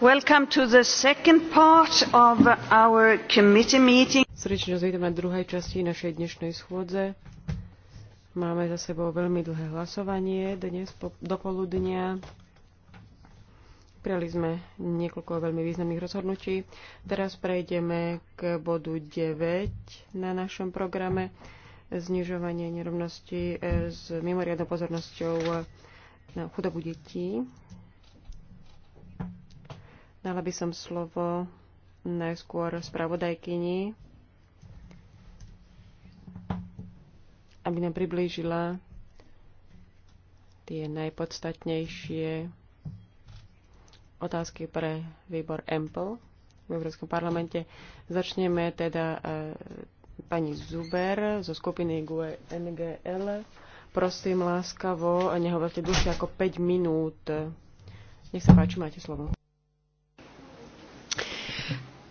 Welcome to the second part of our committee meeting. Srdečne vás vítam na druhej časti našej dnešnej schôdze. Máme za sebou veľmi dlhé hlasovanie dnes po, do poludnia. Prijali sme niekoľko veľmi významných rozhodnutí. Teraz prejdeme k bodu 9 na našom programe. Znižovanie nerovnosti eh, s mimoriadnou pozornosťou eh, na chudobu detí. Dala by som slovo najskôr spravodajkyni, aby nám priblížila tie najpodstatnejšie otázky pre výbor EMPL v Európskom parlamente. Začneme teda e, pani Zuber zo skupiny GUE NGL. Prosím láskavo, nehovorte dlhšie ako 5 minút. Nech sa páči, máte slovo.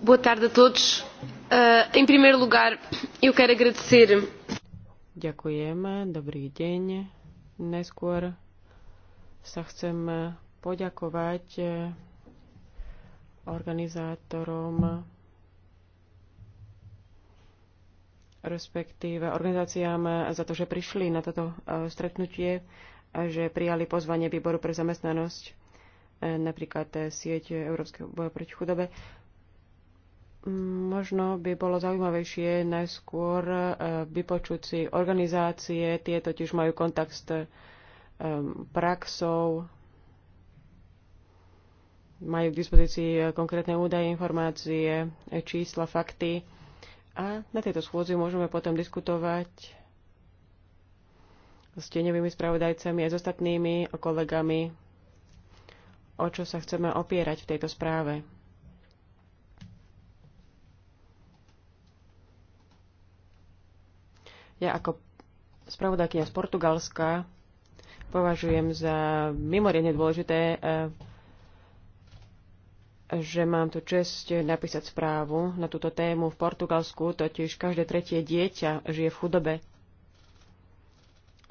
Boa tarde a todos. Uh, em primeiro lugar, eu quero agradecer. Ďakujem, dobrý deň. Neskôr sa chcem poďakovať eh, organizátorom respektíve organizáciám za to, že prišli na toto eh, stretnutie, a že prijali pozvanie výboru pre zamestnanosť, napríklad sieť Európskeho boja proti chudobe. Možno by bolo zaujímavejšie najskôr e, vypočuť si organizácie, tie totiž majú kontakt s e, praxou, majú k dispozícii e, konkrétne údaje, informácie, čísla, fakty. A na tejto schôdzi môžeme potom diskutovať s tieňovými spravodajcami a s ostatnými kolegami, o čo sa chceme opierať v tejto správe. Ja ako spravodajkynia z Portugalska považujem za mimoriadne dôležité, eh, že mám tu čest napísať správu na túto tému. V Portugalsku totiž každé tretie dieťa žije v chudobe.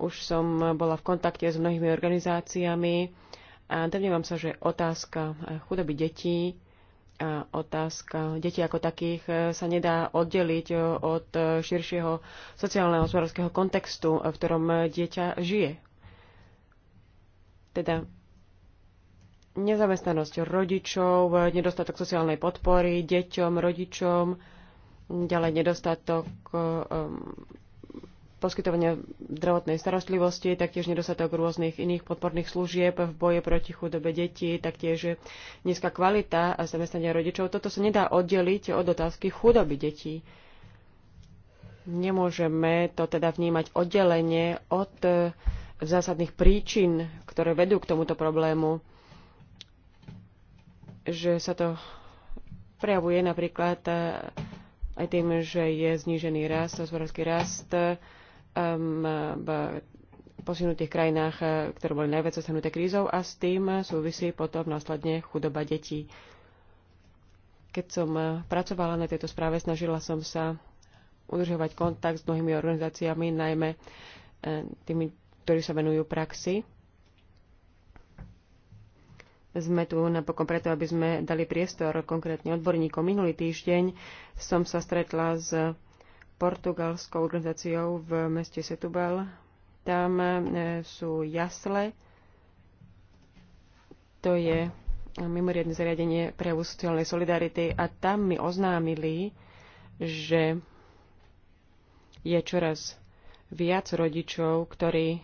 Už som bola v kontakte s mnohými organizáciami a domnievam sa, že otázka chudoby detí a otázka detí ako takých e, sa nedá oddeliť e, od e, širšieho sociálneho hospodárskeho kontextu, v ktorom dieťa žije. Teda nezamestnanosť rodičov, nedostatok sociálnej podpory deťom, rodičom, ďalej nedostatok poskytovania zdravotnej starostlivosti, taktiež nedostatok rôznych iných podporných služieb v boji proti chudobe detí, taktiež nízka kvalita a zamestnania rodičov. Toto sa nedá oddeliť od otázky chudoby detí. Nemôžeme to teda vnímať oddelenie od e, zásadných príčin, ktoré vedú k tomuto problému, že sa to prejavuje napríklad e, aj tým, že je znížený rast, hospodársky rast, v posunutých krajinách, eh, ktoré boli najviac zasiahnuté krízou a s tým súvisí potom následne chudoba detí. Keď som eh, pracovala na tejto správe, snažila som sa udržovať kontakt s mnohými organizáciami, najmä eh, tými, ktorí sa venujú praxi. Sme tu napokon preto, aby sme dali priestor konkrétne odborníkom. Minulý týždeň som sa stretla s portugalskou organizáciou v meste Setubal. Tam e, sú jasle. To je mimoriadne zariadenie pre sociálnej solidarity a tam mi oznámili, že je čoraz viac rodičov, ktorí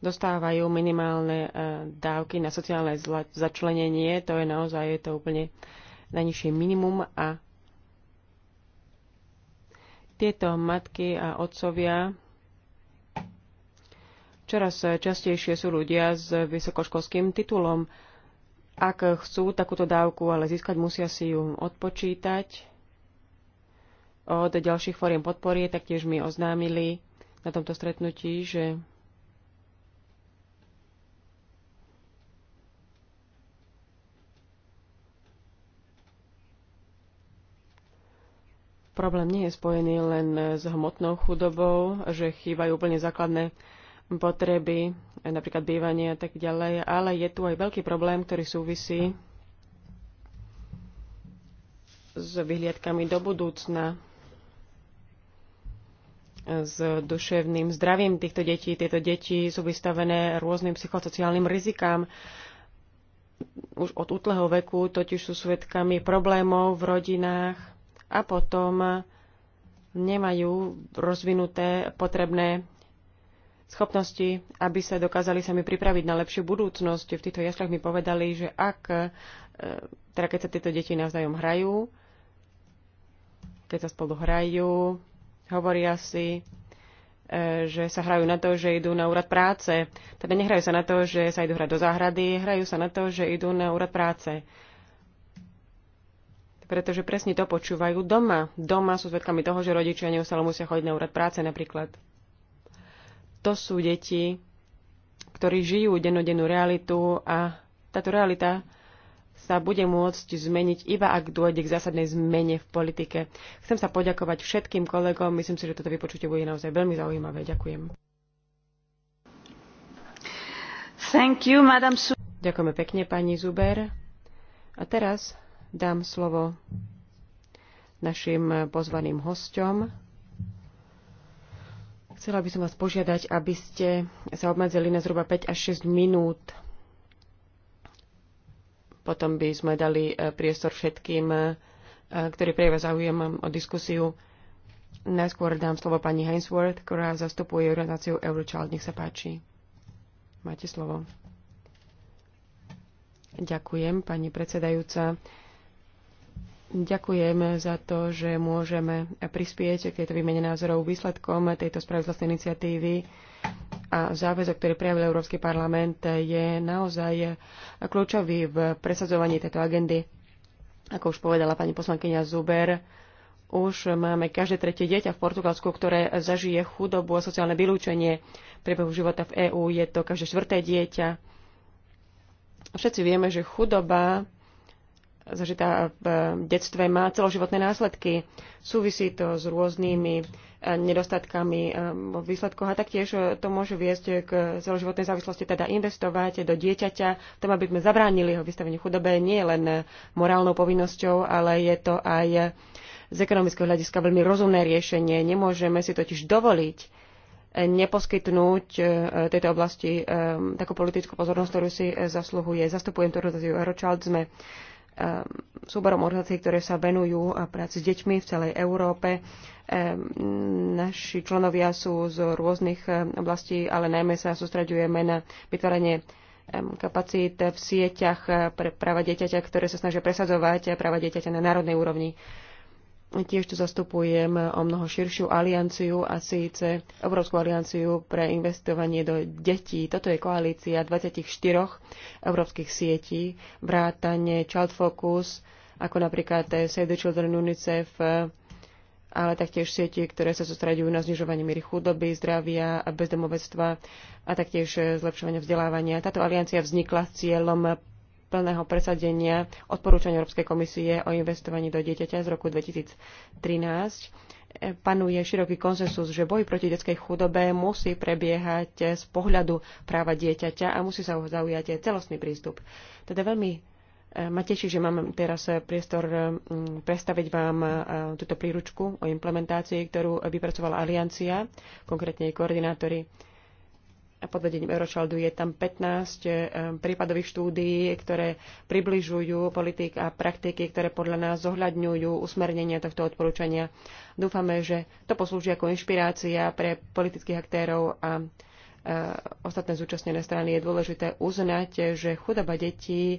dostávajú minimálne e, dávky na sociálne začlenenie. To je naozaj je to úplne najnižšie minimum a tieto matky a otcovia čoraz častejšie sú ľudia s vysokoškolským titulom. Ak chcú takúto dávku ale získať, musia si ju odpočítať od ďalších fóriem podpory. Taktiež mi oznámili na tomto stretnutí, že Problém nie je spojený len s hmotnou chudobou, že chýbajú úplne základné potreby, napríklad bývanie a tak ďalej, ale je tu aj veľký problém, ktorý súvisí s vyhliadkami do budúcna, s duševným zdravím týchto detí. Tieto deti sú vystavené rôznym psychosociálnym rizikám. Už od útleho veku totiž sú svedkami problémov v rodinách, a potom nemajú rozvinuté potrebné schopnosti, aby sa dokázali sami pripraviť na lepšiu budúcnosť. V týchto jasľach mi povedali, že ak, e, teda keď sa tieto deti navzájom hrajú, keď sa spolu hrajú, hovoria si, e, že sa hrajú na to, že idú na úrad práce. Teda nehrajú sa na to, že sa idú hrať do záhrady, hrajú sa na to, že idú na úrad práce pretože presne to počúvajú doma. Doma sú svedkami toho, že rodičia neustále musia chodiť na úrad práce napríklad. To sú deti, ktorí žijú dennodennú realitu a táto realita sa bude môcť zmeniť, iba ak dôjde k zásadnej zmene v politike. Chcem sa poďakovať všetkým kolegom. Myslím si, že toto vypočutie bude naozaj veľmi zaujímavé. Ďakujem. Thank you, Madam Ďakujeme pekne, pani Zuber. A teraz dám slovo našim pozvaným hostom. Chcela by som vás požiadať, aby ste sa obmedzili na zhruba 5 až 6 minút. Potom by sme dali e, priestor všetkým, e, ktorí prejavia záujem o diskusiu. Najskôr dám slovo pani Hainsworth, ktorá zastupuje organizáciu Eurochild. Nech sa páči. Máte slovo. Ďakujem, pani predsedajúca. Ďakujem za to, že môžeme prispieť k tejto výmene názorov výsledkom tejto spravodlivosti iniciatívy a záväzok, ktorý prejavil Európsky parlament, je naozaj kľúčový v presadzovaní tejto agendy. Ako už povedala pani poslankyňa Zuber, už máme každé tretie dieťa v Portugalsku, ktoré zažije chudobu a sociálne vylúčenie v priebehu života v EÚ. Je to každé štvrté dieťa. Všetci vieme, že chudoba zažitá v eh, detstve, má celoživotné následky. Súvisí to s rôznymi eh, nedostatkami eh, vo výsledkoch a taktiež to môže viesť k celoživotnej závislosti, teda investovať do dieťaťa, tom, aby sme zabránili jeho vystavenie chudobe, nie len morálnou povinnosťou, ale je to aj z ekonomického hľadiska veľmi rozumné riešenie. Nemôžeme si totiž dovoliť neposkytnúť tejto oblasti takú politickú pozornosť, ktorú si zasluhuje. Zastupujem tu organizáciu Eurochild, sme Um, súborom organizácií, ktoré sa venujú práci s deťmi v celej Európe. Ehm, naši členovia sú z rôznych ehm, oblastí, ale najmä sa sústreďujeme na vytvorenie ehm, kapacít v sieťach eh, pre práva dieťaťa, ktoré sa snažia presadzovať práva dieťaťa na národnej úrovni. Tiež tu zastupujem o mnoho širšiu alianciu a síce Európsku alianciu pre investovanie do detí. Toto je koalícia 24 európskych sietí, vrátane Child Focus, ako napríklad Save the Children, UNICEF, ale taktiež sieti, ktoré sa sústredujú na znižovanie miery chudoby, zdravia a bezdomovectva a taktiež zlepšovanie vzdelávania. Táto aliancia vznikla s cieľom plného presadenia odporúčania Európskej komisie o investovaní do dieťaťa z roku 2013 panuje široký konsensus, že boj proti detskej chudobe musí prebiehať z pohľadu práva dieťaťa a musí sa zaujať celostný prístup. Teda veľmi eh, ma teší, že mám teraz priestor mm, predstaviť vám eh, túto príručku o implementácii, ktorú vypracovala Aliancia, konkrétne koordinátori a pod vedením Eurochildu je tam 15 eh, eh, prípadových štúdií, ktoré približujú politik a praktiky, ktoré podľa nás zohľadňujú usmernenia tohto odporúčania. Dúfame, že to poslúži ako inšpirácia pre politických aktérov a E, ostatné zúčastnené strany, je dôležité uznať, že chudoba detí e,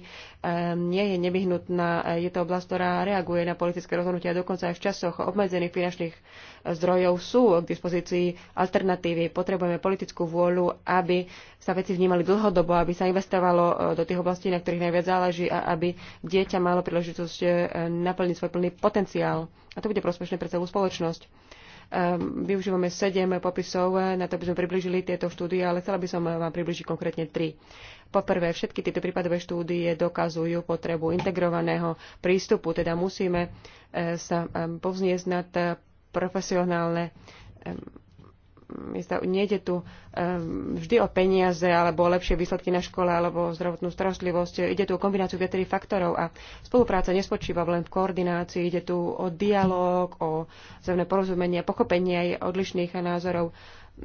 nie je nevyhnutná. E, je to oblasť, ktorá reaguje na politické rozhodnutia. Dokonca aj v časoch obmedzených finančných zdrojov sú k dispozícii alternatívy. Potrebujeme politickú vôľu, aby sa veci vnímali dlhodobo, aby sa investovalo do tých oblastí, na ktorých najviac záleží a aby dieťa malo príležitosť naplniť svoj plný potenciál. A to bude prospešné pre celú spoločnosť Ehm, využívame sedem popisov eh, na to, aby sme približili tieto štúdie, ale chcela by som eh, vám približiť konkrétne tri. Poprvé, všetky tieto prípadové štúdie dokazujú potrebu integrovaného prístupu, teda musíme eh, sa ehm, povzniesť nad profesionálne ehm, nejde tu eh, vždy o peniaze alebo o lepšie výsledky na škole alebo o zdravotnú starostlivosť. Ide tu o kombináciu viacerých faktorov a spolupráca nespočíva len v koordinácii. Ide tu o dialog, o zemné porozumenie, pochopenie aj odlišných názorov.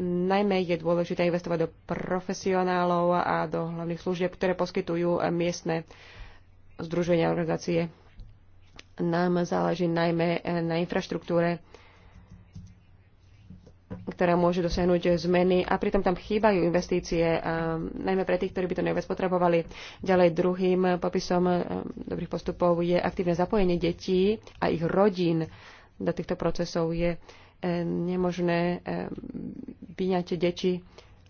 Najmä je dôležité investovať do profesionálov a do hlavných služieb, ktoré poskytujú miestne združenia organizácie. Nám záleží najmä na infraštruktúre ktorá môže dosiahnuť zmeny a pritom tam chýbajú investície, najmä pre tých, ktorí by to najviac potrebovali. Ďalej druhým popisom e, dobrých postupov je aktívne zapojenie detí a ich rodín do týchto procesov. Je e, nemožné e, vyňať deti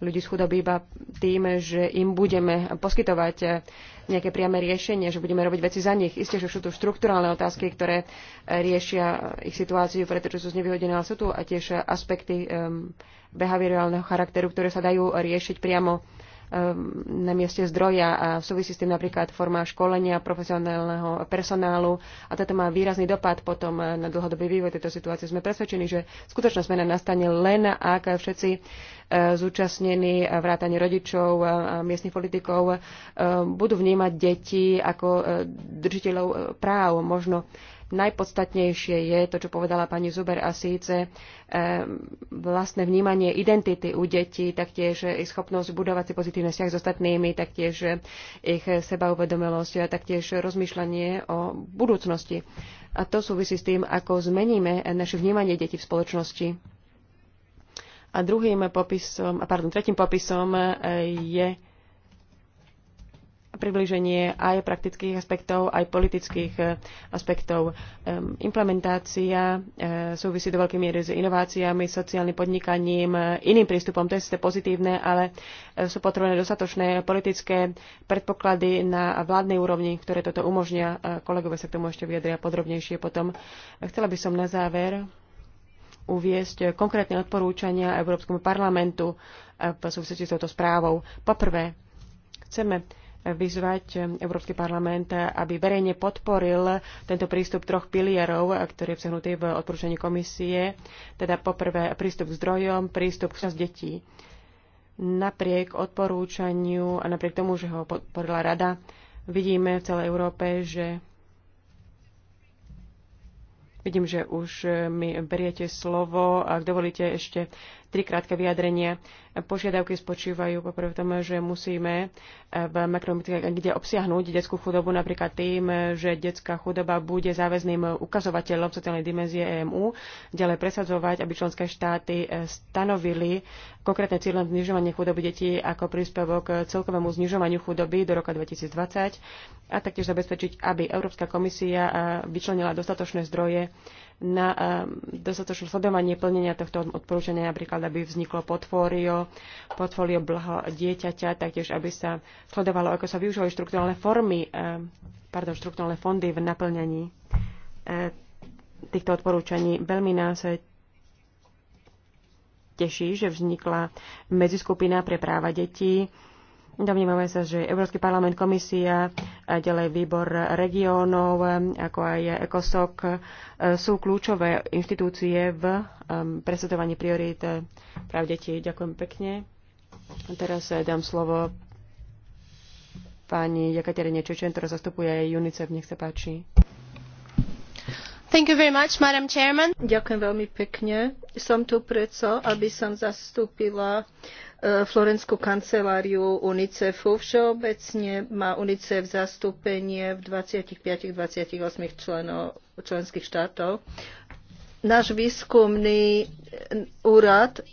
ľudí z chudoby iba tým, že im budeme poskytovať eh, nejaké priame riešenie, že budeme robiť veci za nich. Isté, že sú tu štruktúrálne otázky, ktoré eh, riešia eh, ich situáciu, pretože sú znevyhodené, ale sú tu a tiež aspekty um, behaviorálneho charakteru, ktoré sa dajú riešiť priamo Um, na mieste zdroja a v súvisí s tým napríklad forma školenia profesionálneho personálu a toto má výrazný dopad potom eh, na dlhodobý vývoj tejto situácie. Sme presvedčení, že skutočná zmena nastane len ak všetci eh, zúčastnení, vrátane rodičov a miestnych politikov eh, budú vnímať deti ako držiteľov práv. Možno najpodstatnejšie je to, čo povedala pani Zuber a síce eh, vlastné vnímanie identity u detí, taktiež ich schopnosť budovať si pozitívne vzťah s ostatnými, taktiež ich sebauvedomilosť a taktiež rozmýšľanie o budúcnosti. A to súvisí s tým, ako zmeníme naše vnímanie detí v spoločnosti. A druhým popisom, pardon, tretím popisom eh, je približenie aj praktických aspektov, aj politických eh, aspektov. Ehm, implementácia eh, súvisí do veľkej miery s inováciami, sociálnym podnikaním, eh, iným prístupom, to je pozitívne, ale sú potrebné dostatočné politické predpoklady na vládnej úrovni, ktoré toto umožnia. Kolegovia sa k tomu ešte vyjadria podrobnejšie potom. Chcela by som na záver uviesť konkrétne odporúčania Európskemu parlamentu v súvislosti s touto správou. Poprvé, chceme vyzvať Európsky parlament, aby verejne podporil tento prístup troch pilierov, ktorý je obsahnutý v odporúčaní komisie, teda poprvé prístup k zdrojom, prístup k čas detí. Napriek odporúčaniu a napriek tomu, že ho podporila rada, vidíme v celej Európe, že Vidím, že už mi beriete slovo. Ak dovolíte, ešte tri krátke vyjadrenia. Požiadavky spočívajú poprvé v tom, že musíme eh, v makroekonomickej kde obsiahnuť detskú chudobu napríklad tým, že detská chudoba bude záväzným ukazovateľom sociálnej dimenzie EMU, ďalej presadzovať, aby členské štáty eh, stanovili konkrétne cieľe znižovanie chudoby detí ako príspevok k celkovému znižovaniu chudoby do roka 2020 a taktiež zabezpečiť, aby Európska komisia eh, vyčlenila dostatočné zdroje na eh, dostatočné sledovanie plnenia tohto odporúčania, napríklad, aby vzniklo portfólio, portfólio blaho dieťaťa, taktiež, aby sa sledovalo, ako sa využívajú štruktúrne formy, eh, pardon, štruktúrne fondy v naplňaní eh, týchto odporúčaní. Veľmi nás teší, že vznikla medziskupina pre práva detí, Domnívame sa, že Európsky parlament, komisia a ďalej výbor regiónov, ako aj ECOSOC, sú kľúčové inštitúcie v presadzovaní priorít práv detí. Ďakujem pekne. Teraz e, dám slovo pani Jakaterine Čečen, ktorá zastupuje aj UNICEF. Nech sa páči. Thank you very much, Madam Chairman. Ďakujem veľmi pekne. Som tu preto, aby som zastúpila E, Florenskú kanceláriu UNICEFu. Všeobecne má UNICEF zastúpenie v 25-28 členov, členských štátov. Náš výskumný úrad e,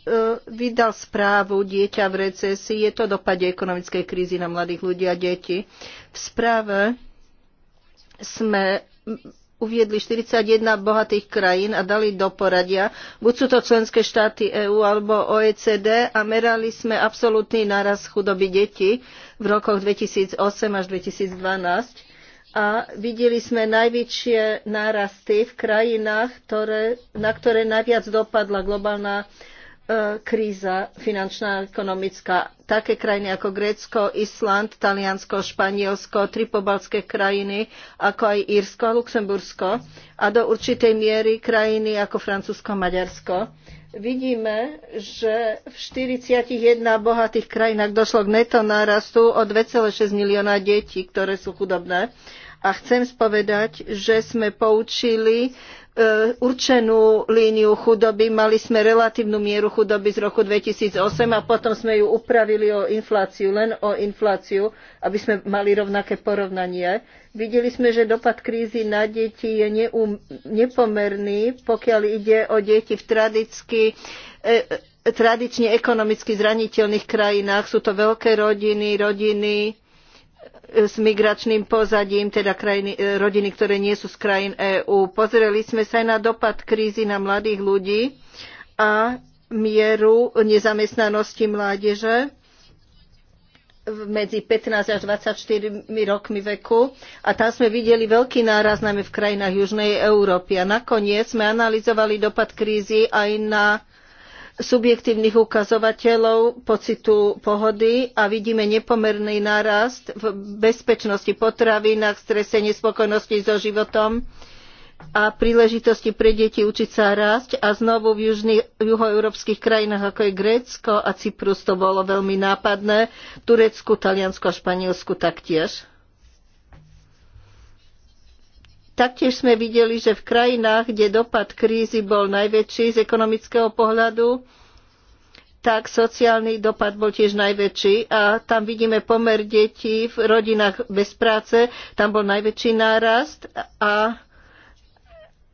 vydal správu Dieťa v recesii. Je to dopade ekonomickej krízy na mladých ľudí a deti. V správe sme uviedli 41 bohatých krajín a dali do poradia. Buď sú to členské štáty EÚ alebo OECD a merali sme absolútny naraz chudoby detí v rokoch 2008 až 2012. A videli sme najväčšie nárasty v krajinách, ktoré, na ktoré najviac dopadla globálna E, kríza finančná, a ekonomická. Také krajiny ako Grécko, Island, Taliansko, Španielsko, tri pobalské krajiny, ako aj Írsko a Luxembursko a do určitej miery krajiny ako Francúzsko a Maďarsko. Vidíme, že v 41 bohatých krajinách došlo k neto nárastu o 2,6 milióna detí, ktoré sú chudobné. A chcem spovedať, že sme poučili e, určenú líniu chudoby. Mali sme relatívnu mieru chudoby z roku 2008 a potom sme ju upravili o infláciu, len o infláciu, aby sme mali rovnaké porovnanie. Videli sme, že dopad krízy na deti je neum, nepomerný, pokiaľ ide o deti v tradicky, e, e, tradične ekonomicky zraniteľných krajinách. Sú to veľké rodiny, rodiny s migračným pozadím, teda krajiny, e, rodiny, ktoré nie sú z krajín EÚ. Pozreli sme sa aj na dopad krízy na mladých ľudí a mieru nezamestnanosti mládeže medzi 15 až 24 rokmi veku a tam sme videli veľký náraz najmä v krajinách Južnej Európy. A nakoniec sme analyzovali dopad krízy aj na subjektívnych ukazovateľov pocitu pohody a vidíme nepomerný nárast v bezpečnosti potravinách, strese, nespokojnosti so životom a príležitosti pre deti učiť sa rásť a znovu v južných, juhoeurópskych krajinách ako je Grécko a Cyprus to bolo veľmi nápadné, Turecku, Taliansku a Španielsku taktiež. Taktiež sme videli, že v krajinách, kde dopad krízy bol najväčší z ekonomického pohľadu, tak sociálny dopad bol tiež najväčší a tam vidíme pomer detí v rodinách bez práce, tam bol najväčší nárast a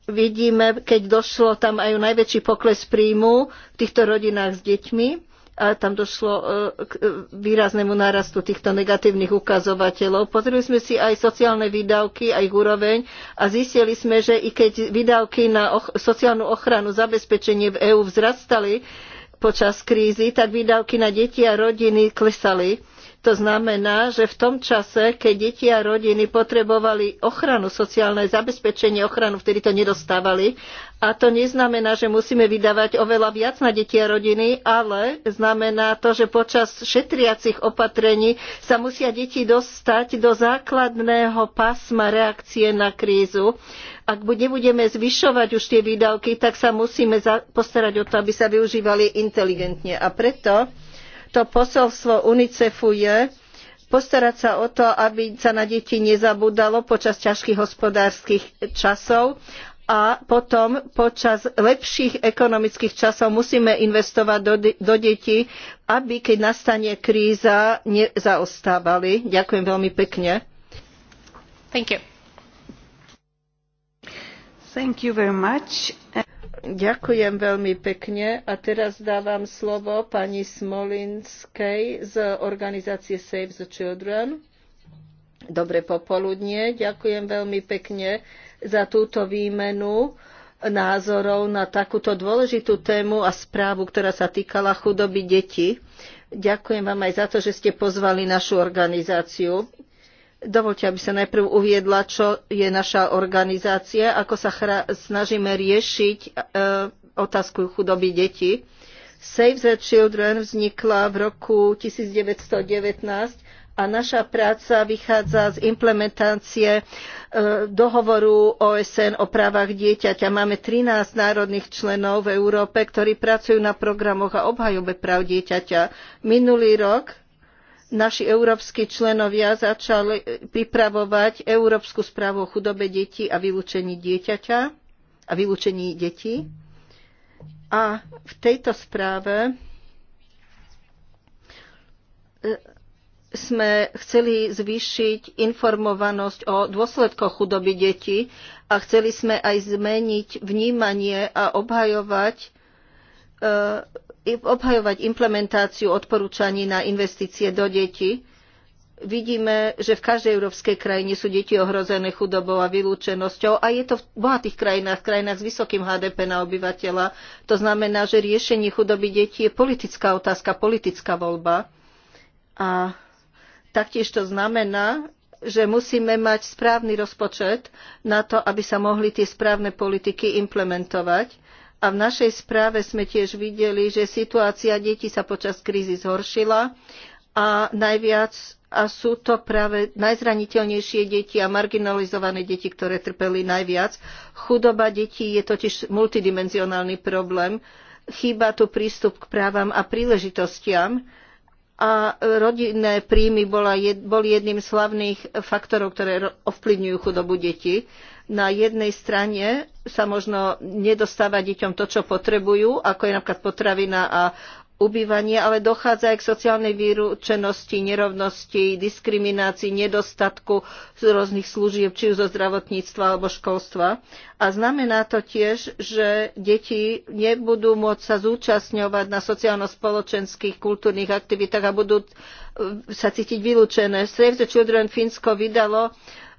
vidíme, keď došlo tam aj najväčší pokles príjmu v týchto rodinách s deťmi a tam došlo e, k e, výraznému nárastu týchto negatívnych ukazovateľov. Pozreli sme si aj sociálne výdavky, aj ich úroveň a zistili sme, že i keď výdavky na sociálnu ochranu, zabezpečenie v EÚ vzrastali počas krízy, tak výdavky na deti a rodiny klesali. To znamená, že v tom čase, keď deti a rodiny potrebovali ochranu, sociálne zabezpečenie, ochranu, vtedy to nedostávali a to neznamená, že musíme vydávať oveľa viac na deti a rodiny, ale znamená to, že počas šetriacich opatrení sa musia deti dostať do základného pásma reakcie na krízu. Ak nebudeme zvyšovať už tie výdavky, tak sa musíme postarať o to, aby sa využívali inteligentne. A preto to posolstvo UNICEFu je, postarať sa o to, aby sa na deti nezabudalo počas ťažkých hospodárskych časov a potom počas lepších ekonomických časov musíme investovať do, do detí, aby keď nastane kríza, nezaostávali. Ďakujem veľmi pekne. Thank you. Thank you very much. Ďakujem veľmi pekne a teraz dávam slovo pani Smolinskej z organizácie Save the Children. Dobré popoludnie. Ďakujem veľmi pekne za túto výmenu názorov na takúto dôležitú tému a správu, ktorá sa týkala chudoby detí. Ďakujem vám aj za to, že ste pozvali našu organizáciu. Dovolte, aby sa najprv uviedla, čo je naša organizácia, ako sa snažíme riešiť e, otázku chudoby detí. Save the Children vznikla v roku 1919 a naša práca vychádza z implementácie e, dohovoru OSN o právach dieťaťa. Máme thirteen národných členov v Európe, ktorí pracujú na programoch a obhajobe práv dieťaťa. Minulý rok naši európski členovia začali pripravovať Európsku správu o chudobe detí a vylúčení dieťaťa a vylúčení detí. A v tejto správe e, sme chceli zvýšiť informovanosť o dôsledkoch chudoby detí a chceli sme aj zmeniť vnímanie a obhajovať, e, obhajovať implementáciu odporúčaní na investície do detí. Vidíme, že v každej európskej krajine sú deti ohrozené chudobou a vylúčenosťou a je to v bohatých krajinách, krajinách s vysokým HDP na obyvateľa. To znamená, že riešenie chudoby detí je politická otázka, politická voľba. A Taktiež to znamená, že musíme mať správny rozpočet na to, aby sa mohli tie správne politiky implementovať. A v našej správe sme tiež videli, že situácia detí sa počas krízy zhoršila a najviac a sú to práve najzraniteľnejšie deti a marginalizované deti, ktoré trpeli najviac. Chudoba detí je totiž multidimenzionálny problém. Chýba tu prístup k právam a príležitostiam a rodinné príjmy bola, boli jedným z hlavných faktorov, ktoré ovplyvňujú chudobu detí. Na jednej strane sa možno nedostáva deťom to, čo potrebujú, ako je napríklad potravina a ubývanie, ale dochádza aj k sociálnej vylúčenosti, nerovnosti, diskriminácii, nedostatku rôznych služieb, či už zo zdravotníctva alebo školstva. A znamená to tiež, že deti nebudú môcť sa zúčastňovať na sociálno-spoločenských kultúrnych aktivitách a budú e, sa cítiť vylúčené. Save the Children Fínsko vydalo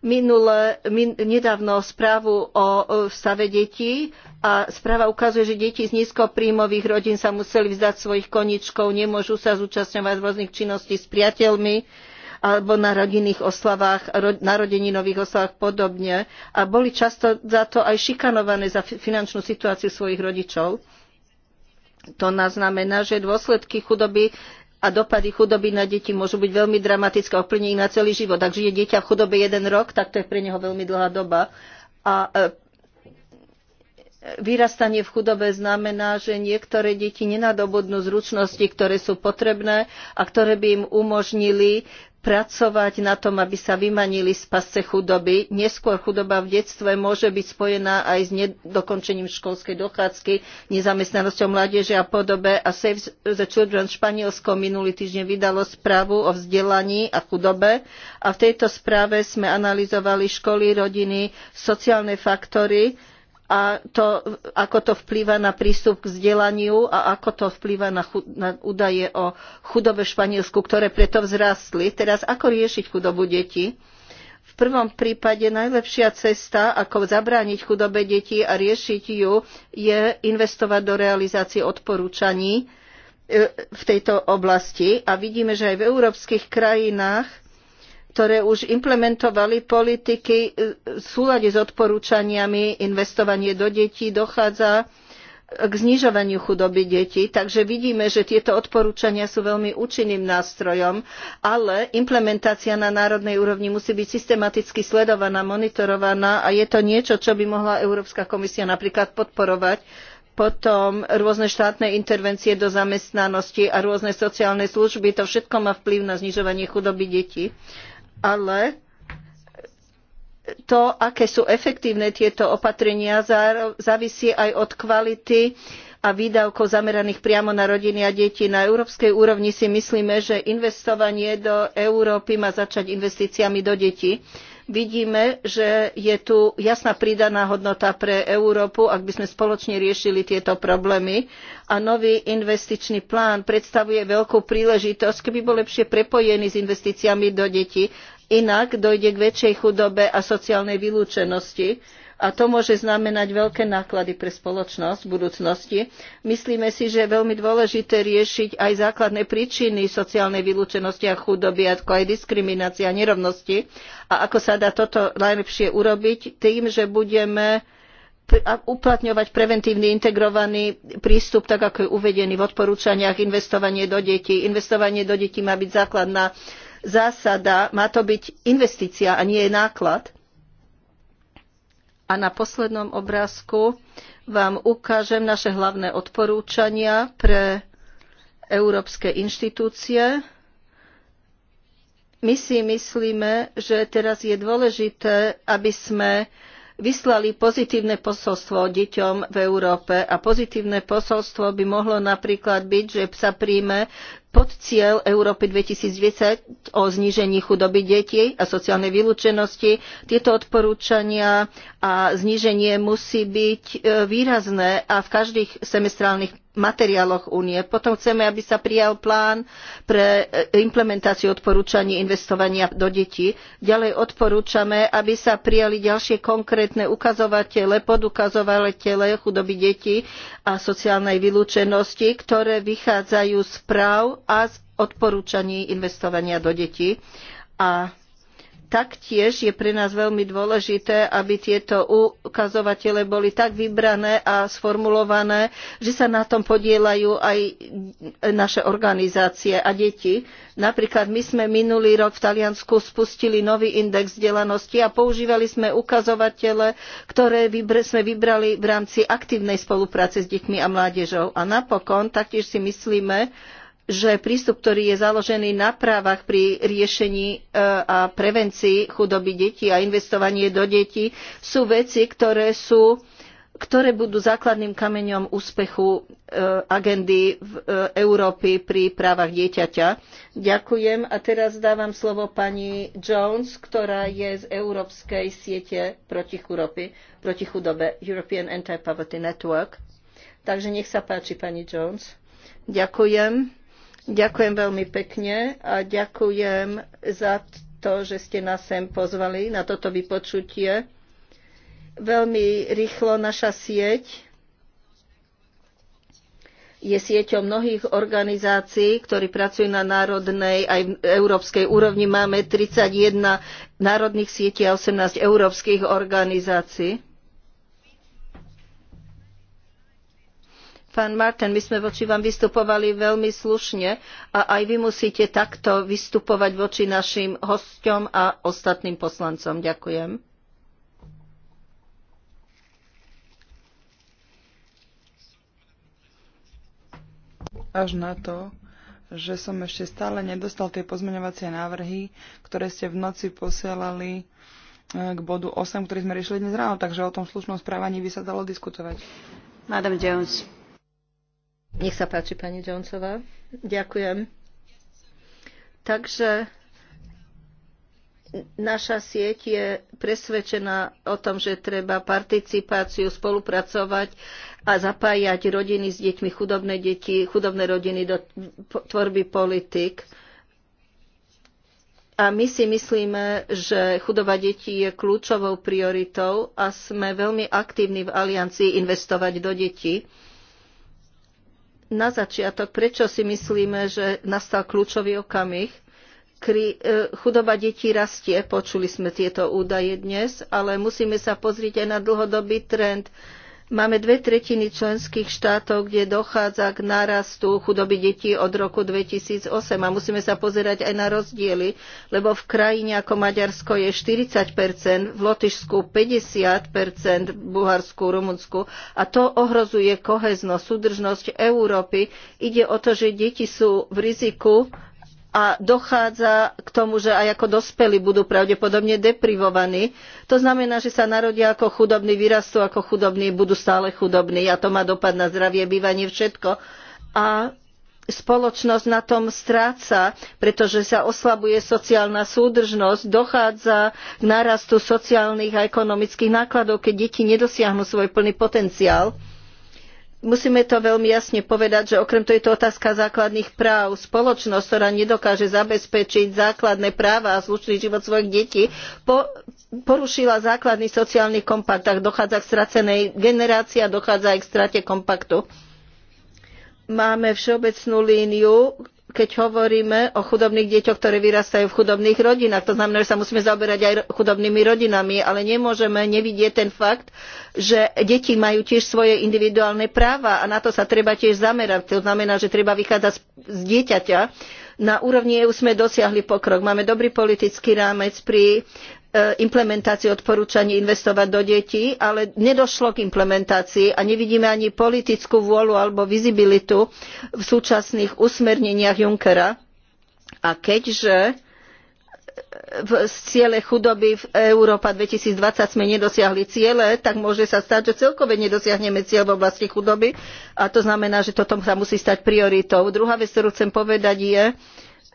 minule, min, nedávno správu o stave detí a správa ukazuje, že deti z nízkopríjmových rodín sa museli vzdať svojich koničkov, nemôžu sa zúčastňovať v rôznych činností s priateľmi alebo na rodinných oslavách, narodeninových oslavách podobne. A boli často za to aj šikanované za finančnú situáciu svojich rodičov. To znamená, že dôsledky chudoby a dopady chudoby na deti môžu byť veľmi dramatické a ovplyvní ich na celý život. Ak žije dieťa v chudobe jeden rok, tak to je pre neho veľmi dlhá doba. A e, vyrastanie v chudobe znamená, že niektoré deti nenadobudnú zručnosti, ktoré sú potrebné a ktoré by im umožnili pracovať na tom, aby sa vymanili z pasce chudoby. Neskôr chudoba v detstve môže byť spojená aj s nedokončením školskej dochádzky, nezamestnanosťou mládeže a podobe. A Save the Children Španielsko minulý týždeň vydalo správu o vzdelaní a chudobe. A v tejto správe sme analyzovali školy, rodiny, sociálne faktory, a to, ako to vplýva na prístup k vzdelaniu a ako to vplýva na, chud, na údaje o chudobe v Španielsku, ktoré preto vzrastli. Teraz ako riešiť chudobu detí? V prvom prípade najlepšia cesta, ako zabrániť chudobe detí a riešiť ju, je investovať do realizácie odporúčaní e, v tejto oblasti. A vidíme, že aj v európskych krajinách ktoré už implementovali politiky e, v súlade s odporúčaniami investovanie do detí, dochádza e, k znižovaniu chudoby detí. Takže vidíme, že tieto odporúčania sú veľmi účinným nástrojom, ale implementácia na národnej úrovni musí byť systematicky sledovaná, monitorovaná a je to niečo, čo by mohla Európska komisia napríklad podporovať potom rôzne štátne intervencie do zamestnanosti a rôzne sociálne služby. To všetko má vplyv na znižovanie chudoby detí ale to, aké sú efektívne tieto opatrenia, závisí aj od kvality a výdavkov zameraných priamo na rodiny a deti. Na európskej úrovni si myslíme, že investovanie do Európy má začať investíciami do detí. Vidíme, že je tu jasná pridaná hodnota pre Európu, ak by sme spoločne riešili tieto problémy. A nový investičný plán predstavuje veľkú príležitosť, keby bol lepšie prepojený s investíciami do detí. Inak dojde k väčšej chudobe a sociálnej vylúčenosti a to môže znamenať veľké náklady pre spoločnosť v budúcnosti. Myslíme si, že je veľmi dôležité riešiť aj základné príčiny sociálnej vylúčenosti a chudoby, ako aj diskriminácia a nerovnosti. A ako sa dá toto najlepšie urobiť? Tým, že budeme uplatňovať preventívny integrovaný prístup tak ako je uvedený v odporúčaniach investovanie do detí. investovanie do detí má byť základná zásada má to byť investícia a nie náklad a na poslednom obrázku vám ukážem naše hlavné odporúčania pre európske inštitúcie. My si myslíme, že teraz je dôležité, aby sme vyslali pozitívne posolstvo deťom v Európe a pozitívne posolstvo by mohlo napríklad byť, že sa príjme pod cieľ Európy 2010 o znížení chudoby detí a sociálnej vylúčenosti. Tieto odporúčania a zníženie musí byť e, výrazné a v každých semestrálnych materiáloch únie. Potom chceme, aby sa prijal plán pre e, implementáciu odporúčaní investovania do detí. Ďalej odporúčame, aby sa prijali ďalšie konkrétne ukazovatele, podukazovatele chudoby detí a sociálnej vylúčenosti, ktoré vychádzajú z práv a z odporúčaní investovania do detí. A taktiež je pre nás veľmi dôležité, aby tieto ukazovatele boli tak vybrané a sformulované, že sa na tom podielajú aj naše organizácie a deti. Napríklad my sme minulý rok v Taliansku spustili nový index vzdelanosti a používali sme ukazovatele, ktoré sme vybrali v rámci aktívnej spolupráce s deťmi a mládežou. A napokon taktiež si myslíme, že prístup, ktorý je založený na právach pri riešení e, a prevencii chudoby detí a investovanie do detí sú veci, ktoré, sú, ktoré budú základným kameňom úspechu e, agendy v e, Európy pri právach dieťaťa. Ďakujem a teraz dávam slovo pani Jones, ktorá je z Európskej siete proti, chudoby, proti chudobe European Anti-Poverty Network. Takže nech sa páči, pani Jones. Ďakujem. Ďakujem veľmi pekne a ďakujem za to, že ste nás sem pozvali na toto vypočutie. Veľmi rýchlo naša sieť je sieťou mnohých organizácií, ktorí pracujú na národnej aj európskej úrovni. Máme 31 národných sietí a 18 európskych organizácií. Pán Martin, my sme voči vám vystupovali veľmi slušne a aj vy musíte takto vystupovať voči našim hosťom a ostatným poslancom. Ďakujem. Až na to, že som ešte stále nedostal tie pozmeňovacie návrhy, ktoré ste v noci posielali e, k bodu 8, ktorý sme riešili dnes ráno, takže o tom slušnom správaní by sa dalo diskutovať. Jones. Nech sa páči, pani Jonesová. Ďakujem. Takže naša sieť je presvedčená o tom, že treba participáciu, spolupracovať a zapájať rodiny s deťmi, chudobné deti, chudobné rodiny do tvorby politik. A my si myslíme, že chudoba detí je kľúčovou prioritou a sme veľmi aktívni v aliancii investovať do detí na začiatok, prečo si myslíme, že nastal kľúčový okamih. Kri, e, chudoba detí rastie, počuli sme tieto údaje dnes, ale musíme sa pozrieť aj na dlhodobý trend. Máme dve tretiny členských štátov, kde dochádza k nárastu chudoby detí od roku 2008 a musíme sa pozerať aj na rozdiely, lebo v krajine ako Maďarsko je 40 v Lotyšsku 50 v Bulharsku, Rumunsku a to ohrozuje koheznosť, súdržnosť Európy. Ide o to, že deti sú v riziku a dochádza k tomu, že aj ako dospelí budú pravdepodobne deprivovaní. To znamená, že sa narodia ako chudobní, vyrastú ako chudobní, budú stále chudobní a to má dopad na zdravie, bývanie, všetko. A spoločnosť na tom stráca, pretože sa oslabuje sociálna súdržnosť, dochádza k nárastu sociálnych a ekonomických nákladov, keď deti nedosiahnu svoj plný potenciál. Musíme to veľmi jasne povedať, že okrem toho je to otázka základných práv. Spoločnosť, ktorá nedokáže zabezpečiť základné práva a slušný život svojich detí, po, porušila základný sociálny kompakt. Tak dochádza k stratenej generácii a dochádza aj k strate kompaktu. Máme všeobecnú líniu, keď hovoríme o chudobných deťoch, ktoré vyrastajú v chudobných rodinách. To znamená, že sa musíme zaoberať aj chudobnými rodinami, ale nemôžeme nevidieť ten fakt, že deti majú tiež svoje individuálne práva a na to sa treba tiež zamerať. To znamená, že treba vychádzať z dieťaťa. Na úrovni EU sme dosiahli pokrok. Máme dobrý politický rámec pri E, implementácii odporúčaní investovať do detí, ale nedošlo k implementácii a nevidíme ani politickú vôľu alebo vizibilitu v súčasných usmerneniach Junckera. A keďže v ciele chudoby v Európa 2020 sme nedosiahli ciele, tak môže sa stať, že celkové nedosiahneme cieľ v oblasti chudoby a to znamená, že toto sa musí stať prioritou. Druhá vec, ktorú chcem povedať je,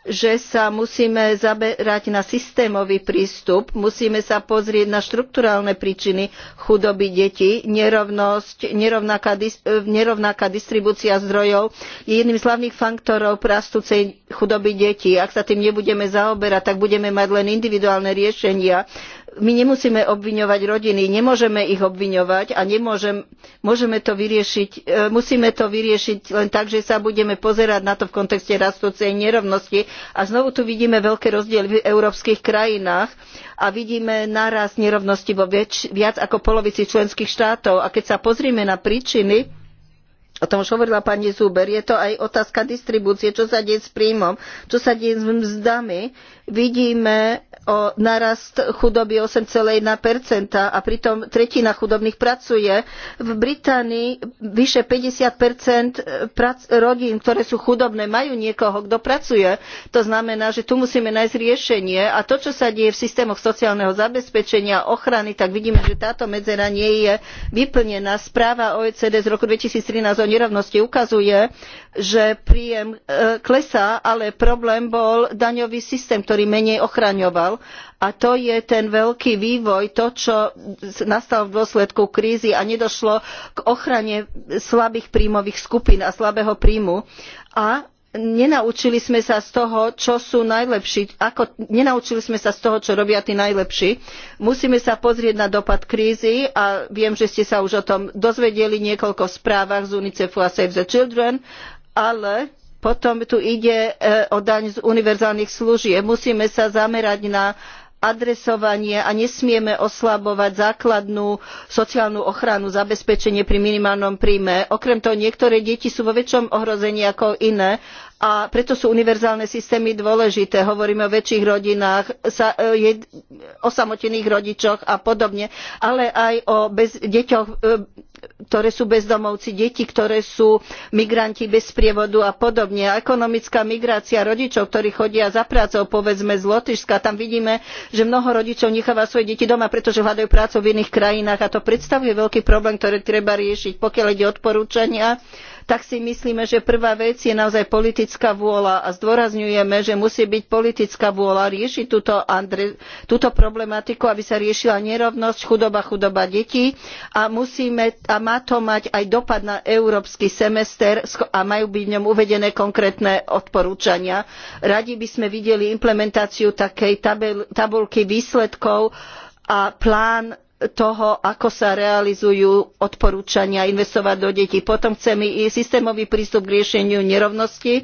že sa musíme zaberať na systémový prístup, musíme sa pozrieť na štrukturálne príčiny chudoby detí. Nerovnosť, nerovnaká, nerovnaká distribúcia zdrojov je jedným z hlavných faktorov rastúcej chudoby detí. Ak sa tým nebudeme zaoberať, tak budeme mať len individuálne riešenia, my nemusíme obviňovať rodiny, nemôžeme ich obviňovať a môžeme to vyriešiť, e, musíme to vyriešiť len tak, že sa budeme pozerať na to v kontexte rastúcej nerovnosti. A znovu tu vidíme veľké rozdiely v európskych krajinách a vidíme narast nerovnosti vo viac, viac ako polovici členských štátov. A keď sa pozrieme na príčiny, O tom už hovorila pani Zuber. Je to aj otázka distribúcie, čo sa deje s príjmom, čo sa deje s mzdami. Vidíme o narast chudoby 8,1% a pritom tretina chudobných pracuje. V Británii vyše 50% e, prac, rodín, ktoré sú chudobné, majú niekoho, kto pracuje. To znamená, že tu musíme nájsť riešenie a to, čo sa deje v systémoch sociálneho zabezpečenia, a ochrany, tak vidíme, že táto medzera nie je vyplnená. Správa OECD z roku 2013 o nerovnosti ukazuje, že príjem e, klesá, ale problém bol daňový systém, ktorý menej ochraňoval. A to je ten veľký vývoj, to, čo nastal v dôsledku krízy a nedošlo k ochrane slabých príjmových skupín a slabého príjmu. A nenaučili sme sa z toho, čo sú najlepší, ako, nenaučili sme sa z toho, čo robia tí najlepší. Musíme sa pozrieť na dopad krízy a viem, že ste sa už o tom dozvedeli niekoľko správach z UNICEFu a Save the Children, ale potom tu ide e, o daň z univerzálnych služieb. Musíme sa zamerať na adresovanie a nesmieme oslabovať základnú sociálnu ochranu zabezpečenie pri minimálnom príjme. Okrem toho niektoré deti sú vo väčšom ohrození ako iné a preto sú univerzálne systémy dôležité. Hovoríme o väčších rodinách, e, osamotených rodičoch a podobne, ale aj o bez, deťoch e, ktoré sú bezdomovci, deti, ktoré sú migranti bez prievodu a podobne. A ekonomická migrácia rodičov, ktorí chodia za prácou, povedzme z Lotyšska, tam vidíme, že mnoho rodičov necháva svoje deti doma, pretože hľadajú prácu v iných krajinách a to predstavuje veľký problém, ktorý treba riešiť. Pokiaľ ide odporúčania, tak si myslíme, že prvá vec je naozaj politická vôľa a zdôrazňujeme, že musí byť politická vôľa riešiť túto, problematiku, aby sa riešila nerovnosť, chudoba, chudoba detí a, musíme, a má to mať aj dopad na európsky semester a majú byť v ňom uvedené konkrétne odporúčania. Radi by sme videli implementáciu takej tabulky výsledkov a plán toho, ako sa realizujú odporúčania investovať do detí. Potom chceme i systémový prístup k riešeniu nerovnosti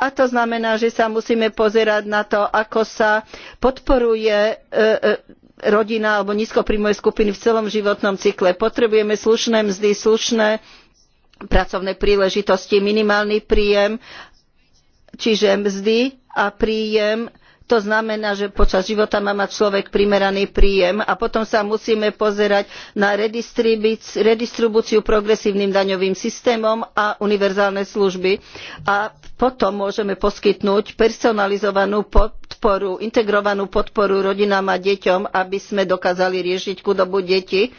a to znamená, že sa musíme pozerať na to, ako sa podporuje e, e, rodina alebo nízkopríjmové skupiny v celom životnom cykle. Potrebujeme slušné mzdy, slušné pracovné príležitosti, minimálny príjem, čiže mzdy a príjem to znamená že počas života má mať človek primeraný príjem a potom sa musíme pozerať na redistribúciu progresívnym daňovým systémom a univerzálne služby a potom môžeme poskytnúť personalizovanú podporu integrovanú podporu rodinám a deťom aby sme dokázali riešiť chudobu detí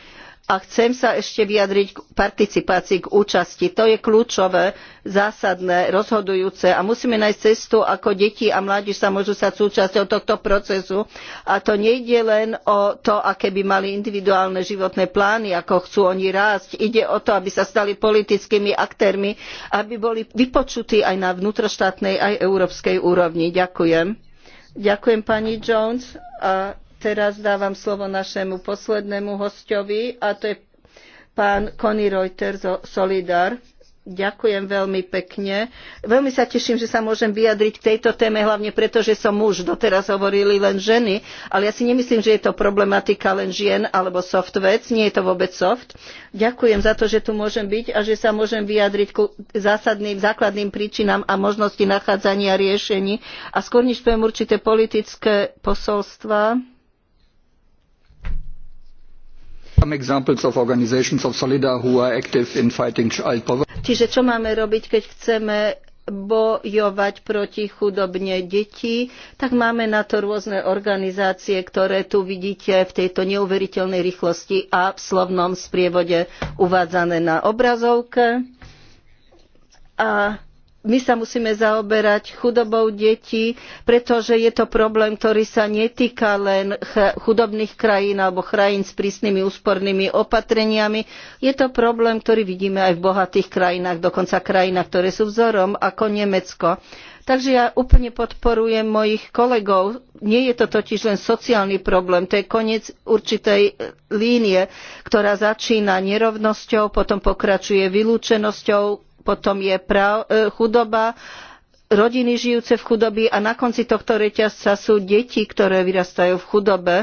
a chcem sa ešte vyjadriť k participácii, k účasti. To je kľúčové, zásadné, rozhodujúce a musíme nájsť cestu, ako deti a mládež sa môžu stať súčasťou tohto procesu. A to nejde len o to, aké by mali individuálne životné plány, ako chcú oni rásť. Ide o to, aby sa stali politickými aktérmi, aby boli vypočutí aj na vnútroštátnej, aj európskej úrovni. Ďakujem. Ďakujem pani Jones. A teraz dávam slovo našemu poslednému hostovi a to je pán Conny Reuter zo Solidar. Ďakujem veľmi pekne. Veľmi sa teším, že sa môžem vyjadriť k tejto téme, hlavne preto, že som muž. Doteraz hovorili len ženy, ale ja si nemyslím, že je to problematika len žien alebo soft vec. Nie je to vôbec soft. Ďakujem za to, že tu môžem byť a že sa môžem vyjadriť k zásadným, základným príčinám a možnosti nachádzania riešení. A skôr než poviem určité politické posolstva, some examples of organizations of Solida who are active in fighting child poverty. Čiže čo máme robiť, keď chceme bojovať proti chudobne detí, tak máme na to rôzne organizácie, ktoré tu vidíte v tejto neuveriteľnej rýchlosti a v slovnom sprievode uvádzané na obrazovke. A my sa musíme zaoberať chudobou detí, pretože je to problém, ktorý sa netýka len chudobných krajín alebo krajín s prísnymi úspornými opatreniami. Je to problém, ktorý vidíme aj v bohatých krajinách, dokonca krajinách, ktoré sú vzorom, ako Nemecko. Takže ja úplne podporujem mojich kolegov. Nie je to totiž len sociálny problém, to je koniec určitej línie, ktorá začína nerovnosťou, potom pokračuje vylúčenosťou, potom je e, chudoba, rodiny žijúce v chudobe a na konci tohto reťazca sú deti, ktoré vyrastajú v chudobe.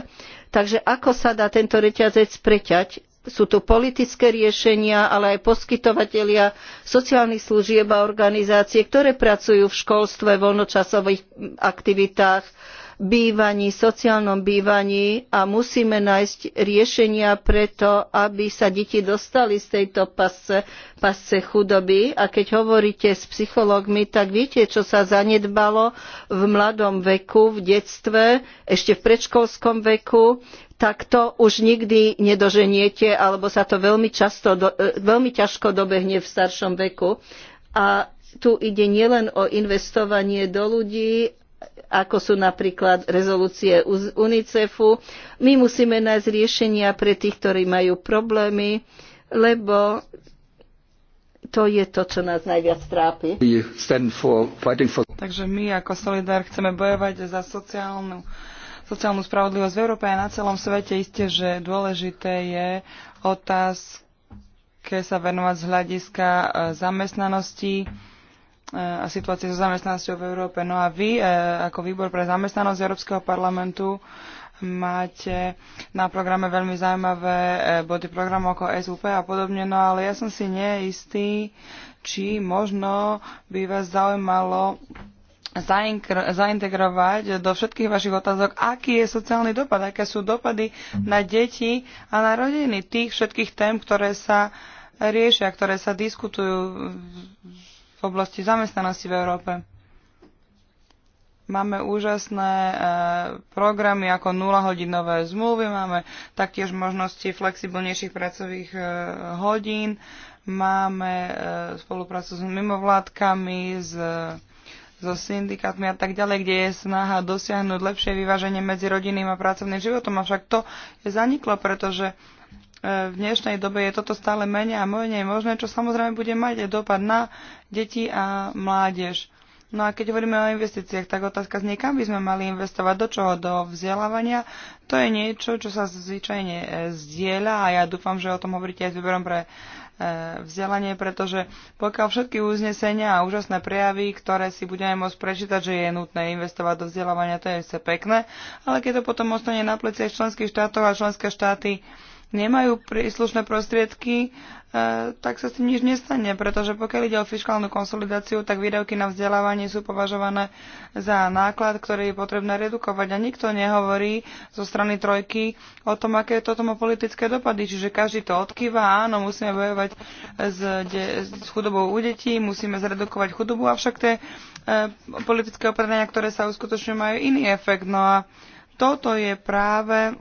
Takže ako sa dá tento reťazec preťať? Sú tu politické riešenia, ale aj poskytovatelia sociálnych služieb a organizácie, ktoré pracujú v školstve, voľnočasových aktivitách, bývaní, sociálnom bývaní a musíme nájsť riešenia preto, aby sa deti dostali z tejto pasce, pasce chudoby. A keď hovoríte s psychológmi, tak viete, čo sa zanedbalo v mladom veku, v detstve, ešte v predškolskom veku, tak to už nikdy nedoženiete, alebo sa to veľmi, často, e, veľmi ťažko dobehne v staršom veku. A tu ide nielen o investovanie do ľudí, ako sú napríklad rezolúcie UNICEFu. My musíme nájsť riešenia pre tých, ktorí majú problémy, lebo to je to, čo nás najviac trápi. Takže my ako Solidár chceme bojovať za sociálnu sociálnu spravodlivosť v Európe a na celom svete. Isté, že dôležité je keď sa venovať z hľadiska e, zamestnanosti E, a situácie so zamestnanosťou v Európe. No a vy, e, ako výbor pre zamestnanosť Európskeho parlamentu, máte na programe veľmi zaujímavé e, body programu ako SUP a podobne, no ale ja som si neistý, či možno by vás zaujímalo zaintegrovať do všetkých vašich otázok, aký je sociálny dopad, aké sú dopady na deti a na rodiny tých všetkých tém, ktoré sa riešia, ktoré sa diskutujú oblasti zamestnanosti v Európe. Máme úžasné e, programy ako 0-hodinové zmluvy, máme taktiež možnosti flexibilnejších pracových e, hodín, máme e, spoluprácu s mimovládkami, s, e, so syndikátmi a tak ďalej, kde je snaha dosiahnuť lepšie vyváženie medzi rodinným a pracovným životom. Avšak to je zaniklo, pretože e, v dnešnej dobe je toto stále menej a menej možné, čo samozrejme bude mať aj dopad na deti a mládež. No a keď hovoríme o investíciách, tak otázka znie, kam by sme mali investovať, do čoho, do vzdelávania. To je niečo, čo sa zvyčajne e, zdieľa a ja dúfam, že o tom hovoríte aj s výberom pre e, vzdelanie, pretože pokiaľ všetky uznesenia a úžasné prejavy, ktoré si budeme môcť prečítať, že je nutné investovať do vzdelávania, to je sa pekné, ale keď to potom ostane na pleciach členských štátov a členské štáty nemajú príslušné prostriedky, e, tak sa s tým nič nestane, pretože pokiaľ ide o fiskálnu konsolidáciu, tak výdavky na vzdelávanie sú považované za náklad, ktorý je potrebné redukovať. A nikto nehovorí zo strany trojky o tom, aké toto má politické dopady. Čiže každý to odkýva, áno, musíme bojovať s, de- s chudobou u detí, musíme zredukovať chudobu, avšak tie e, politické opatrenia, ktoré sa uskutočňujú, majú iný efekt. No a toto je práve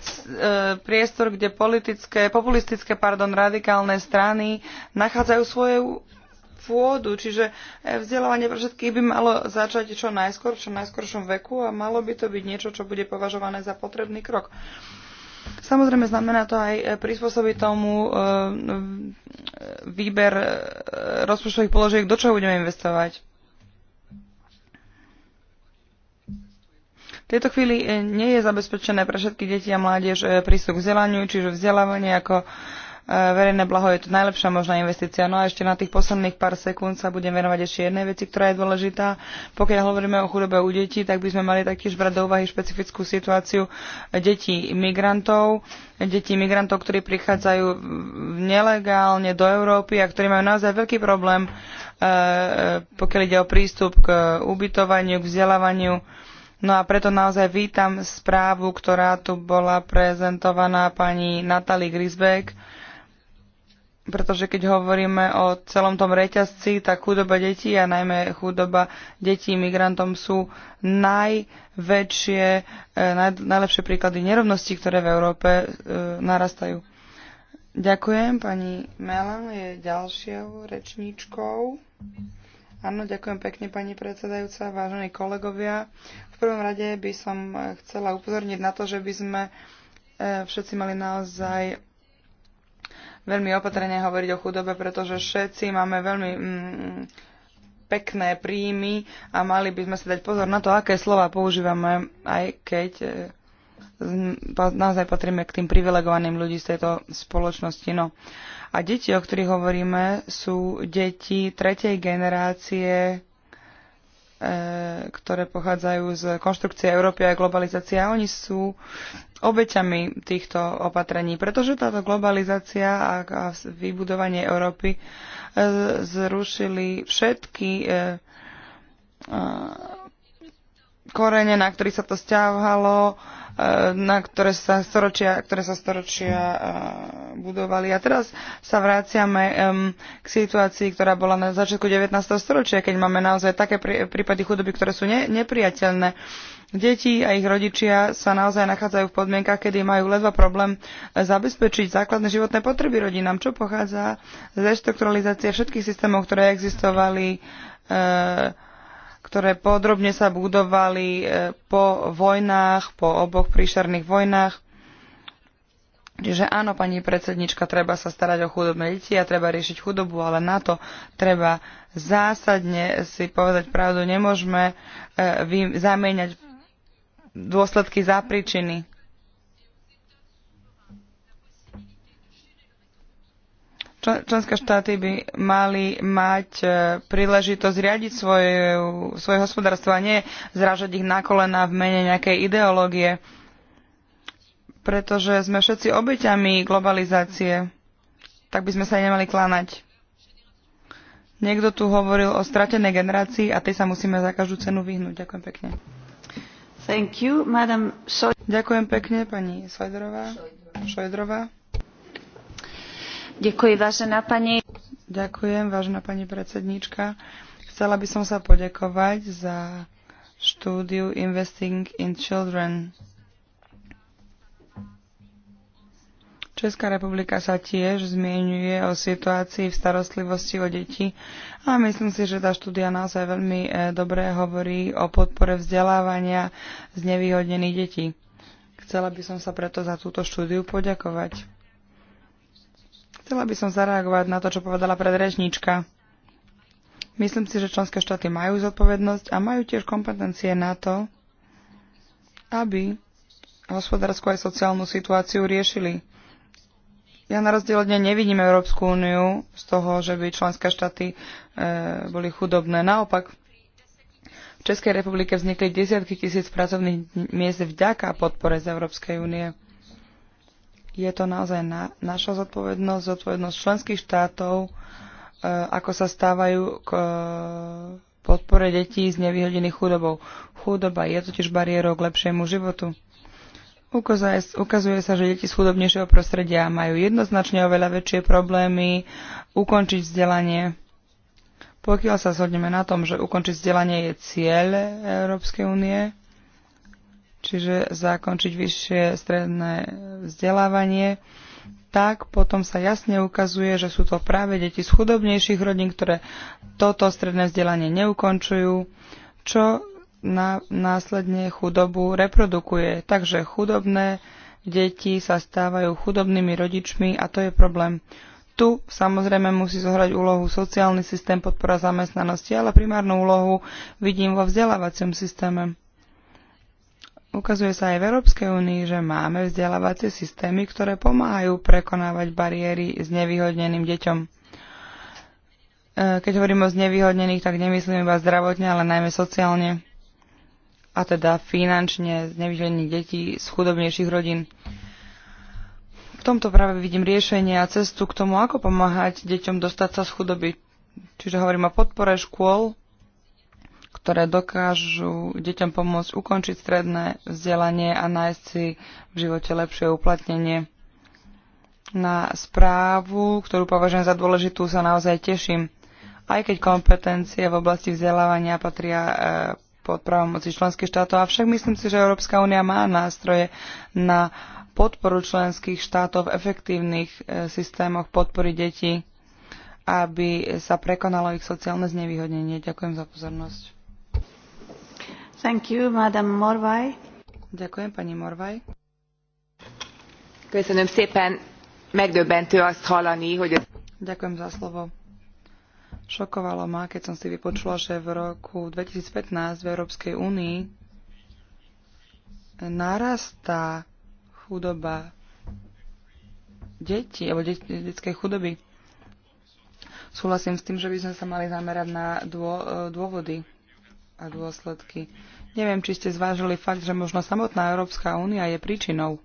E, priestor, kde politické, populistické, pardon, radikálne strany nachádzajú svoju pôdu, čiže e, vzdelávanie pre všetkých by malo začať čo najskôr, v čo najskoršom veku a malo by to byť niečo, čo bude považované za potrebný krok. Samozrejme znamená to aj e, prispôsobiť tomu výber rozpočtových položiek, do čoho budeme investovať. tejto chvíli e, nie je zabezpečené pre všetky deti a mládež e, prístup k vzdelaniu, čiže vzdelávanie ako e, verejné blaho je to najlepšia možná investícia. No a ešte na tých posledných pár sekúnd sa budem venovať ešte jednej veci, ktorá je dôležitá. Pokiaľ hovoríme o chudobe u detí, tak by sme mali taktiež brať do úvahy špecifickú situáciu detí migrantov, detí migrantov, ktorí prichádzajú nelegálne do Európy a ktorí majú naozaj veľký problém, pokiaľ ide o prístup k ubytovaniu, k vzdelávaniu No a preto naozaj vítam správu, ktorá tu bola prezentovaná pani Natalie Grisbeck, pretože keď hovoríme o celom tom reťazci, tak chudoba detí a najmä chudoba detí migrantom sú najväčšie, e, naj, najlepšie príklady nerovností, ktoré v Európe e, narastajú. Ďakujem. Pani Melan je ďalšou rečníčkou. Áno, ďakujem pekne pani predsedajúca, vážení kolegovia. V prvom rade by som e, chcela upozorniť na to, že by sme e, všetci mali naozaj veľmi opatrne hovoriť o chudobe, pretože všetci máme veľmi mm, pekné príjmy a mali by sme si dať pozor na to, aké slova používame, aj keď e, Hm, naozaj patríme k tým privilegovaným ľudí z tejto spoločnosti. No. A deti, o ktorých hovoríme, sú deti tretej generácie, e, ktoré pochádzajú z konštrukcie Európy a globalizácia. Oni sú obeťami týchto opatrení, pretože táto globalizácia a, a vybudovanie Európy e, zrušili všetky e, e korene, na ktorých sa to stiahalo, E, na ktoré sa storočia, ktoré sa storočia e, budovali. A teraz sa vraciame k situácii, ktorá bola na začiatku 19. storočia, keď máme naozaj také prípady chudoby, ktoré sú ne, nepriateľné. Deti a ich rodičia sa naozaj nachádzajú v podmienkach, kedy majú ledva problém zabezpečiť základné životné potreby rodinám, čo pochádza z reštrukturalizácie všetkých systémov, ktoré existovali e, ktoré podrobne sa budovali e, po vojnách, po oboch príšerných vojnách. Čiže áno, pani predsednička, treba sa starať o chudobné deti a treba riešiť chudobu, ale na to treba zásadne si povedať pravdu. Nemôžeme e, zamieňať dôsledky za príčiny. členské štáty by mali mať e, príležitosť riadiť svoje, svoje hospodárstvo a nie zrážať ich na kolena v mene nejakej ideológie, pretože sme všetci obeťami globalizácie. Tak by sme sa nemali klánať. Niekto tu hovoril o stratenej generácii a tej sa musíme za každú cenu vyhnúť. Ďakujem pekne. Thank you, madam so- Ďakujem pekne, pani Sojdrová. Šojdrová. Ďakujem, pani. Chcela by som sa poďakovať za štúdiu Investing in Children. Česká republika sa tiež zmienuje o situácii v starostlivosti o deti a myslím si, že tá štúdia naozaj veľmi e, dobre hovorí o podpore vzdelávania z nevýhodnených detí. Chcela by som sa preto za túto štúdiu poďakovať. Chcela by som zareagovať na to, čo povedala predrežníčka. Myslím si, že členské štáty majú zodpovednosť a majú tiež kompetencie na to, aby hospodárskú aj sociálnu situáciu riešili. Ja na rozdiel od nevidím Európsku úniu z toho, že by členské štáty e, boli chudobné. Naopak, v Českej republike vznikli desiatky tisíc pracovných miest vďaka podpore z Európskej únie je to naozaj na, naša zodpovednosť, zodpovednosť členských štátov, e, ako sa stávajú k e, podpore detí z nevyhodených chudobou. Chudoba je totiž bariérou k lepšiemu životu. Ukazuje, ukazuje sa, že deti z chudobnejšieho prostredia majú jednoznačne oveľa väčšie problémy ukončiť vzdelanie. Pokiaľ sa zhodneme na tom, že ukončiť vzdelanie je cieľ Európskej únie, čiže zakončiť vyššie stredné vzdelávanie, tak potom sa jasne ukazuje, že sú to práve deti z chudobnejších rodín, ktoré toto stredné vzdelanie neukončujú, čo na, následne chudobu reprodukuje. Takže chudobné deti sa stávajú chudobnými rodičmi a to je problém. Tu samozrejme musí zohrať úlohu sociálny systém podpora zamestnanosti, ale primárnu úlohu vidím vo vzdelávacom systéme. Ukazuje sa aj v Európskej únii, že máme vzdelávacie systémy, ktoré pomáhajú prekonávať bariéry s nevýhodneným deťom. E, keď hovorím o znevýhodnených, tak nemyslím iba zdravotne, ale najmä sociálne a teda finančne z detí z chudobnejších rodín. V tomto práve vidím riešenie a cestu k tomu, ako pomáhať deťom dostať sa z chudoby. Čiže hovorím o podpore škôl, ktoré dokážu deťom pomôcť ukončiť stredné vzdelanie a nájsť si v živote lepšie uplatnenie. Na správu, ktorú považujem za dôležitú, sa naozaj teším. Aj keď kompetencie v oblasti vzdelávania patria e, pod právomoci členských štátov, avšak myslím si, že Európska únia má nástroje na podporu členských štátov v efektívnych e, systémoch podpory detí aby sa prekonalo ich sociálne znevýhodnenie. Ďakujem za pozornosť. Thank you, Madam Ďakujem, pani Morvai. Köszönöm szépen. Megdöbbentő azt hallani, hogy... Ďakujem za slovo. Šokovalo ma, keď som si vypočula, že v roku 2015 v Európskej únii narastá chudoba detí, alebo det, detskej chudoby. Súhlasím s tým, že by sme sa mali zamerať na dô, dôvody a dôsledky. Neviem, či ste zvážili fakt, že možno samotná Európska únia je príčinou.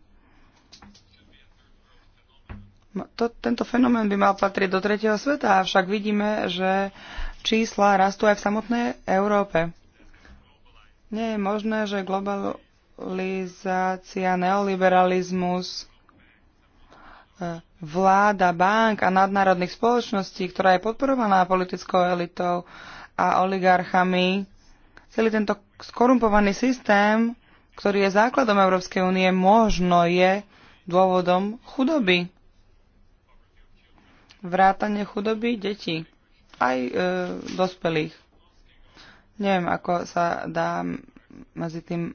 No, to, tento fenomén by mal patriť do tretieho sveta, avšak vidíme, že čísla rastú aj v samotnej Európe. Nie je možné, že globalizácia, neoliberalizmus, e, vláda, bank a nadnárodných spoločností, ktorá je podporovaná politickou elitou a oligarchami, Celý tento skorumpovaný systém, ktorý je základom Európskej únie, možno je dôvodom chudoby. Vrátanie chudoby detí, aj e, dospelých. Neviem, ako sa dá medzi tým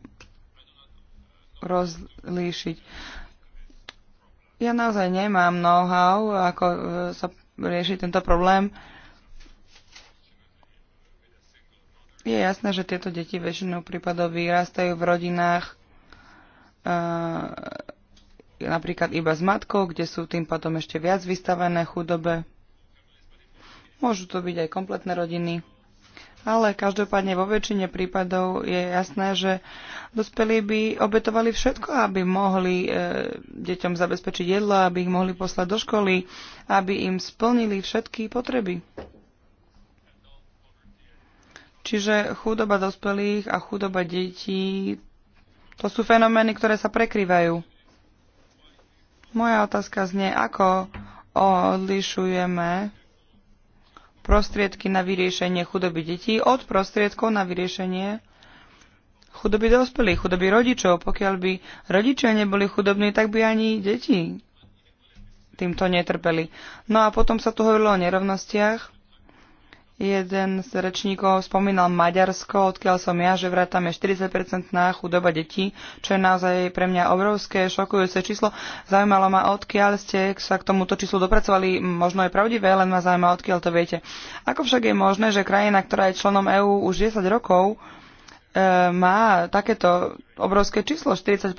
rozlíšiť. Ja naozaj nemám know-how, ako e, sa rieši tento problém. E, Je jasné, že tieto deti väčšinou prípadov vyrastajú v rodinách e, napríklad iba s matkou, kde sú tým potom ešte viac vystavené chudobe. Môžu to byť aj kompletné rodiny. Ale každopádne vo väčšine prípadov je jasné, že dospelí by obetovali všetko, aby mohli e, deťom zabezpečiť jedlo, aby ich mohli poslať do školy, aby im splnili všetky potreby. Čiže chudoba dospelých a chudoba detí, to sú fenomény, ktoré sa prekrývajú. Moja otázka znie, ako odlišujeme prostriedky na vyriešenie chudoby detí od prostriedkov na vyriešenie chudoby dospelých, chudoby rodičov. Pokiaľ by rodičia neboli chudobní, tak by ani deti týmto netrpeli. No a potom sa tu hovorilo o nerovnostiach. Jeden z rečníkov spomínal Maďarsko, odkiaľ som ja, že vraj tam je 40-percentná chudoba detí, čo je naozaj pre mňa obrovské, šokujúce číslo. Zaujímalo ma, odkiaľ ste sa k tomuto číslu dopracovali, možno je pravdivé, len ma zaujíma, odkiaľ to viete. Ako však je možné, že krajina, ktorá je členom EÚ už 10 rokov, e, má takéto obrovské číslo, 40%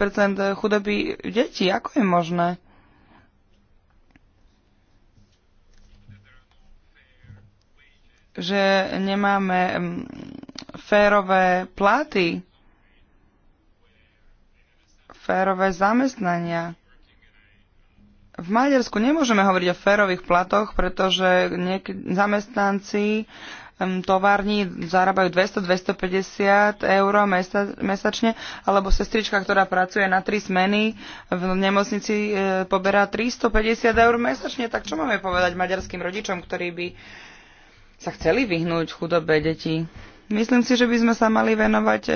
chudoby detí. Ako je možné? že nemáme mm, férové platy, férové zamestnania. V Maďarsku nemôžeme hovoriť o férových platoch, pretože niek- zamestnanci mm, továrni zarábajú 200-250 eur mesačne, alebo sestrička, ktorá pracuje na tri smeny v nemocnici, e, poberá 350 eur mesačne. Tak čo máme povedať maďarským rodičom, ktorí by sa chceli vyhnúť chudobe detí. Myslím si, že by sme sa mali venovať e,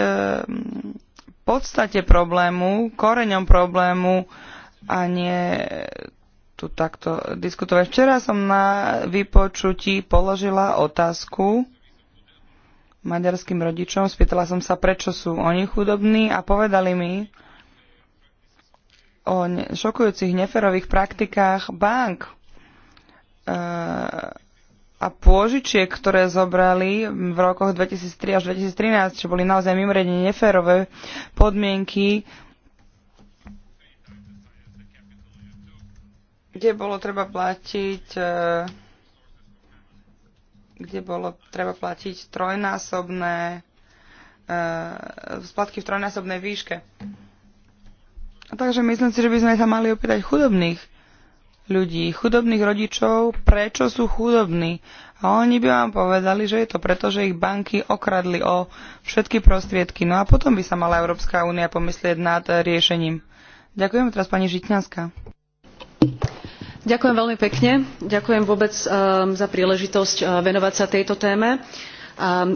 podstate problému, koreňom problému a nie tu takto diskutovať. Včera som na vypočutí položila otázku maďarským rodičom, spýtala som sa, prečo sú oni chudobní a povedali mi o šokujúcich neferových praktikách bank. E, a pôžičiek, ktoré zobrali v rokoch 2003 až 2013, čo boli naozaj mimoriadne neférové podmienky, kde bolo treba platiť e, kde bolo treba platiť trojnásobné e, splatky v trojnásobnej výške. Takže myslím si, že by sme sa mali opýtať chudobných ľudí, chudobných rodičov, prečo sú chudobní. A oni by vám povedali, že je to preto, že ich banky okradli o všetky prostriedky. No a potom by sa mala Európska únia pomyslieť nad riešením. Ďakujem teraz pani Žitňanská. Ďakujem veľmi pekne. Ďakujem vôbec um, za príležitosť uh, venovať sa tejto téme um,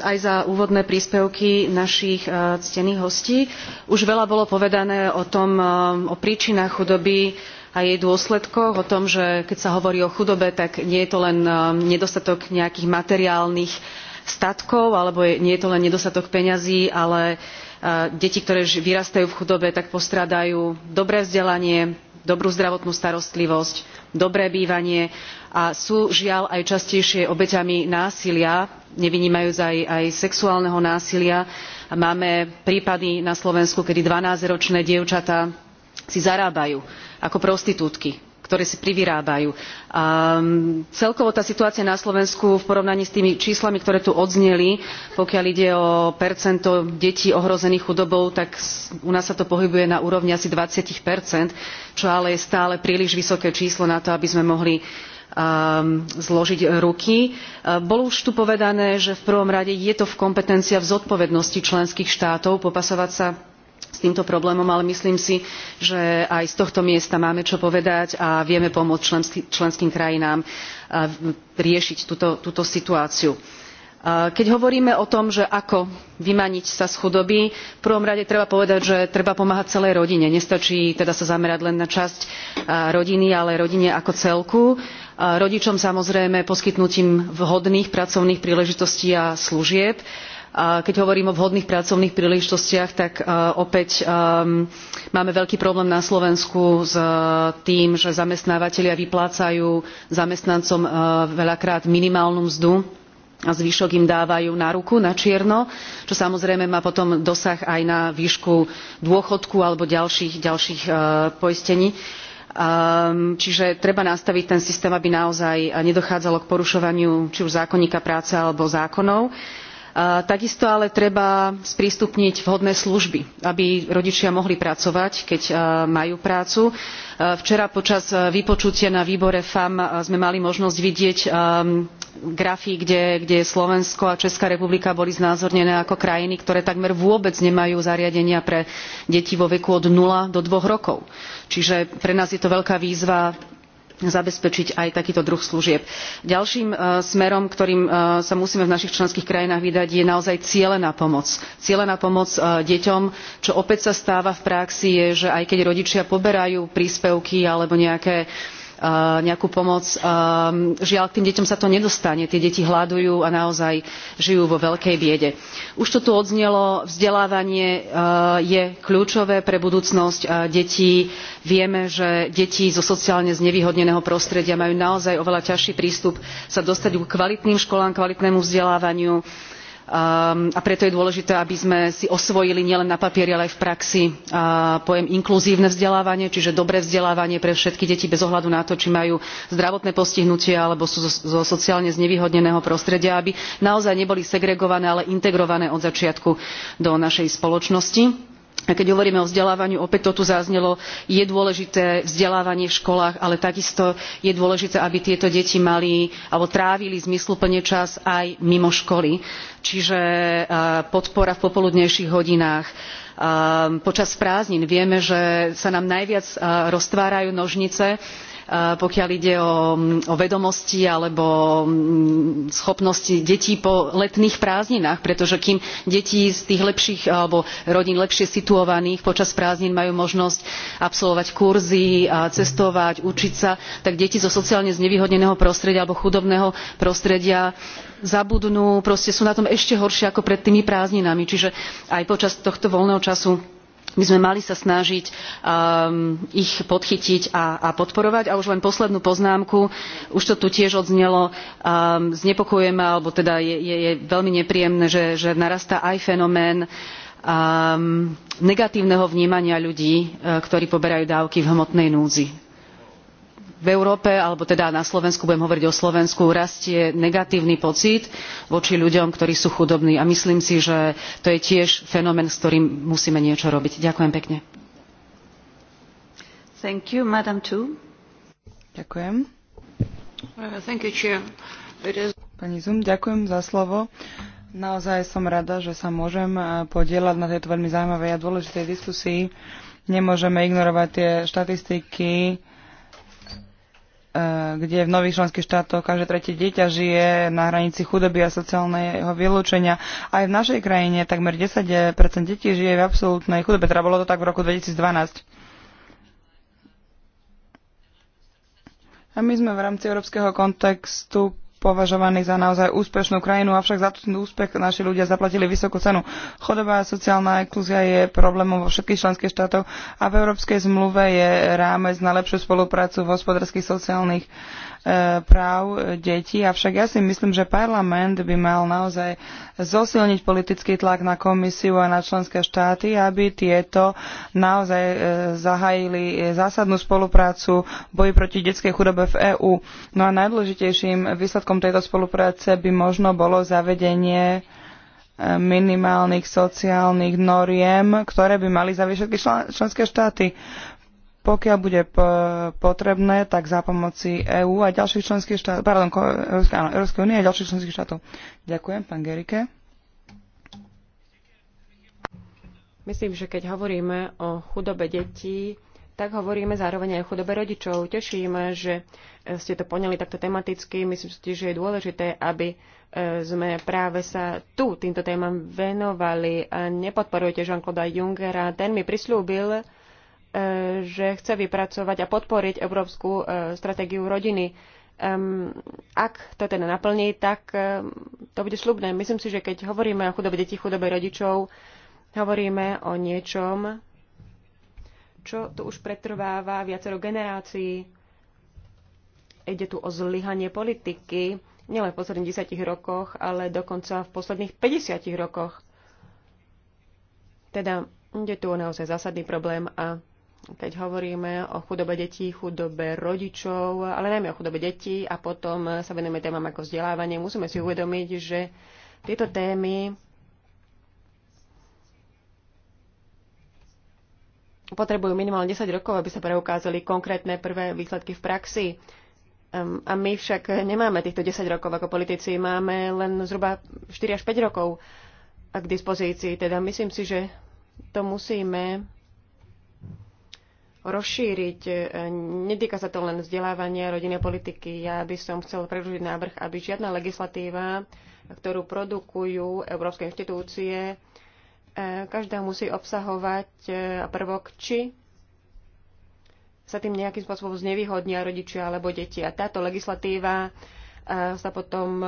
aj za úvodné príspevky našich uh, ctených hostí. Už veľa bolo povedané o tom, um, o príčinách chudoby, a jej dôsledkoch o tom že keď sa hovorí o chudobe tak nie je to len e, nedostatok nejakých materiálnych statkov alebo nie je to len nedostatok peňazí ale e, deti ktoré vyrastajú v chudobe tak postrádajú dobré vzdelanie dobrú zdravotnú starostlivosť dobré bývanie a sú žiaľ aj častejšie obeťami násilia nevynímajúc aj, aj sexuálneho násilia. máme prípady na slovensku kedy dvanásťročné dievčatá si zarábajú ako prostitútky ktoré si privyrábajú. celkovo tá situácia na Slovensku v porovnaní s tými číslami, ktoré tu odzneli, pokiaľ ide o percento detí ohrozených chudobou, tak u nás sa to pohybuje na úrovni asi percent, čo ale je stále príliš vysoké číslo na to, aby sme mohli zložiť ruky. Bolo už tu povedané, že v prvom rade je to v kompetencii a v zodpovednosti členských štátov popasovať sa s týmto problémom, ale myslím si, že aj z tohto miesta máme čo povedať a vieme pomôcť členský, členským krajinám riešiť túto, túto situáciu keď hovoríme o tom že ako vymaniť sa z chudoby v prvom rade treba povedať že treba pomáhať celej rodine nestačí teda sa zamerať len na časť rodiny ale rodine ako celku rodičom samozrejme poskytnutím vhodných pracovných príležitostí a služieb keď hovorím o vhodných pracovných príležitostiach tak e, opäť e, máme veľký problém na slovensku s e, tým že zamestnávatelia vyplácajú zamestnancom veľakrát minimálnu mzdu a zvyšok im dávajú na ruku na čierno čo samozrejme má potom dosah aj na výšku dôchodku alebo ďalších, ďalších poistení čiže treba nastaviť ten systém aby naozaj nedochádzalo k porušovaniu či už zákonníka práce alebo zákonov takisto ale treba sprístupniť vhodné služby aby rodičia mohli pracovať keď majú prácu. včera počas vypočutia na výbore femm sme mali možnosť vidieť grafy kde, slovensko a česká republika boli znázornené ako krajiny ktoré takmer vôbec nemajú zariadenia pre deti vo veku od nula do dvoch rokov. čiže pre nás je to veľká výzva zabezpečiť aj takýto druh služieb. ďalším e, smerom ktorým e, sa musíme v našich členských krajinách vydať je naozaj cielená pomoc. cielená pomoc e, deťom čo opäť sa stáva v praxi je že aj keď rodičia poberajú príspevky alebo nejaké Eh, nejakú pomoc. Eh, žiaľ, k tým deťom sa to nedostane. Tie deti hľadujú a naozaj žijú vo veľkej biede. Už to tu odznelo, vzdelávanie eh, je kľúčové pre budúcnosť detí. Vieme, že deti zo sociálne znevýhodneného prostredia majú naozaj oveľa ťažší prístup sa dostať k kvalitným školám, kvalitnému vzdelávaniu Um, a preto je dôležité aby sme si osvojili nielen na papieri ale aj v praxi uh, pojem inkluzívne vzdelávanie čiže dobré vzdelávanie pre všetky deti bez ohľadu na to či majú zdravotné postihnutie alebo sú zo sociálne znevýhodneného prostredia aby naozaj neboli segregované ale integrované od začiatku do našej spoločnosti keď hovoríme o vzdelávaniu opäť to tu zaznelo je dôležité vzdelávanie v školách ale takisto je dôležité aby tieto deti mali alebo trávili zmysluplne čas aj mimo školy čiže podpora v popoludnejších hodinách počas prázdnin vieme že sa nám najviac roztvárajú nožnice Eh, pokiaľ ide o, mm, o vedomosti alebo mm, schopnosti detí po letných prázdninách, pretože kým deti z tých lepších alebo rodín lepšie situovaných počas prázdnin majú možnosť absolvovať kurzy a cestovať, učiť sa, tak deti zo sociálne znevýhodneného prostredia alebo chudobného prostredia zabudnú, proste sú na tom ešte horšie ako pred tými prázdninami. Čiže aj počas tohto voľného času by sme mali sa snažiť um, ich podchytiť a, a podporovať. A už len poslednú poznámku, už to tu tiež odznelo, um, znepokojujeme, alebo teda je, je, je veľmi nepríjemné, že, že narastá aj fenomén um, negatívneho vnímania ľudí, uh, ktorí poberajú dávky v hmotnej núdzi v európe alebo teda na slovensku budem hovoriť o slovensku rastie negatívny pocit voči ľuďom ktorí sú chudobní a myslím si že to je tiež fenomén s ktorým musíme niečo robiť. ďakujem pekne. ďakujem. Uh, Pani Zum, ďakujem za slovo. Naozaj som rada, že sa môžem uh, podieľať na tejto veľmi zaujímavej a dôležitej diskusii. Nemôžeme ignorovať tie štatistiky, E, kde v nových členských štátoch každé tretie dieťa žije na hranici chudoby a sociálneho vylúčenia. Aj v našej krajine takmer 10% detí žije v absolútnej chudobe. Teda bolo to tak v roku 2012. A my sme v rámci európskeho kontextu považovaní za naozaj úspešnú krajinu, avšak za ten úspech naši ľudia zaplatili vysokú cenu. Chodobá a sociálna inklúzia je problémom vo všetkých členských štátoch a v Európskej zmluve je rámec na lepšiu spoluprácu v hospodárskych, sociálnych E, práv detí. Avšak ja si myslím, že parlament by mal naozaj zosilniť politický tlak na komisiu a na členské štáty, aby tieto naozaj e, zahájili zásadnú spoluprácu v boji proti detskej chudobe v EÚ. No a najdôležitejším výsledkom tejto spolupráce by možno bolo zavedenie e, minimálnych sociálnych noriem, ktoré by mali zaviesť všetky členské štáty pokiaľ bude potrebné, tak za pomoci EÚ a ďalších členských štátov, pardon, Európskej únie a ďalších členských štátov. Ďakujem, pán Gerike. Myslím, že keď hovoríme o chudobe detí, tak hovoríme zároveň aj o chudobe rodičov. Tešíme, že e, ste to poňali takto tematicky. Myslím si, že je dôležité, aby e, sme práve sa tu týmto témam venovali. Nepodporujete Jean-Claude Junckera. Ten mi prislúbil, E, že chce vypracovať a podporiť európsku e, stratégiu rodiny. Ak to teda naplní, tak e, to bude slubné. Myslím si, že keď hovoríme o chudobe detí, chudobe rodičov, hovoríme o niečom, čo tu už pretrváva viacero generácií. Ide tu o zlyhanie politiky, nielen v posledných 10 rokoch, ale dokonca v posledných 50 rokoch. Teda ide tu o naozaj zásadný problém a keď hovoríme o chudobe detí, chudobe rodičov, ale najmä o chudobe detí a potom sa venujeme témam ako vzdelávanie, musíme si uvedomiť, že tieto témy potrebujú minimálne 10 rokov, aby sa preukázali konkrétne prvé výsledky v praxi. Ehm, a my však nemáme týchto 10 rokov ako politici, máme len zhruba 4 až 5 rokov k dispozícii. Teda myslím si, že to musíme rozšíriť. E, Netýka sa to len vzdelávania, rodinnej politiky. Ja by som chcel predložiť návrh, aby žiadna legislatíva, ktorú produkujú európske inštitúcie, e, každá musí obsahovať e, prvok, či sa tým nejakým spôsobom znevýhodnia rodičia alebo deti. A táto legislatíva sa potom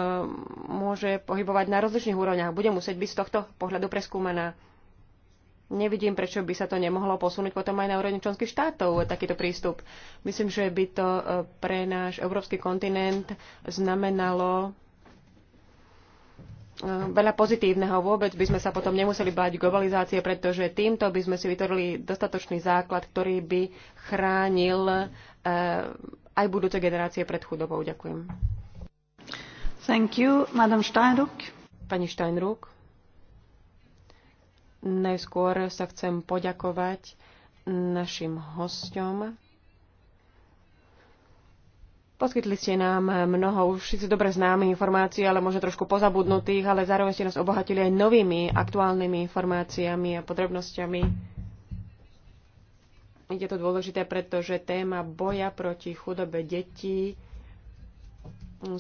môže pohybovať na rozličných úrovniach. Bude musieť byť z tohto pohľadu preskúmaná. Nevidím, prečo by sa to nemohlo posunúť potom aj na úrovni členských štátov, takýto prístup. Myslím, že by to e, pre náš európsky kontinent znamenalo e, veľa pozitívneho. Vôbec by sme sa potom nemuseli báť globalizácie, pretože týmto by sme si vytvorili dostatočný základ, ktorý by chránil e, aj budúce generácie pred chudobou. Ďakujem. Thank you, Madam Steinruck. Pani Steinruck. Najskôr sa chcem poďakovať našim hosťom. Poskytli ste nám mnoho už síce dobre známych informácií, ale možno trošku pozabudnutých, ale zároveň ste nás obohatili aj novými aktuálnymi informáciami a podrobnosťami. Je to dôležité, pretože téma boja proti chudobe detí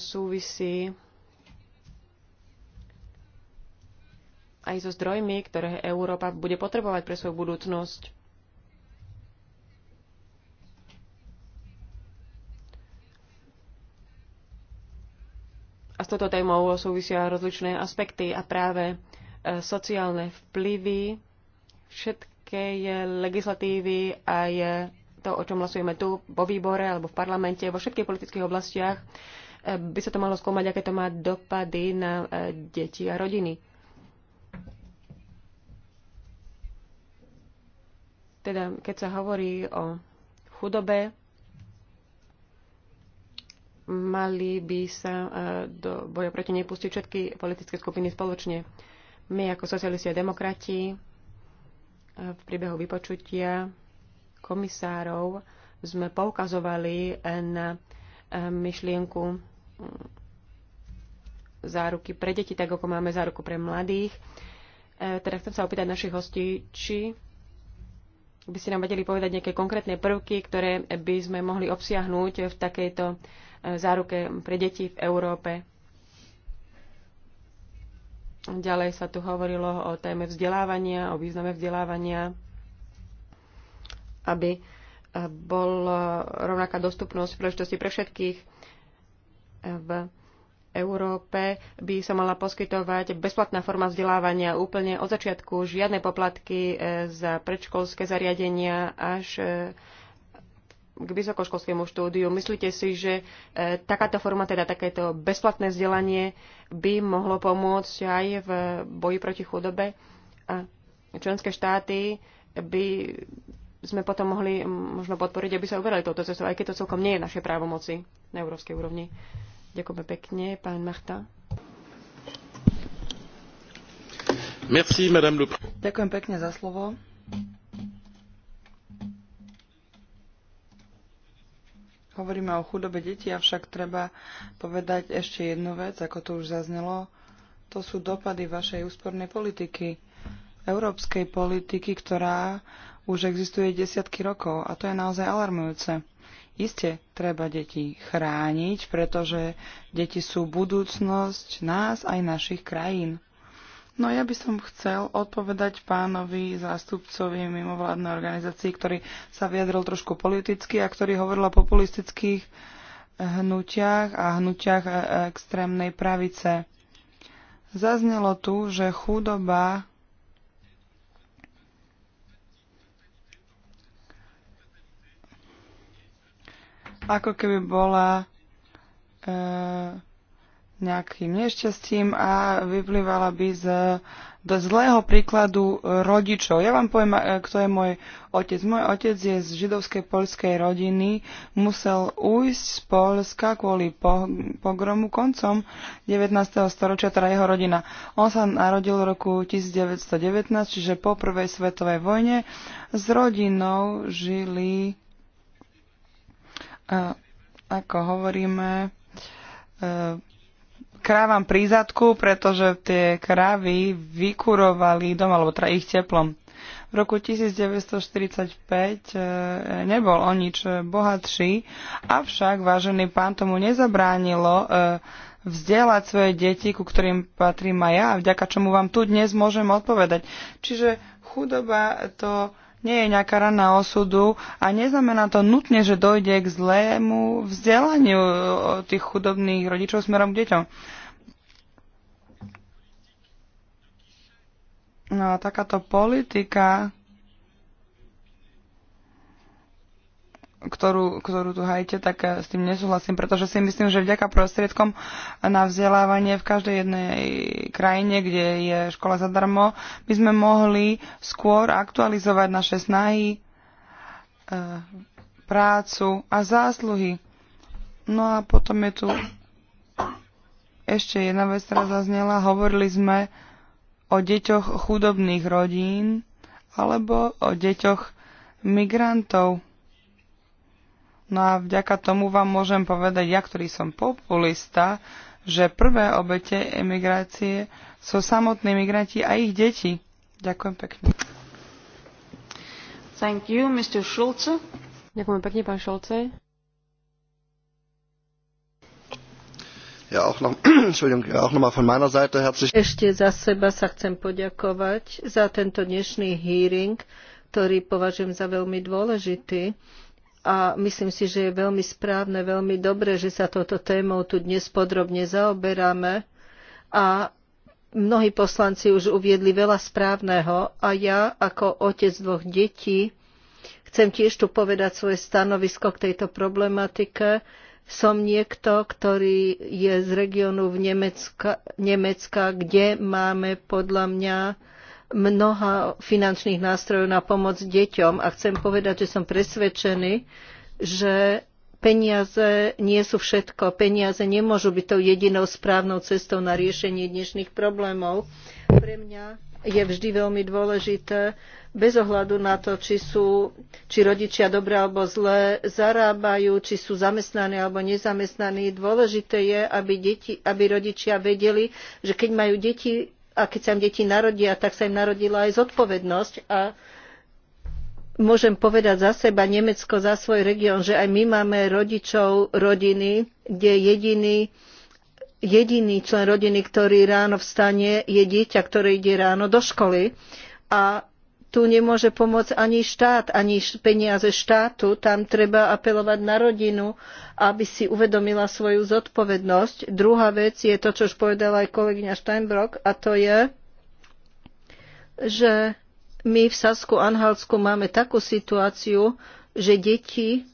súvisí aj so zdrojmi, ktoré Európa bude potrebovať pre svoju budúcnosť. A s touto témou súvisia rozličné aspekty a práve e, sociálne vplyvy všetkej e, legislatívy a je to, o čom hlasujeme tu vo výbore alebo v parlamente, vo všetkých politických oblastiach, e, by sa to malo skúmať, aké to má dopady na deti a rodiny. Teda, keď sa hovorí o chudobe, mali by sa e, do boja proti nej pustiť všetky politické skupiny spoločne. My ako socialisti a demokrati e, v priebehu vypočutia komisárov sme poukazovali na e, myšlienku záruky pre deti, tak ako máme záruku pre mladých. Teda chcem sa opýtať našich hostí, či by ste nám vedeli povedať nejaké konkrétne prvky, ktoré by sme mohli obsiahnuť v takejto e, záruke pre deti v Európe. Ďalej sa tu hovorilo o téme vzdelávania, o význame vzdelávania, aby e, bol e, rovnaká dostupnosť príležitosti pre všetkých v Európe by sa mala poskytovať bezplatná forma vzdelávania úplne od začiatku, žiadne poplatky e, za predškolské zariadenia až e, k vysokoškolskému štúdiu. Myslíte si, že e, takáto forma, teda takéto bezplatné vzdelanie by mohlo pomôcť aj v boji proti chudobe? A členské štáty by sme potom mohli možno podporiť, aby sa uverali touto cestou, aj keď to celkom nie je naše právomoci na európskej úrovni. Ďakujeme pekne. Pán Marta. Merci, madame le... Ďakujem pekne za slovo. Hovoríme o chudobe detí, avšak treba povedať ešte jednu vec, ako to už zaznelo. To sú dopady vašej úspornej politiky, európskej politiky, ktorá už existuje desiatky rokov a to je naozaj alarmujúce. Isté, treba deti chrániť, pretože deti sú budúcnosť nás aj našich krajín. No ja by som chcel odpovedať pánovi zástupcovi mimovládnej organizácii, ktorý sa vyjadril trošku politicky a ktorý hovoril o populistických hnutiach a hnutiach e, e, extrémnej pravice. Zaznelo tu, že chudoba ako keby bola e, nejakým nešťastím a vyplývala by z, do zlého príkladu rodičov. Ja vám poviem, e, kto je môj otec. Môj otec je z židovskej poľskej rodiny, musel ujsť z Polska kvôli pogromu koncom 19. storočia, teda jeho rodina. On sa narodil v roku 1919, čiže po prvej svetovej vojne. S rodinou žili a ako hovoríme, e, krávam pri zadku, pretože tie krávy vykurovali dom, alebo teda ich teplom. V roku 1945 e, nebol o nič bohatší, avšak vážený pán tomu nezabránilo e, vzdelať svoje deti, ku ktorým patrím aj ja, a vďaka čomu vám tu dnes môžem odpovedať. Čiže chudoba to nie je nejaká rana osudu a neznamená to nutne, že dojde k zlému vzdelaniu e, tých chudobných rodičov smerom k deťom. No a takáto politika ktorú, ktorú tu hajte, tak eh, s tým nesúhlasím, pretože si myslím, že vďaka prostriedkom na vzdelávanie v každej jednej krajine, kde je škola zadarmo, by sme mohli skôr aktualizovať naše snahy, eh, prácu a zásluhy. No a potom je tu ešte jedna vec, ktorá zaznela. Hovorili sme o deťoch chudobných rodín alebo o deťoch migrantov No a vďaka tomu vám môžem povedať, ja, ktorý som populista, že prvé obete emigrácie sú samotní migranti a ich deti. Ďakujem pekne. Thank you, Mr. Schulze. Ďakujem pekne, pán Šolce. Ja noch, ja noch mal von Seite Ešte za seba sa chcem poďakovať za tento dnešný hearing, ktorý považujem za veľmi dôležitý a myslím si, že je veľmi správne, veľmi dobré, že sa toto témou tu dnes podrobne zaoberáme a mnohí poslanci už uviedli veľa správneho a ja ako otec dvoch detí chcem tiež tu povedať svoje stanovisko k tejto problematike. Som niekto, ktorý je z regiónu v Nemecka, Nemecka, kde máme podľa mňa mnoha finančných nástrojov na pomoc deťom a chcem povedať, že som presvedčený, že peniaze nie sú všetko. Peniaze nemôžu byť tou jedinou správnou cestou na riešenie dnešných problémov. Pre mňa je vždy veľmi dôležité, bez ohľadu na to, či sú či rodičia dobre alebo zlé zarábajú, či sú zamestnaní alebo nezamestnaní. Dôležité je, aby, deti, aby rodičia vedeli, že keď majú deti a keď sa im deti narodia, tak sa im narodila aj zodpovednosť a môžem povedať za seba Nemecko, za svoj región, že aj my máme rodičov rodiny, kde jediný, jediný člen rodiny, ktorý ráno vstane, je dieťa, ktoré ide ráno do školy. A tu nemôže pomôcť ani štát, ani peniaze štátu. Tam treba apelovať na rodinu, aby si uvedomila svoju zodpovednosť. Druhá vec je to, čo už povedala aj kolegyňa Steinbrock, a to je, že my v Sasku Anhalsku máme takú situáciu, že deti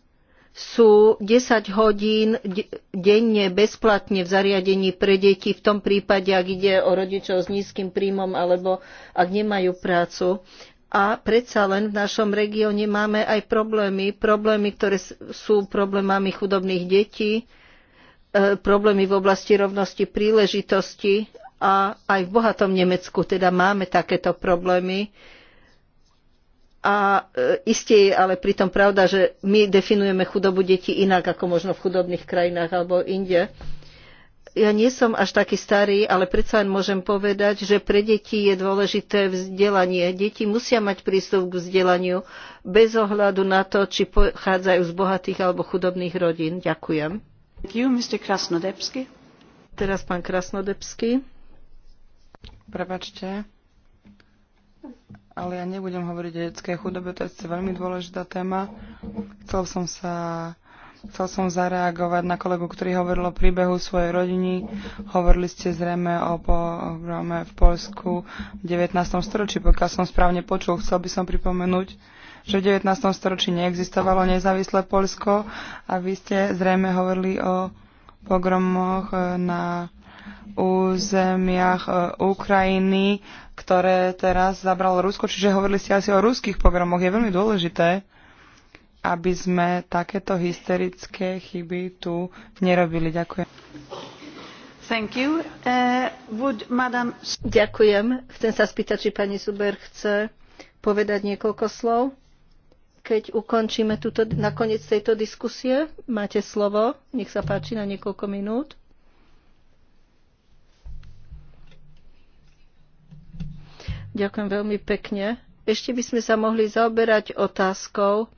sú 10 hodín denne bezplatne v zariadení pre deti v tom prípade, ak ide o rodičov s nízkym príjmom alebo ak nemajú prácu a predsa len v našom regióne máme aj problémy, problémy, ktoré sú problémami chudobných detí, e, problémy v oblasti rovnosti príležitosti a aj v bohatom Nemecku teda máme takéto problémy. A e, isté je ale pritom pravda, že my definujeme chudobu detí inak ako možno v chudobných krajinách alebo inde ja nie som až taký starý, ale predsa len môžem povedať, že pre deti je dôležité vzdelanie. Deti musia mať prístup k vzdelaniu bez ohľadu na to, či pochádzajú z bohatých alebo chudobných rodín. Ďakujem. Thank you, Mr. Krasnodebsky. Teraz pán Krasnodebsky. Prepačte, ale ja nebudem hovoriť o detskej chudobe, to je veľmi dôležitá téma. Chcel som sa Chcel som zareagovať na kolegu, ktorý hovoril o príbehu svojej rodiny. Hovorili ste zrejme o pogrome v Polsku v 19. storočí, pokiaľ som správne počul. Chcel by som pripomenúť, že v 19. storočí neexistovalo nezávislé Polsko a vy ste zrejme hovorili o pogromoch na územiach e, Ukrajiny, ktoré teraz zabralo Rusko. Čiže hovorili ste asi o ruských pogromoch. Je veľmi dôležité, aby sme takéto hysterické chyby tu nerobili. Ďakujem. Thank you. Uh, would madam... Ďakujem. Chcem sa spýtať, či pani Zuber chce povedať niekoľko slov. Keď ukončíme túto, nakoniec tejto diskusie, máte slovo. Nech sa páči na niekoľko minút. Ďakujem veľmi pekne. Ešte by sme sa mohli zaoberať otázkou,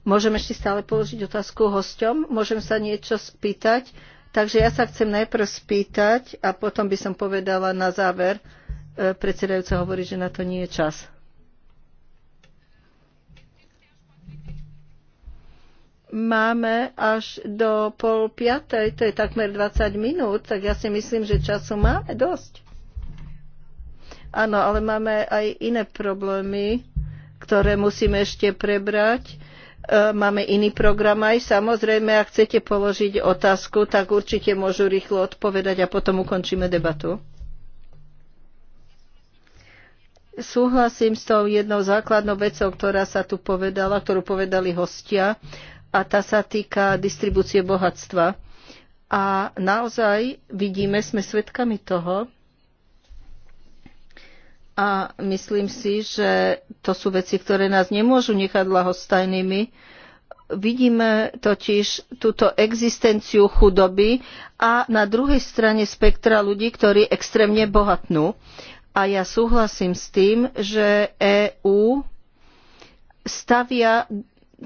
Môžem ešte stále položiť otázku hosťom? Môžem sa niečo spýtať? Takže ja sa chcem najprv spýtať a potom by som povedala na záver. E, predsedajúca hovorí, že na to nie je čas. Máme až do pol piatej, to je takmer 20 minút, tak ja si myslím, že času máme dosť. Áno, ale máme aj iné problémy, ktoré musíme ešte prebrať E, máme iný program aj. Samozrejme, ak chcete položiť otázku, tak určite môžu rýchlo odpovedať a potom ukončíme debatu. Súhlasím s tou jednou základnou vecou, ktorá sa tu povedala, ktorú povedali hostia a tá sa týka distribúcie bohatstva. A naozaj vidíme, sme svedkami toho, a myslím si, že to sú veci, ktoré nás nemôžu nechať lahostajnými. Vidíme totiž túto existenciu chudoby a na druhej strane spektra ľudí, ktorí extrémne bohatnú. A ja súhlasím s tým, že EÚ stavia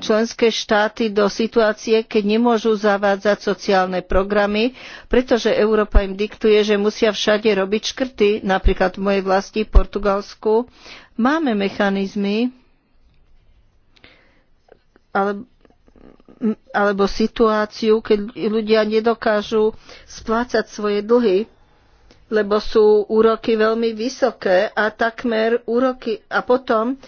členské štáty do situácie, keď nemôžu zavádzať sociálne programy, pretože Európa im diktuje, že musia všade robiť škrty, napríklad v mojej vlasti Portugalsku. Máme mechanizmy ale, alebo situáciu, keď ľudia nedokážu splácať svoje dlhy, lebo sú úroky veľmi vysoké a takmer úroky a potom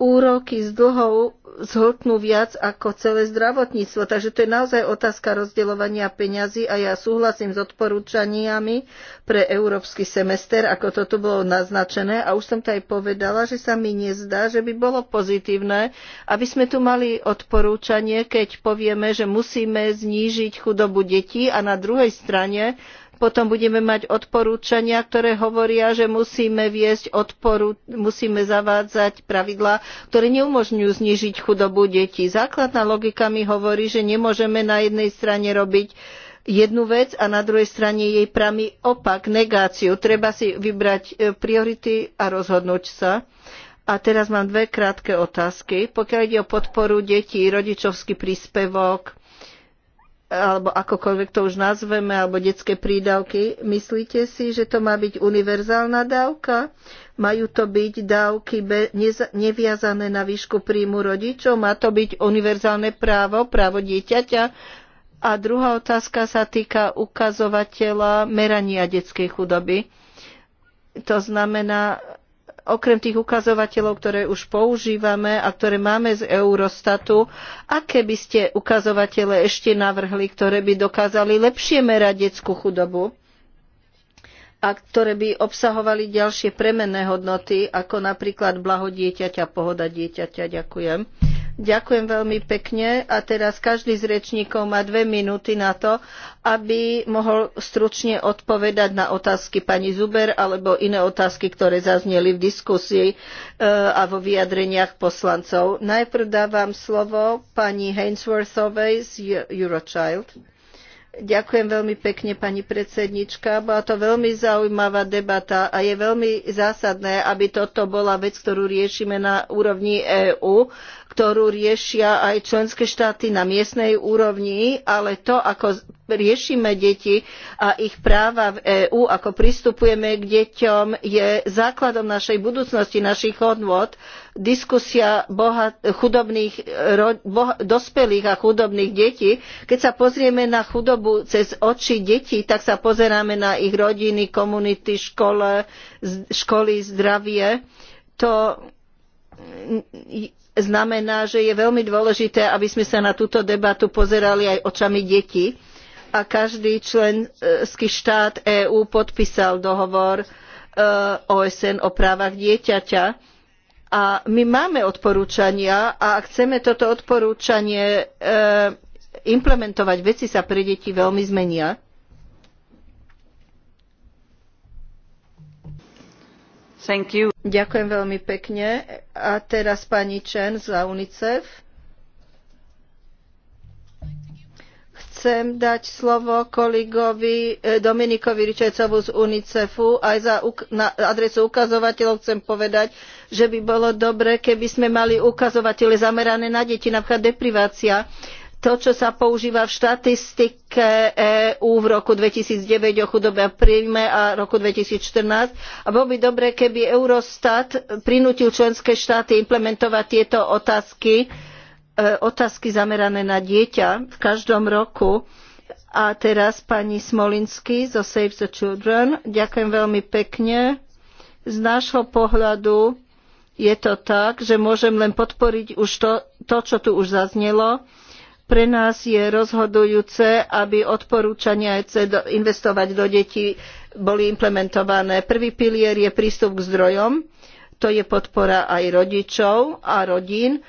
úroky z dlhov zhltnú viac ako celé zdravotníctvo. Takže to je naozaj otázka rozdeľovania peňazí a ja súhlasím s odporúčaniami pre európsky semester, ako to tu bolo naznačené. A už som to aj povedala, že sa mi nezdá, že by bolo pozitívne, aby sme tu mali odporúčanie, keď povieme, že musíme znížiť chudobu detí a na druhej strane potom budeme mať odporúčania, ktoré hovoria, že musíme, viesť odporu, musíme zavádzať pravidlá, ktoré neumožňujú znížiť chudobu detí. Základná logika mi hovorí, že nemôžeme na jednej strane robiť jednu vec a na druhej strane jej pravý opak, negáciu. Treba si vybrať e, priority a rozhodnúť sa. A teraz mám dve krátke otázky. Pokiaľ ide o podporu detí, rodičovský príspevok, alebo akokoľvek to už nazveme, alebo detské prídavky. Myslíte si, že to má byť univerzálna dávka? Majú to byť dávky neviazané na výšku príjmu rodičov? Má to byť univerzálne právo, právo dieťaťa? A druhá otázka sa týka ukazovateľa merania detskej chudoby. To znamená, okrem tých ukazovateľov, ktoré už používame a ktoré máme z Eurostatu, aké by ste ukazovatele ešte navrhli, ktoré by dokázali lepšie merať detskú chudobu a ktoré by obsahovali ďalšie premenné hodnoty, ako napríklad blaho dieťaťa, pohoda dieťaťa. Ďakujem. Ďakujem veľmi pekne a teraz každý z rečníkov má dve minúty na to, aby mohol stručne odpovedať na otázky pani Zuber alebo iné otázky, ktoré zazneli v diskusii e, a vo vyjadreniach poslancov. Najprv dávam slovo pani Hainsworthovej z Eurochild. Ďakujem veľmi pekne, pani predsednička. Bola to veľmi zaujímavá debata a je veľmi zásadné, aby toto bola vec, ktorú riešime na úrovni EÚ ktorú riešia aj členské štáty na miestnej úrovni, ale to, ako riešime deti a ich práva v EÚ, ako pristupujeme k deťom, je základom našej budúcnosti, našich hodnôt. Diskusia chudobných, boh, dospelých a chudobných detí. Keď sa pozrieme na chudobu cez oči detí, tak sa pozeráme na ich rodiny, komunity, škole, školy, zdravie. To znamená, že je veľmi dôležité, aby sme sa na túto debatu pozerali aj očami detí a každý členský štát EÚ podpísal dohovor e, OSN o právach dieťaťa. A my máme odporúčania a ak chceme toto odporúčanie e, implementovať, veci sa pre deti veľmi zmenia. Ďakujem veľmi pekne. A teraz pani Chen za UNICEF. Chcem dať slovo kolegovi e, Dominikovi Ričecovu z UNICEFu. Aj za, na adresu ukazovateľov chcem povedať, že by bolo dobre, keby sme mali ukazovatele zamerané na deti, napríklad deprivácia to, čo sa používa v štatistike EÚ v roku 2009 o chudobe a príjme a roku 2014. A bolo by dobre, keby Eurostat prinútil členské štáty implementovať tieto otázky, e, otázky zamerané na dieťa v každom roku. A teraz pani Smolinsky zo Save the Children. Ďakujem veľmi pekne. Z nášho pohľadu je to tak, že môžem len podporiť už to, to čo tu už zaznelo pre nás je rozhodujúce, aby odporúčania EC investovať do detí boli implementované. Prvý pilier je prístup k zdrojom, to je podpora aj rodičov a rodín.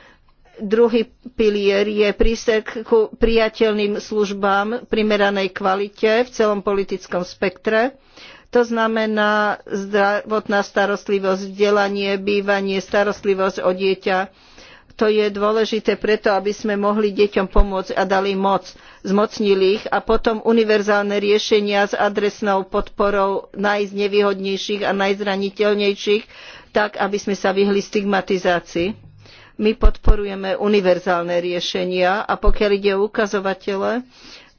Druhý pilier je prístup k prijateľným službám primeranej kvalite v celom politickom spektre. To znamená zdravotná starostlivosť, vzdelanie, bývanie, starostlivosť o dieťa, to je dôležité preto, aby sme mohli deťom pomôcť a dali moc, zmocnili ich a potom univerzálne riešenia s adresnou podporou najznevýhodnejších a najzraniteľnejších, tak aby sme sa vyhli stigmatizácii. My podporujeme univerzálne riešenia a pokiaľ ide o ukazovatele,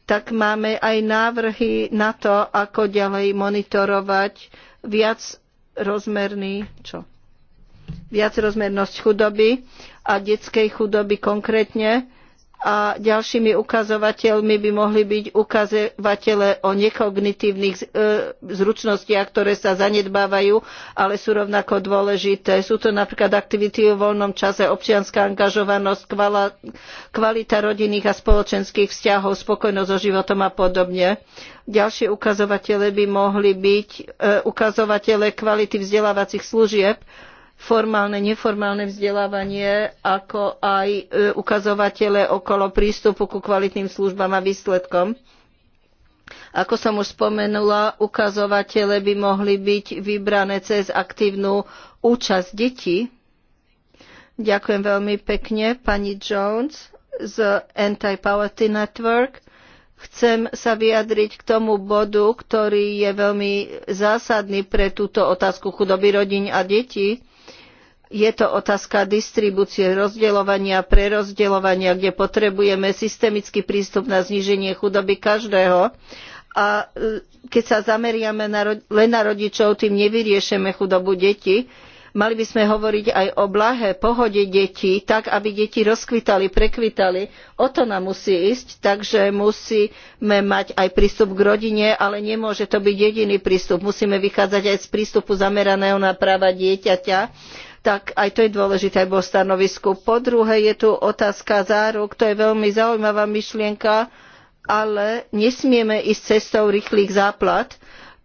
tak máme aj návrhy na to, ako ďalej monitorovať viac rozmerný čo? viacrozmernosť chudoby a detskej chudoby konkrétne a ďalšími ukazovateľmi by mohli byť ukazovatele o nekognitívnych e, zručnostiach, ktoré sa zanedbávajú, ale sú rovnako dôležité. Sú to napríklad aktivity v voľnom čase, občianska angažovanosť, kvalita rodinných a spoločenských vzťahov, spokojnosť so životom a podobne. Ďalšie ukazovatele by mohli byť e, ukazovatele kvality vzdelávacích služieb, formálne, neformálne vzdelávanie, ako aj e, ukazovatele okolo prístupu ku kvalitným službám a výsledkom. Ako som už spomenula, ukazovatele by mohli byť vybrané cez aktívnu účasť detí. Ďakujem veľmi pekne pani Jones z Anti-Poverty Network. Chcem sa vyjadriť k tomu bodu, ktorý je veľmi zásadný pre túto otázku chudoby rodín a detí je to otázka distribúcie, rozdeľovania, prerozdeľovania, kde potrebujeme systemický prístup na zníženie chudoby každého. A e, keď sa zameriame na, len na rodičov, tým nevyriešime chudobu detí. Mali by sme hovoriť aj o blahe pohode detí, tak aby deti rozkvitali, prekvitali. O to nám musí ísť, takže musíme mať aj prístup k rodine, ale nemôže to byť jediný prístup. Musíme vychádzať aj z prístupu zameraného na práva dieťaťa tak aj to je dôležité vo stanovisku. Po druhé je tu otázka záruk, to je veľmi zaujímavá myšlienka, ale nesmieme ísť cestou rýchlych záplat,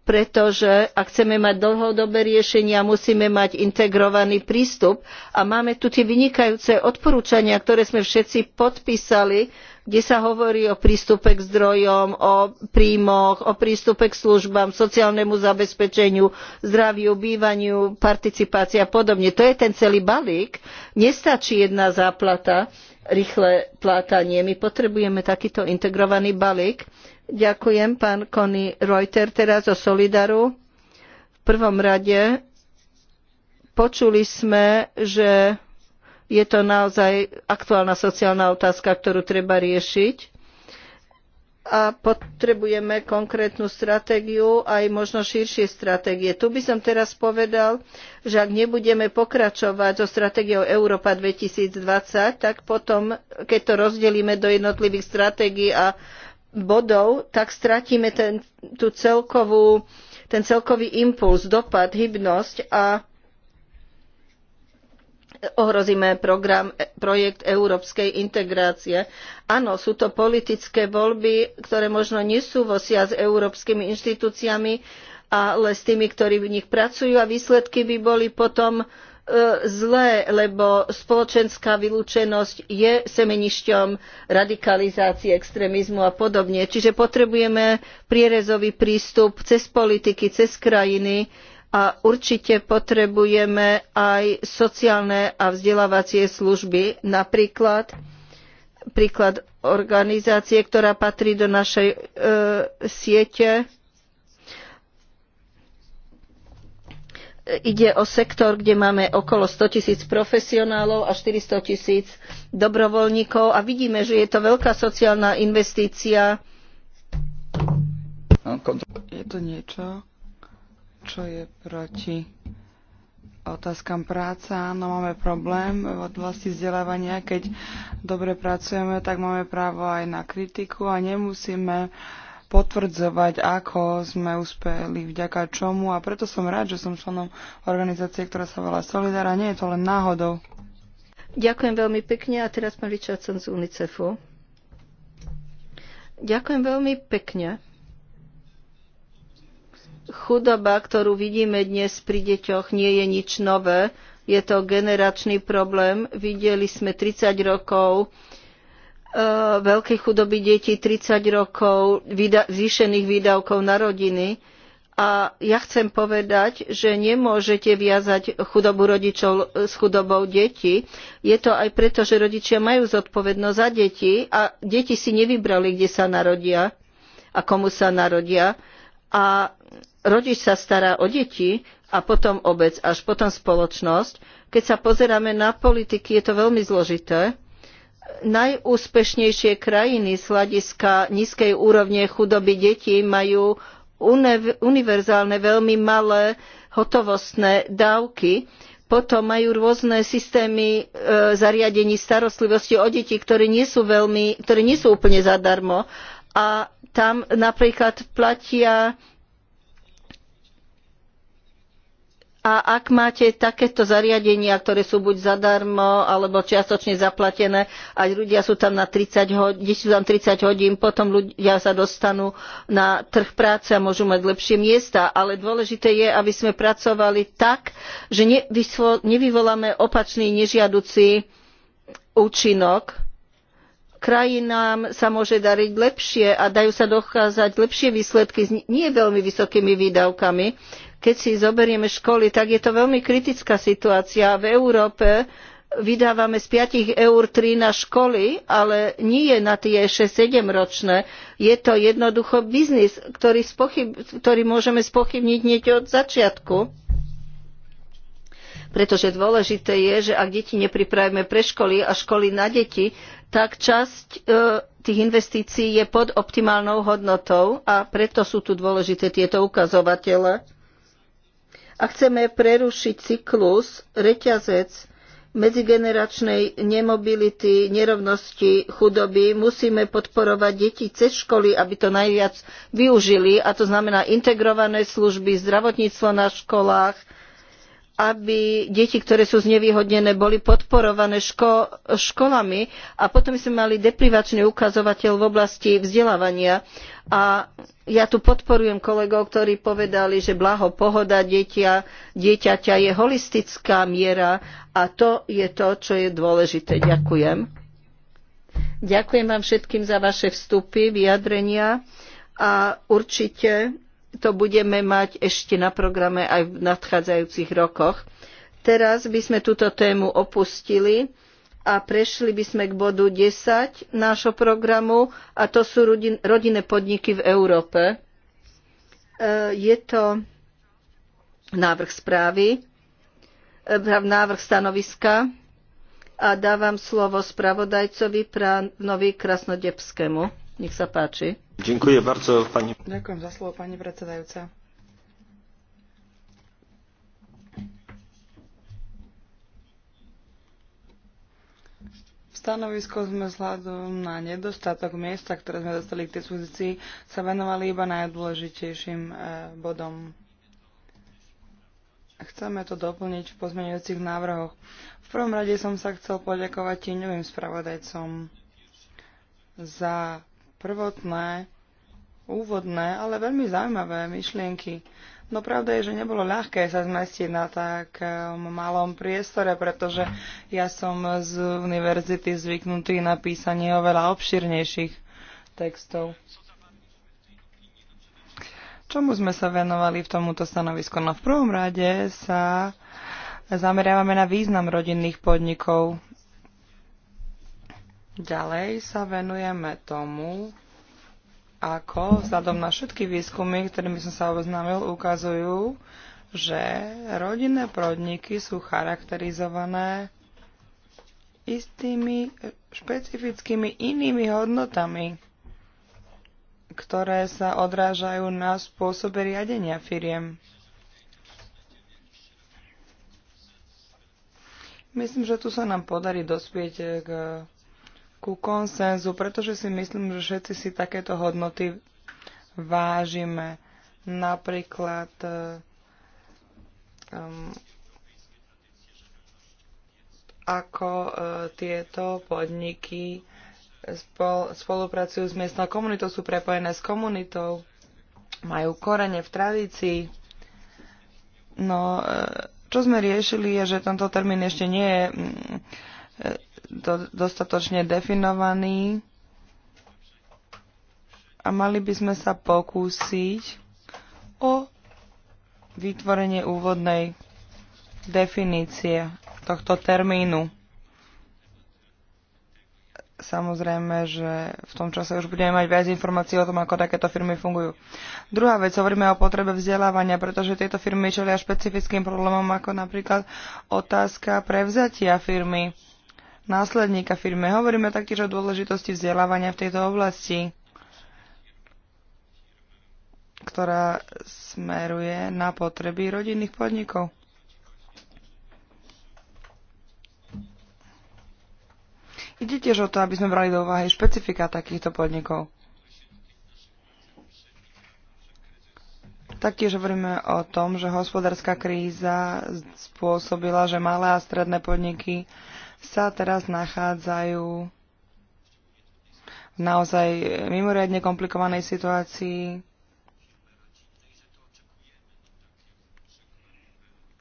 pretože ak chceme mať dlhodobé riešenia, musíme mať integrovaný prístup a máme tu tie vynikajúce odporúčania, ktoré sme všetci podpísali, kde sa hovorí o prístupe k zdrojom o príjmoch o prístupe k službám sociálnemu zabezpečeniu zdraviu bývaniu participácii a podobne. to je ten celý balík nestačí jedna záplata rýchle plátanie my potrebujeme takýto integrovaný balík. ďakujem pán kony reuter teraz zo solidaru. v prvom rade počuli sme že je to naozaj aktuálna sociálna otázka, ktorú treba riešiť a potrebujeme konkrétnu stratégiu aj možno širšie stratégie. Tu by som teraz povedal, že ak nebudeme pokračovať so stratégiou Európa 2020, tak potom, keď to rozdelíme do jednotlivých stratégií a bodov, tak stratíme ten, tú celkovú, ten celkový impuls, dopad, hybnosť a ohrozíme program, e, projekt európskej integrácie. Áno, sú to politické voľby, ktoré možno nesúvosia s európskymi inštitúciami, ale s tými, ktorí v nich pracujú a výsledky by boli potom e, zlé, lebo spoločenská vylúčenosť je semenišťom radikalizácie, extrémizmu a podobne. Čiže potrebujeme prierezový prístup cez politiky, cez krajiny, a určite potrebujeme aj sociálne a vzdelávacie služby, napríklad príklad organizácie, ktorá patrí do našej e, siete. Ide o sektor, kde máme okolo 100 tisíc profesionálov a 400 tisíc dobrovoľníkov a vidíme, že je to veľká sociálna investícia. No, je to niečo, čo je proti? Otázkam práca. Áno, máme problém v oblasti vzdelávania. Keď dobre pracujeme, tak máme právo aj na kritiku a nemusíme potvrdzovať, ako sme uspeli, vďaka čomu. A preto som rád, že som členom organizácie, ktorá sa volá Solidara. Nie je to len náhodou. Ďakujem veľmi pekne a teraz pán Richardson z UNICEFu. Ďakujem veľmi pekne. Chudoba, ktorú vidíme dnes pri deťoch, nie je nič nové. Je to generačný problém. Videli sme 30 rokov e, veľkej chudoby detí, 30 rokov zvýšených výdavkov na rodiny. A ja chcem povedať, že nemôžete viazať chudobu rodičov s chudobou detí. Je to aj preto, že rodičia majú zodpovednosť za deti a deti si nevybrali, kde sa narodia a komu sa narodia. A rodič sa stará o deti a potom obec, až potom spoločnosť. Keď sa pozeráme na politiky, je to veľmi zložité. Najúspešnejšie krajiny z hľadiska nízkej úrovne chudoby detí majú univerzálne veľmi malé hotovostné dávky. Potom majú rôzne systémy e, zariadení starostlivosti o deti, ktoré nie sú, veľmi, ktoré nie sú úplne zadarmo. A tam napríklad platia A ak máte takéto zariadenia, ktoré sú buď zadarmo alebo čiastočne zaplatené, a ľudia sú tam na 30 hodín, sú tam 30 hodín, potom ľudia sa dostanú na trh práce a môžu mať lepšie miesta. Ale dôležité je, aby sme pracovali tak, že nevyvoláme opačný nežiaduci účinok. Krajinám sa môže dariť lepšie a dajú sa dokázať lepšie výsledky s nie veľmi vysokými výdavkami keď si zoberieme školy, tak je to veľmi kritická situácia. V Európe vydávame z 5 eur 3 na školy, ale nie je na tie 6-7 ročné. Je to jednoducho biznis, ktorý, spochyb, ktorý môžeme spochybniť hneď od začiatku pretože dôležité je, že ak deti nepripravíme pre školy a školy na deti, tak časť e, tých investícií je pod optimálnou hodnotou a preto sú tu dôležité tieto ukazovatele a chceme prerušiť cyklus, reťazec medzigeneračnej nemobility, nerovnosti, chudoby, musíme podporovať deti cez školy, aby to najviac využili, a to znamená integrované služby, zdravotníctvo na školách, aby deti, ktoré sú znevýhodnené, boli podporované školami a potom sme mali deprivačný ukazovateľ v oblasti vzdelávania. A ja tu podporujem kolegov, ktorí povedali, že blaho pohoda dieťa, dieťaťa je holistická miera a to je to, čo je dôležité. Ďakujem. Ďakujem vám všetkým za vaše vstupy, vyjadrenia a určite to budeme mať ešte na programe aj v nadchádzajúcich rokoch. Teraz by sme túto tému opustili a prešli by sme k bodu 10 nášho programu a to sú rodin, rodinné podniky v Európe. E, je to návrh správy, e, návrh stanoviska a dávam slovo spravodajcovi Pránovi Krasnodebskému. Nech sa páči. Ďakujem bardzo, pani... Ďakujem za slovo, pani predsedajúca. Stanovisko sme vzhľadom na nedostatok miesta, ktoré sme dostali k dispozícii, sa venovali iba najdôležitejším e, bodom. Chceme to doplniť v pozmeňujúcich návrhoch. V prvom rade som sa chcel poďakovať tieňovým spravodajcom za prvotné, úvodné, ale veľmi zaujímavé myšlienky. No pravda je, že nebolo ľahké sa zmestiť na takom malom priestore, pretože ja som z univerzity zvyknutý na písanie oveľa obširnejších textov. Čomu sme sa venovali v tomuto stanovisku? No v prvom rade sa zameriavame na význam rodinných podnikov Ďalej sa venujeme tomu, ako vzhľadom na všetky výskumy, ktorými som sa oboznámil, ukazujú, že rodinné podniky sú charakterizované istými špecifickými inými hodnotami, ktoré sa odrážajú na spôsobe riadenia firiem. Myslím, že tu sa nám podarí dospieť k ku konsenzu, pretože si myslím, že všetci si takéto hodnoty vážime. Napríklad um, ako uh, tieto podniky spol- spolupracujú s miestnou komunitou, sú prepojené s komunitou, majú korene v tradícii. No, uh, čo sme riešili, je, že tento termín ešte nie je uh, do, dostatočne definovaní a mali by sme sa pokúsiť o vytvorenie úvodnej definície tohto termínu. Samozrejme, že v tom čase už budeme mať viac informácií o tom, ako takéto firmy fungujú. Druhá vec, hovoríme o potrebe vzdelávania, pretože tieto firmy čelia špecifickým problémom, ako napríklad otázka prevzatia firmy následníka firme. Hovoríme taktiež o dôležitosti vzdelávania v tejto oblasti, ktorá smeruje na potreby rodinných podnikov. Ide tiež o to, aby sme brali do úvahy špecifika takýchto podnikov. Taktiež hovoríme o tom, že hospodárska kríza spôsobila, že malé a stredné podniky sa teraz nachádzajú v naozaj mimoriadne komplikovanej situácii.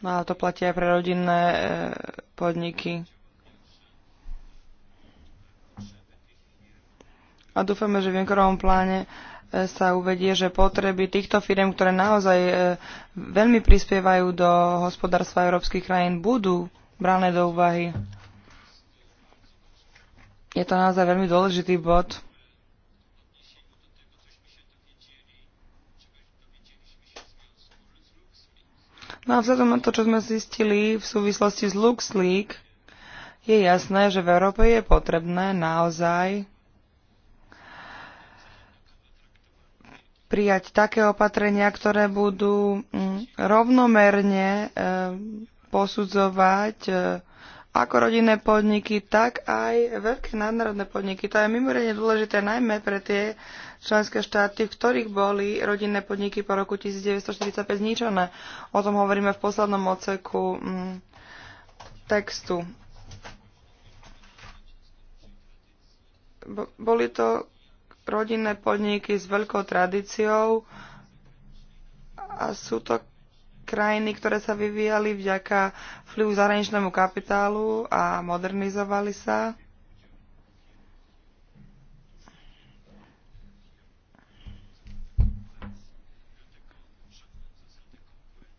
No to platí aj pre rodinné e, podniky. A dúfame, že v Junckerovom pláne e, sa uvedie, že potreby týchto firm, ktoré naozaj e, veľmi prispievajú do hospodárstva európskych krajín, budú brané do úvahy. Je to naozaj veľmi dôležitý bod. No a vzhľadom na to, čo sme zistili v súvislosti s LuxLeak, je jasné, že v Európe je potrebné naozaj prijať také opatrenia, ktoré budú mm, rovnomerne eh, posudzovať eh, ako rodinné podniky, tak aj veľké nadnárodné podniky. To je mimoriadne dôležité najmä pre tie členské štáty, v ktorých boli rodinné podniky po roku 1945 zničené. O tom hovoríme v poslednom odseku mm, textu. Boli to rodinné podniky s veľkou tradíciou a sú to krajiny, ktoré sa vyvíjali vďaka vplyvu zahraničnému kapitálu a modernizovali sa.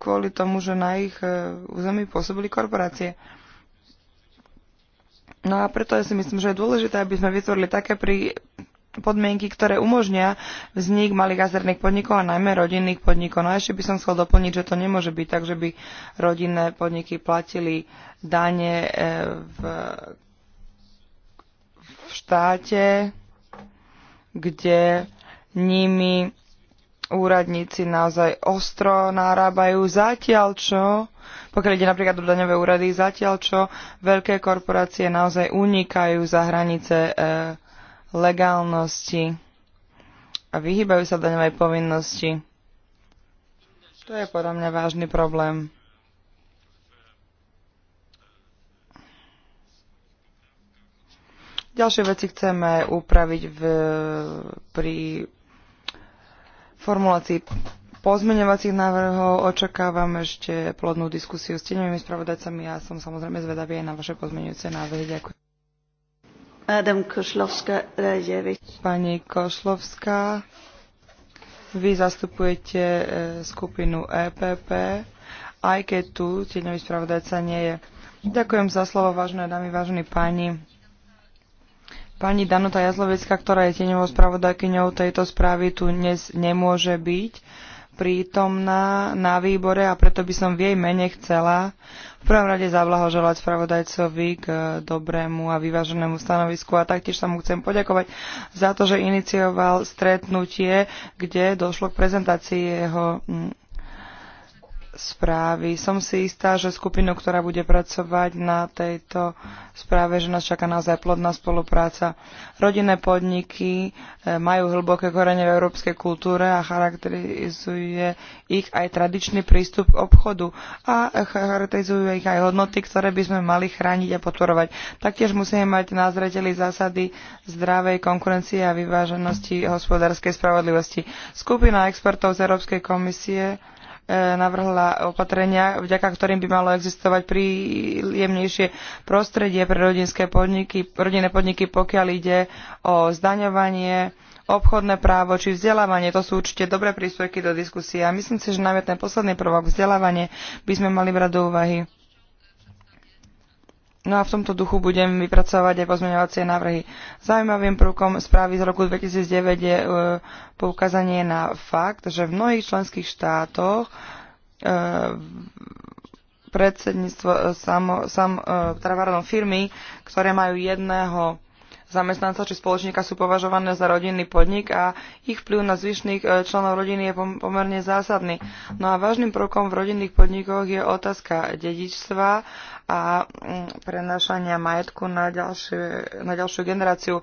kvôli tomu, že na ich e, území pôsobili korporácie. No a preto ja si myslím, že je dôležité, aby sme vytvorili také podmienky, ktoré umožnia vznik malých stredných podnikov a najmä rodinných podnikov. No a ešte by som chcel doplniť, že to nemôže byť tak, že by rodinné podniky platili dane e, v, v štáte, kde nimi úradníci naozaj ostro nárábajú, zatiaľ čo, pokiaľ ide napríklad do daňové úrady, zatiaľ čo veľké korporácie naozaj unikajú za hranice eh, legálnosti a vyhýbajú sa daňovej povinnosti. To je podľa mňa vážny problém. Ďalšie veci chceme upraviť v, pri formulácii pozmeňovacích návrhov. Očakávam ešte plodnú diskusiu s teňovými spravodajcami a ja som samozrejme zvedavý aj na vaše pozmeňujúce návrhy. Ďakujem. E, Pani Košlovská, vy zastupujete e, skupinu EPP, aj keď tu tieňový spravodajca nie je. Ďakujem za slovo, vážené dámy, vážení páni. Pani Danuta Jazlovecka, ktorá je tieňovou spravodajkyňou tejto správy, tu dnes nemôže byť prítomná na výbore a preto by som v jej mene chcela v prvom rade zablahoželať spravodajcovi k dobrému a vyváženému stanovisku a taktiež sa mu chcem poďakovať za to, že inicioval stretnutie, kde došlo k prezentácii jeho mm, správy. Som si istá, že skupinu, ktorá bude pracovať na tejto správe, že nás čaká naozaj plodná spolupráca. Rodinné podniky eh, majú hlboké korene v európskej kultúre a charakterizuje ich aj tradičný prístup k obchodu a charakterizujú ich aj hodnoty, ktoré by sme mali chrániť a podporovať. Taktiež musíme mať na zreteli zásady zdravej konkurencie a vyváženosti hospodárskej spravodlivosti. Skupina expertov z Európskej komisie navrhla opatrenia, vďaka ktorým by malo existovať príjemnejšie prostredie pre rodinské podniky, rodinné podniky, pokiaľ ide o zdaňovanie, obchodné právo či vzdelávanie. To sú určite dobré príspevky do diskusie a myslím si, že najmä ten posledný prvok vzdelávanie by sme mali brať do úvahy No a v tomto duchu budem vypracovať aj pozmeňovacie návrhy. Zaujímavým prvkom správy z roku 2009 je e, poukázanie na fakt, že v mnohých členských štátoch e, predsedníctvo e, samo, sam, firmy, ktoré majú jedného zamestnanca či spoločníka sú považované za rodinný podnik a ich vplyv na zvyšných e, členov rodiny je pomerne zásadný. No a vážnym prvkom v rodinných podnikoch je otázka dedičstva a mm, prenášania majetku na, ďalšie, na ďalšiu generáciu.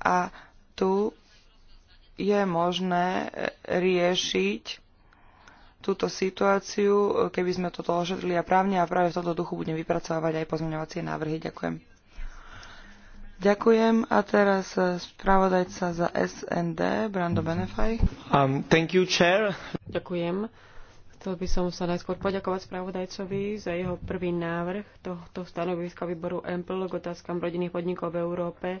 A tu je možné e, riešiť túto situáciu, e, keby sme toto ošetrili a právne a práve v toto duchu budem vypracovať aj pozmeňovacie návrhy. Ďakujem. Ďakujem. A teraz e, spravodajca za SND, Brando Benefaj. Um, thank you, chair. Ďakujem. Chcel by som sa najskôr poďakovať spravodajcovi za jeho prvý návrh tohto stanoviska výboru EMPL k otázkam rodinných podnikov v Európe. E,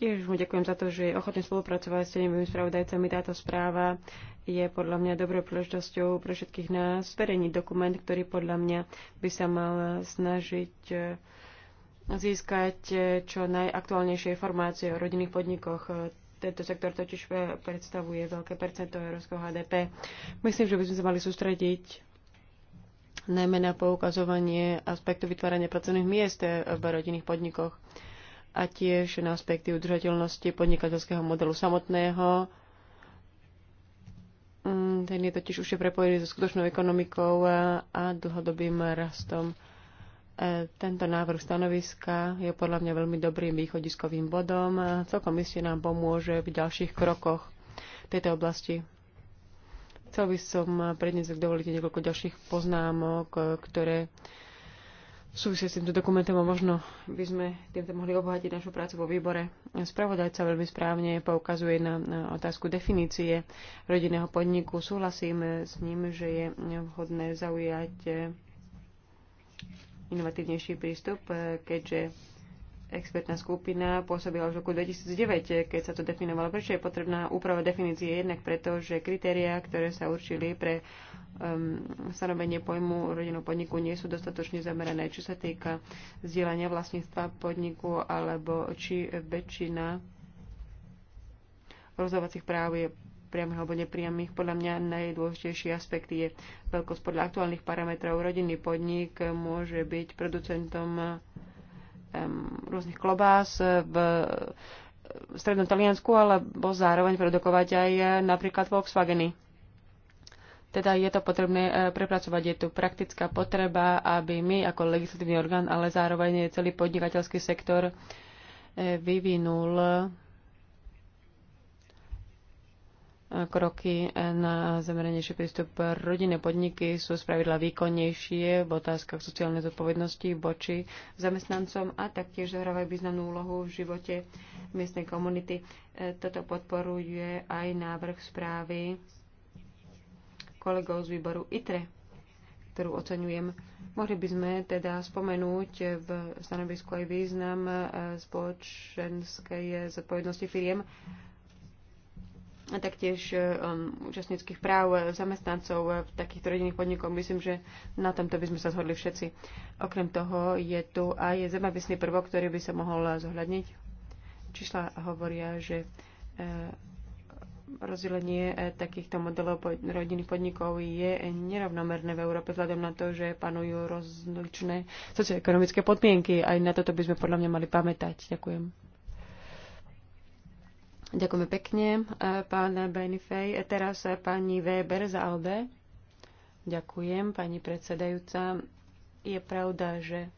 tiež mu ďakujem za to, že je ochotný spolupracovať s tenými spravodajcami. Táto správa je podľa mňa dobrou príležitosťou pre všetkých nás zverejniť dokument, ktorý podľa mňa by sa mal snažiť e, získať eh, čo najaktuálnejšie informácie o rodinných podnikoch. Eh, tento sektor totiž predstavuje veľké percento európskeho HDP. Myslím, že by sme sa mali sústrediť najmä na poukazovanie aspektu vytvárania pracovných miest eh, v rodinných podnikoch a tiež na aspekty udržateľnosti podnikateľského modelu samotného. Mm, ten je totiž už prepojený so skutočnou ekonomikou a dlhodobým rastom. E, tento návrh stanoviska je podľa mňa veľmi dobrým východiskovým bodom a celkom iste nám pomôže v ďalších krokoch tejto oblasti. Chcel by som predniesť, ak dovolíte, niekoľko ďalších poznámok, e, ktoré súvisia s týmto dokumentom a možno by sme týmto mohli obohatiť našu prácu vo výbore. Spravodajca veľmi správne poukazuje na otázku definície rodinného podniku. Súhlasím s ním, že je vhodné zaujať inovatívnejší prístup, e, keďže expertná skupina pôsobila už v roku 2009, e, keď sa to definovalo. Prečo je potrebná úprava definície? Jednak preto, že kritériá, ktoré sa určili pre um, stanovenie pojmu rodinného podniku, nie sú dostatočne zamerané, čo sa týka zdieľania vlastníctva podniku, alebo či väčšina rozhodovacích práv je priamých alebo nepriamých. Podľa mňa najdôležitejší aspekt je veľkosť. Podľa aktuálnych parametrov rodinný podnik môže byť producentom rôznych klobás v strednom Taliansku, alebo zároveň produkovať aj eh, napríklad Volkswageny. Teda je to potrebné eh, prepracovať, je tu praktická potreba, aby my ako legislatívny orgán, ale zároveň celý podnikateľský sektor eh, vyvinul kroky na zameranejší prístup. Rodinné podniky sú spravidla výkonnejšie v otázkach sociálnej zodpovednosti voči zamestnancom a taktiež zohrávajú významnú úlohu v živote miestnej komunity. E, Toto podporuje aj návrh správy kolegov z výboru ITRE, ktorú oceňujem. Mohli by sme teda spomenúť v stanovisku aj význam e, spoločenskej zodpovednosti firiem a taktiež e, um, účastníckých práv e, zamestnancov v e, takýchto rodinných podnikov. Myslím, že na tomto by sme sa zhodli všetci. Okrem toho je tu aj zemavisný prvok, ktorý by sa mohol zohľadniť. Čísla hovoria, že e, rozdelenie takýchto modelov pod, rodinných podnikov je nerovnomerné v Európe vzhľadom na to, že panujú rozličné socioekonomické podmienky. Aj na toto by sme podľa mňa mali pamätať. Ďakujem. Ďakujeme pekne, e, pán Benifej. E, teraz e, pani Weber za Alde. Ďakujem, pani predsedajúca. Je pravda, že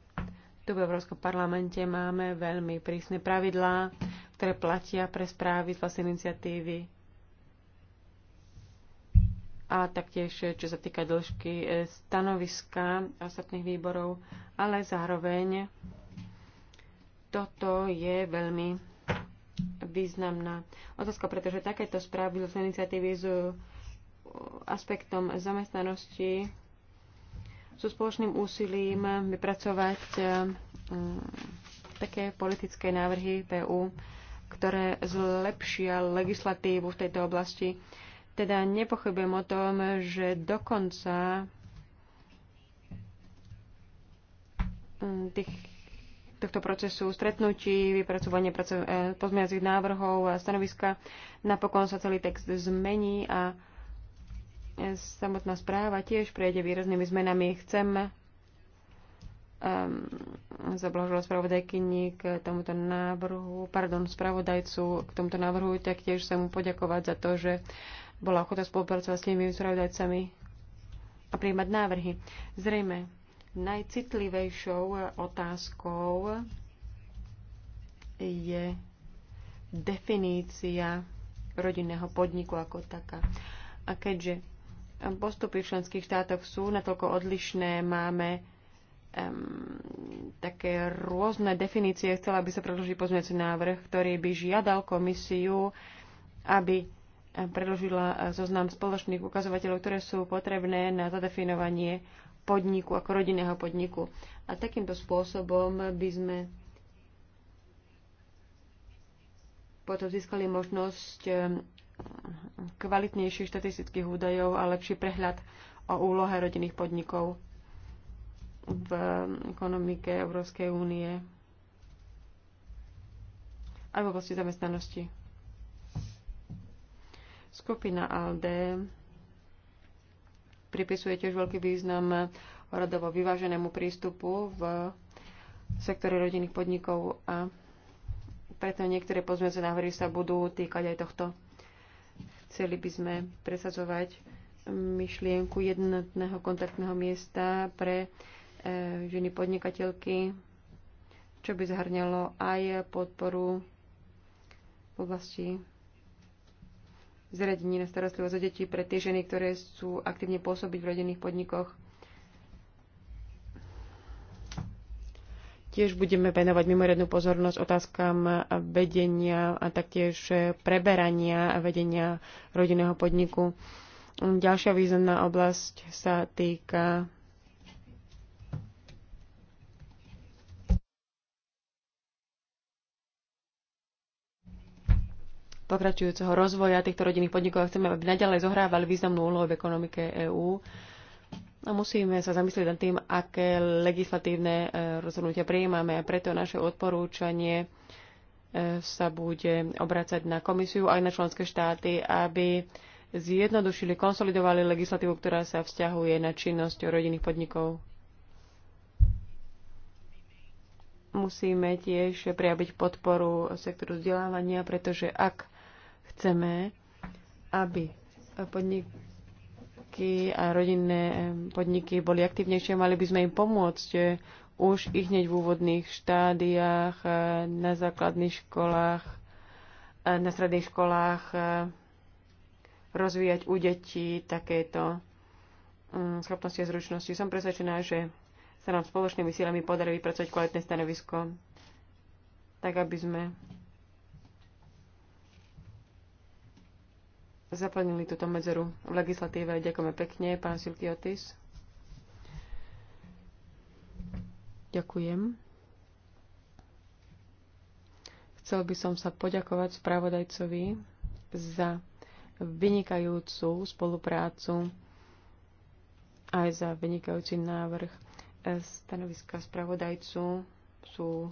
tu v Európskom parlamente máme veľmi prísne pravidlá, ktoré platia pre správy z vlastnej iniciatívy. A taktiež, čo sa týka dĺžky stanoviska ostatných výborov, ale zároveň toto je veľmi významná otázka, pretože takéto správy z iniciatívy s uh, aspektom zamestnanosti sú spoločným úsilím vypracovať uh, mm, také politické návrhy PU, ktoré zlepšia legislatívu v tejto oblasti. Teda nepochybujem o tom, že dokonca mm, tých tohto procesu stretnutí, vypracovanie e, pozmeňacích návrhov a stanoviska. Napokon sa celý text zmení a samotná správa tiež prejde výraznými zmenami. Chcem um, ehm, zablahožila spravodajkyni k tomuto návrhu, pardon, spravodajcu k tomuto návrhu, tiež sa mu poďakovať za to, že bola ochota spolupracovať s tými spravodajcami a príjmať návrhy. Zrejme, Najcitlivejšou otázkou je definícia rodinného podniku ako taká. A keďže postupy v členských štátoch sú natoľko odlišné, máme um, také rôzne definície. Chcela by sa predložiť pozmeňujúci návrh, ktorý by žiadal komisiu, aby predložila eh, zoznam spoločných ukazovateľov, ktoré sú potrebné na zadefinovanie podniku, ako rodinného podniku. A takýmto spôsobom by sme potom získali možnosť eh, kvalitnejších štatistických údajov a lepší prehľad o úlohe rodinných podnikov v ekonomike Európskej únie aj v oblasti zamestnanosti. Skupina ALDE pripisuje tiež veľký význam rodovo vyváženému prístupu v sektore rodinných podnikov a preto niektoré pozmeňujúce návrhy sa budú týkať aj tohto. Chceli by sme presadzovať myšlienku jednotného kontaktného miesta pre e, ženy podnikateľky, čo by zahrňalo aj podporu v oblasti zariadení na starostlivosť o deti pre tie ženy, ktoré sú aktívne pôsobiť v rodinných podnikoch. Tiež budeme venovať mimoriadnú pozornosť otázkam vedenia a taktiež preberania vedenia rodinného podniku. Ďalšia významná oblasť sa týka pokračujúceho rozvoja týchto rodinných podnikov a chceme, aby naďalej zohrávali významnú úlohu v ekonomike EÚ. A musíme sa zamyslieť nad tým, aké legislatívne e, rozhodnutia prijímame a preto naše odporúčanie e, sa bude obracať na komisiu aj na členské štáty, aby zjednodušili, konsolidovali legislatívu, ktorá sa vzťahuje na činnosť rodinných podnikov. Musíme tiež prejaviť podporu sektoru vzdelávania, pretože ak Chceme, aby podniky a rodinné podniky boli aktívnejšie, mali by sme im pomôcť eh, už i hneď v úvodných štádiách, eh, na základných školách, eh, na stredných školách rozvíjať u detí takéto mm, schopnosti a zručnosti. Som presvedčená, že sa nám spoločnými silami podarí vypracovať kvalitné stanovisko, tak aby sme zaplnili túto medzeru v legislatíve. Ďakujeme pekne, pán Silky Otis. Ďakujem. Chcel by som sa poďakovať spravodajcovi za vynikajúcu spoluprácu aj za vynikajúci návrh. Stanoviska spravodajcu sú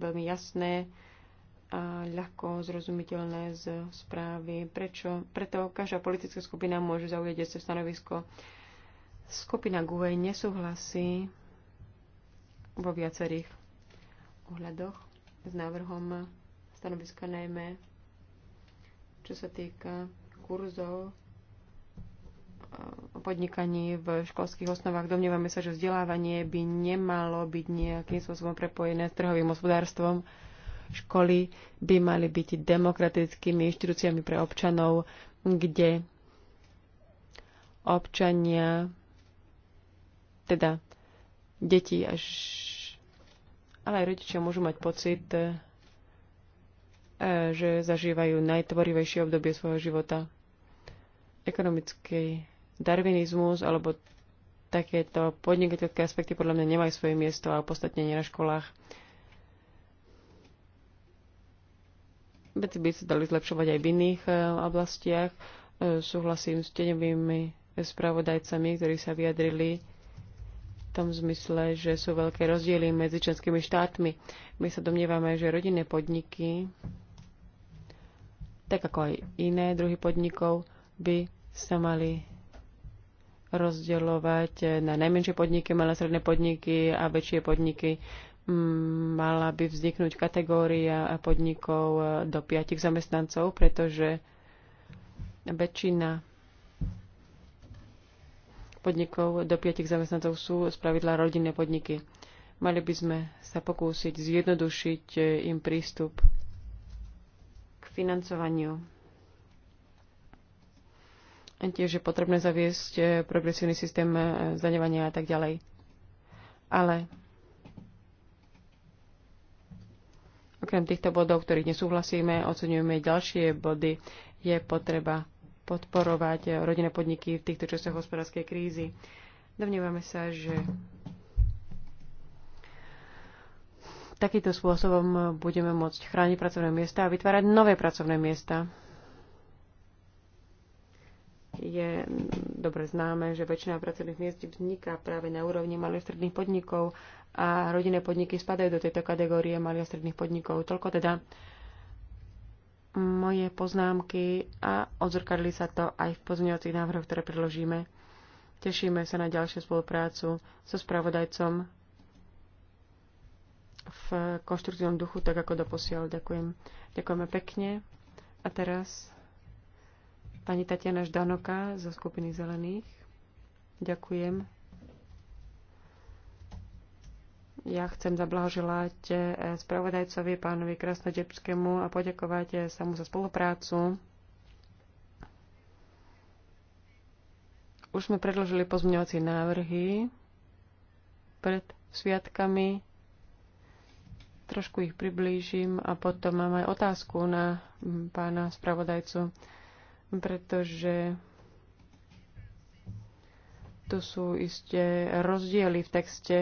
veľmi jasné a ľahko zrozumiteľné z správy. Prečo? Preto každá politická skupina môže zaujať sa stanovisko. Skupina GUE nesúhlasí vo viacerých ohľadoch s návrhom stanoviska najmä čo sa týka kurzov o podnikaní v školských osnovách. Domnievame sa, že vzdelávanie by nemalo byť nejakým spôsobom prepojené s trhovým hospodárstvom. Školy by mali byť demokratickými inštitúciami pre občanov, kde občania, teda deti až ale aj rodičia môžu mať pocit, e, že zažívajú najtvorivejšie obdobie svojho života. Ekonomický darvinizmus alebo takéto podnikateľské aspekty podľa mňa nemajú svoje miesto a opostatnenie nie na školách. Veci by sa dali zlepšovať aj v iných e, oblastiach. E, súhlasím s tenovými spravodajcami, ktorí sa vyjadrili v tom zmysle, že sú veľké rozdiely medzi členskými štátmi. My sa domnievame, že rodinné podniky, tak ako aj iné druhy podnikov, by sa mali rozdeľovať na najmenšie podniky, malé stredné podniky a väčšie podniky mala by vzniknúť kategória podnikov e, do piatich zamestnancov, pretože väčšina podnikov do piatich zamestnancov sú spravidla rodinné podniky. Mali by sme sa pokúsiť zjednodušiť e, im prístup k financovaniu. A tiež je potrebné zaviesť e, progresívny systém zdaňovania a tak ďalej. Ale Okrem týchto bodov, ktorých nesúhlasíme, oceňujeme ďalšie body. Je potreba podporovať rodinné podniky v týchto časoch hospodárskej krízy. Domnievame sa, že takýmto spôsobom budeme môcť chrániť pracovné miesta a vytvárať nové pracovné miesta. Je dobre známe, že väčšina pracovných miest vzniká práve na úrovni malých stredných podnikov a rodinné podniky spadajú do tejto kategórie malých a stredných podnikov. Toľko teda moje poznámky a odzrkadli sa to aj v pozmeňovacích návrhoch, ktoré predložíme. Tešíme sa na ďalšiu spoluprácu so spravodajcom v konštruktívnom duchu, tak ako doposiaľ. Ďakujem. Ďakujeme pekne. A teraz pani Tatiana Ždanoka zo skupiny Zelených. Ďakujem. Ja chcem zablahoželať eh, spravodajcovi pánovi Krasnodebskému a poďakovať eh, sa mu za spoluprácu. Už sme predložili pozmeňovacie návrhy pred sviatkami. Trošku ich priblížim a potom mám aj otázku na mm, pána spravodajcu, pretože tu sú isté rozdiely v texte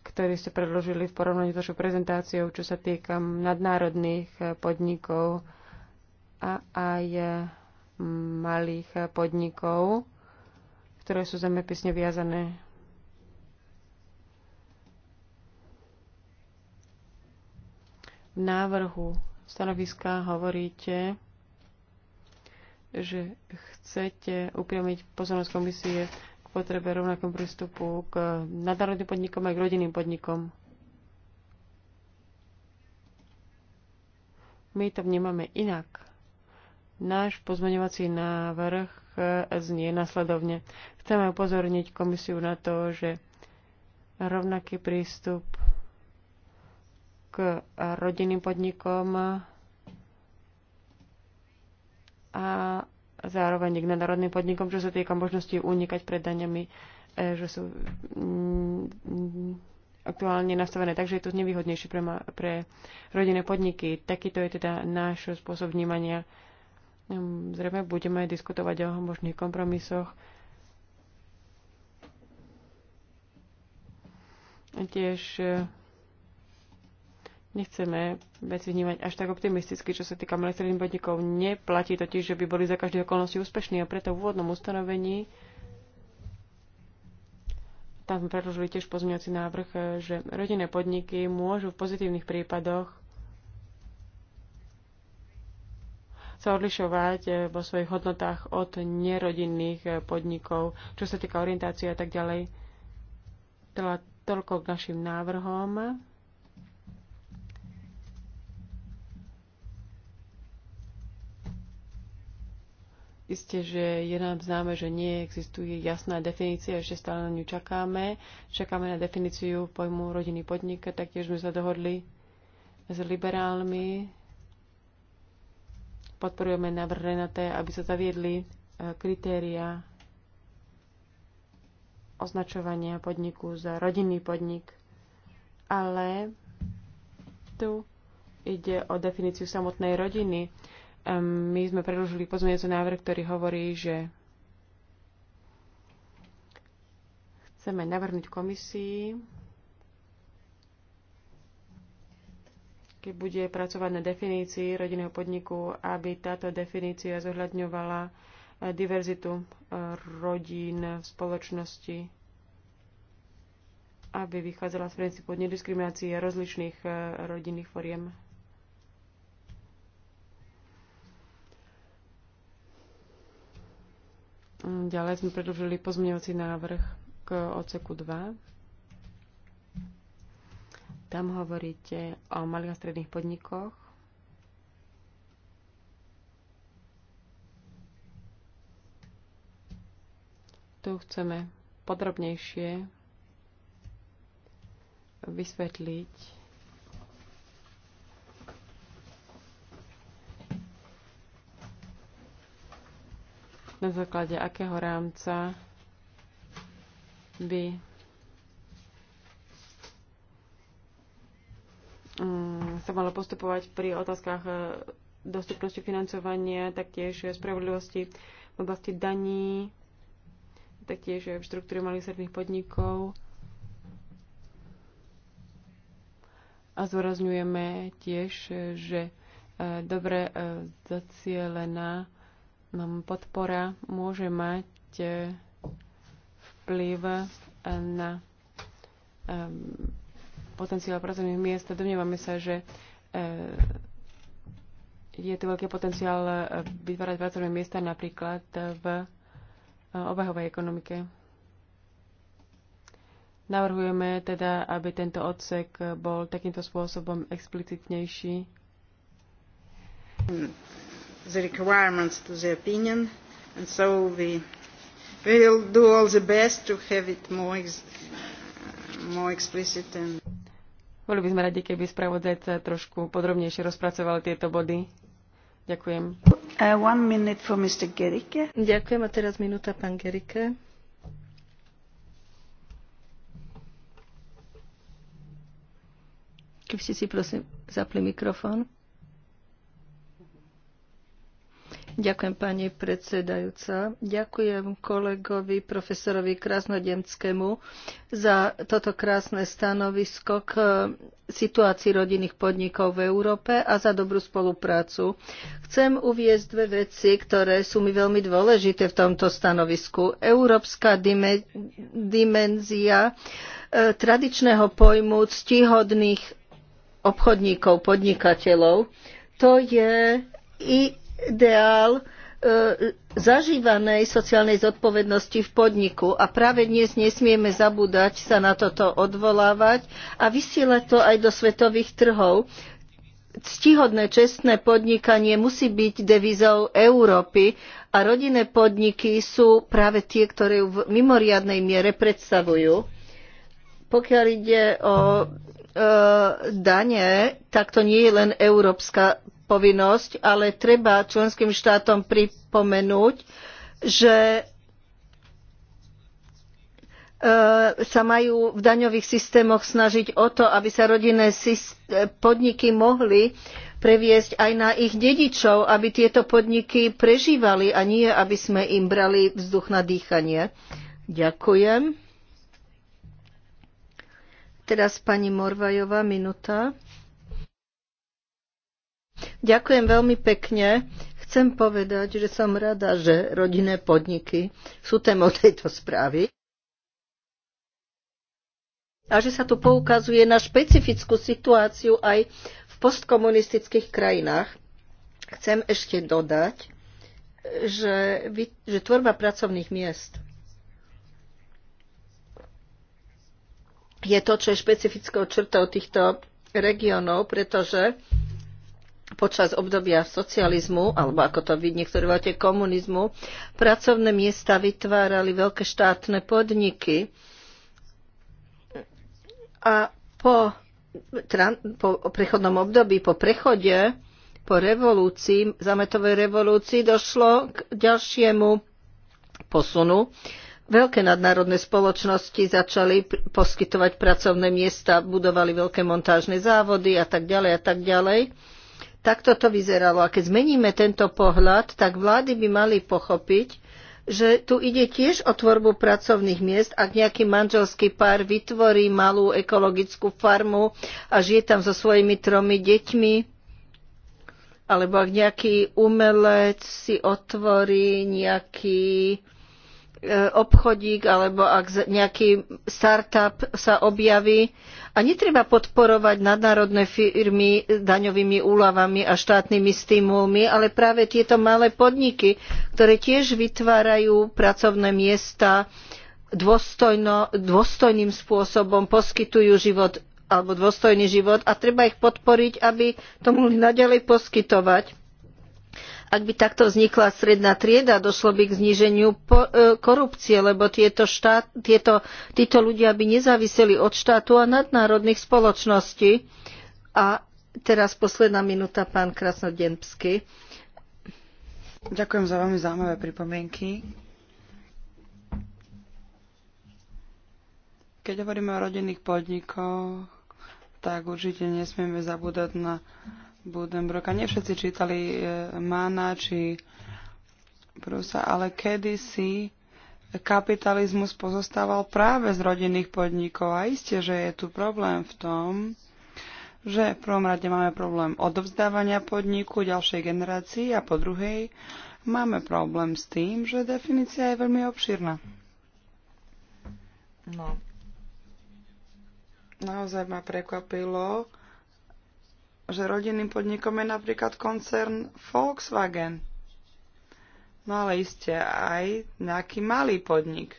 ktorý ste predložili v porovnaní s vašou prezentáciou, čo sa týka nadnárodných podnikov a aj mm, malých podnikov, ktoré sú zemepisne viazané. V návrhu stanoviska hovoríte, že chcete upriamiť pozornosť komisie potrebe rovnakom prístupu k nadárodným podnikom aj k rodinným podnikom. My to vnímame inak. Náš pozmeňovací návrh znie nasledovne. Chceme upozorniť komisiu na to, že rovnaký prístup k rodinným podnikom a zároveň k národným podnikom, čo sa týka možnosti unikať pred daňami, e, že sú mm, aktuálne nastavené tak, že je to nevýhodnejšie pre, ma, pre rodinné podniky. Takýto je teda náš spôsob vnímania. Hm, zrejme budeme diskutovať o možných kompromisoch. Tiež e, Nechceme veci vnímať až tak optimisticky, čo sa týka malých stredných Neplatí totiž, že by boli za každé okolnosti úspešní a preto v úvodnom ustanovení tam sme predložili tiež pozmeňovací návrh, že rodinné podniky môžu v pozitívnych prípadoch sa odlišovať eh, vo svojich hodnotách od nerodinných eh, podnikov, čo sa týka orientácie a tak ďalej. Teda toľko k našim návrhom. Isté, že je nám známe, že neexistuje jasná definícia, ešte stále na ňu čakáme. Čakáme na definíciu pojmu rodinný podnik, taktiež sme sa dohodli s liberálmi. Podporujeme návrh Renate, aby sa zaviedli e, kritéria označovania podniku za rodinný podnik. Ale tu ide o definíciu samotnej rodiny my sme predložili pozmeňujúci návrh, ktorý hovorí, že chceme navrhnúť komisii, keď bude pracovať na definícii rodinného podniku, aby táto definícia zohľadňovala e, diverzitu e, rodín v spoločnosti, aby vychádzala z princípu nediskriminácie rozličných e, rodinných foriem Ďalej sme predložili pozmeňovací návrh k odseku 2. Tam hovoríte o malých a stredných podnikoch. Tu chceme podrobnejšie vysvetliť na základe akého rámca by mm, sa malo postupovať pri otázkach e, dostupnosti financovania, taktiež spravodlivosti v oblasti daní, taktiež v štruktúre malých sredných podnikov. A zdôrazňujeme tiež, že e, dobre e, zacielená podpora môže mať e, vplyv e, na e, potenciál pracovných miest. Domnievame sa, že je tu veľký potenciál vytvárať pracovné miesta napríklad v obehovej ekonomike. Navrhujeme teda, aby tento odsek bol takýmto spôsobom explicitnejší the requirements to the opinion, and so we, will do all the best to have it more, ex, uh, more explicit. And Boli by sme radi, keby spravodajca trošku podrobnejšie rozpracoval tieto body. Ďakujem. Uh, one minute for Mr. Gerike. Ďakujem a teraz minúta pán Gerike. Keby ste si prosím zapli mikrofón. Ďakujem pani predsedajúca. Ďakujem kolegovi profesorovi Krasnodemskému za toto krásne stanovisko k situácii rodinných podnikov v Európe a za dobrú spoluprácu. Chcem uviezť dve veci, ktoré sú mi veľmi dôležité v tomto stanovisku. Európska dimenzia e, tradičného pojmu ctihodných obchodníkov, podnikateľov. To je i ideál e, zažívanej sociálnej zodpovednosti v podniku. A práve dnes nesmieme zabúdať sa na toto odvolávať a vysielať to aj do svetových trhov. Ctihodné, čestné podnikanie musí byť devizou Európy a rodinné podniky sú práve tie, ktoré ju v mimoriadnej miere predstavujú. Pokiaľ ide o e, dane, tak to nie je len európska povinnosť, ale treba členským štátom pripomenúť, že e, sa majú v daňových systémoch snažiť o to, aby sa rodinné podniky mohli previesť aj na ich dedičov, aby tieto podniky prežívali a nie, aby sme im brali vzduch na dýchanie. Ďakujem. Teraz pani Morvajová, minúta. Ďakujem veľmi pekne. Chcem povedať, že som rada, že rodinné podniky sú témou tejto správy a že sa tu poukazuje na špecifickú situáciu aj v postkomunistických krajinách. Chcem ešte dodať, že, že tvorba pracovných miest je to, čo je špecifickou črtou týchto regiónov, pretože počas obdobia socializmu, alebo ako to vy niektorí voláte komunizmu, pracovné miesta vytvárali veľké štátne podniky a po, po prechodnom období, po prechode, po revolúcii, zametovej revolúcii došlo k ďalšiemu posunu. Veľké nadnárodné spoločnosti začali poskytovať pracovné miesta, budovali veľké montážne závody a tak ďalej a tak ďalej. Takto to vyzeralo. A keď zmeníme tento pohľad, tak vlády by mali pochopiť, že tu ide tiež o tvorbu pracovných miest. Ak nejaký manželský pár vytvorí malú ekologickú farmu a žije tam so svojimi tromi deťmi, alebo ak nejaký umelec si otvorí nejaký E, obchodík alebo ak nejaký startup sa objaví. A netreba podporovať nadnárodné firmy daňovými úľavami a štátnymi stimulmi, ale práve tieto malé podniky, ktoré tiež vytvárajú pracovné miesta dôstojno, dôstojným spôsobom, poskytujú život alebo dôstojný život a treba ich podporiť, aby to mohli naďalej poskytovať. Ak by takto vznikla stredná trieda, došlo by k zníženiu e, korupcie, lebo tieto, štát, tieto, títo ľudia by nezáviseli od štátu a nadnárodných spoločností. A teraz posledná minúta, pán Krasnodemsky. Ďakujem za veľmi zaujímavé pripomienky. Keď hovoríme o rodinných podnikoch, tak určite nesmieme zabúdať na Budenbroka. Nie všetci čítali e, Mána či Prusa, ale kedysi kapitalizmus pozostával práve z rodinných podnikov a isté, že je tu problém v tom, že v prvom rade máme problém odovzdávania podniku ďalšej generácii a po druhej máme problém s tým, že definícia je veľmi obširná. No. Naozaj ma prekvapilo, že rodinným podnikom je napríklad koncern Volkswagen. No ale iste aj nejaký malý podnik.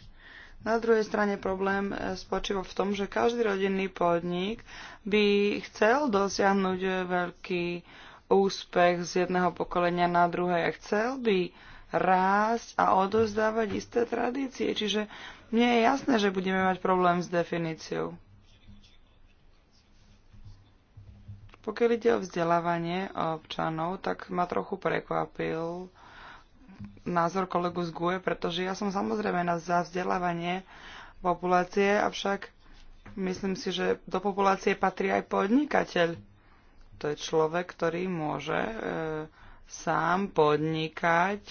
Na druhej strane problém eh, spočíva v tom, že každý rodinný podnik by chcel dosiahnuť eh, veľký úspech z jedného pokolenia na druhé a chcel by rásť a odozdávať isté tradície. Čiže mne je jasné, že budeme mať problém s definíciou. Pokiaľ ide o vzdelávanie občanov, tak ma trochu prekvapil názor kolegu z GUE, pretože ja som samozrejme na za vzdelávanie populácie, avšak myslím si, že do populácie patrí aj podnikateľ. To je človek, ktorý môže e, sám podnikať.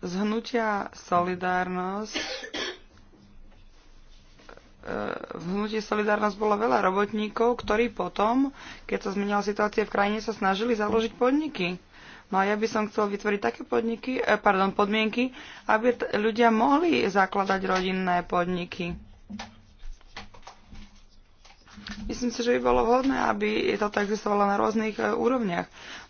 Z hnutia Solidárnosť v hnutí Solidarnosť bolo veľa robotníkov, ktorí potom, keď sa zmenila situácia v krajine, sa snažili založiť podniky. No a ja by som chcel vytvoriť také podniky, eh, pardon, podmienky, aby ľudia mohli zakladať rodinné podniky. Myslím si, že by bolo vhodné, aby toto existovalo na rôznych e, úrovniach.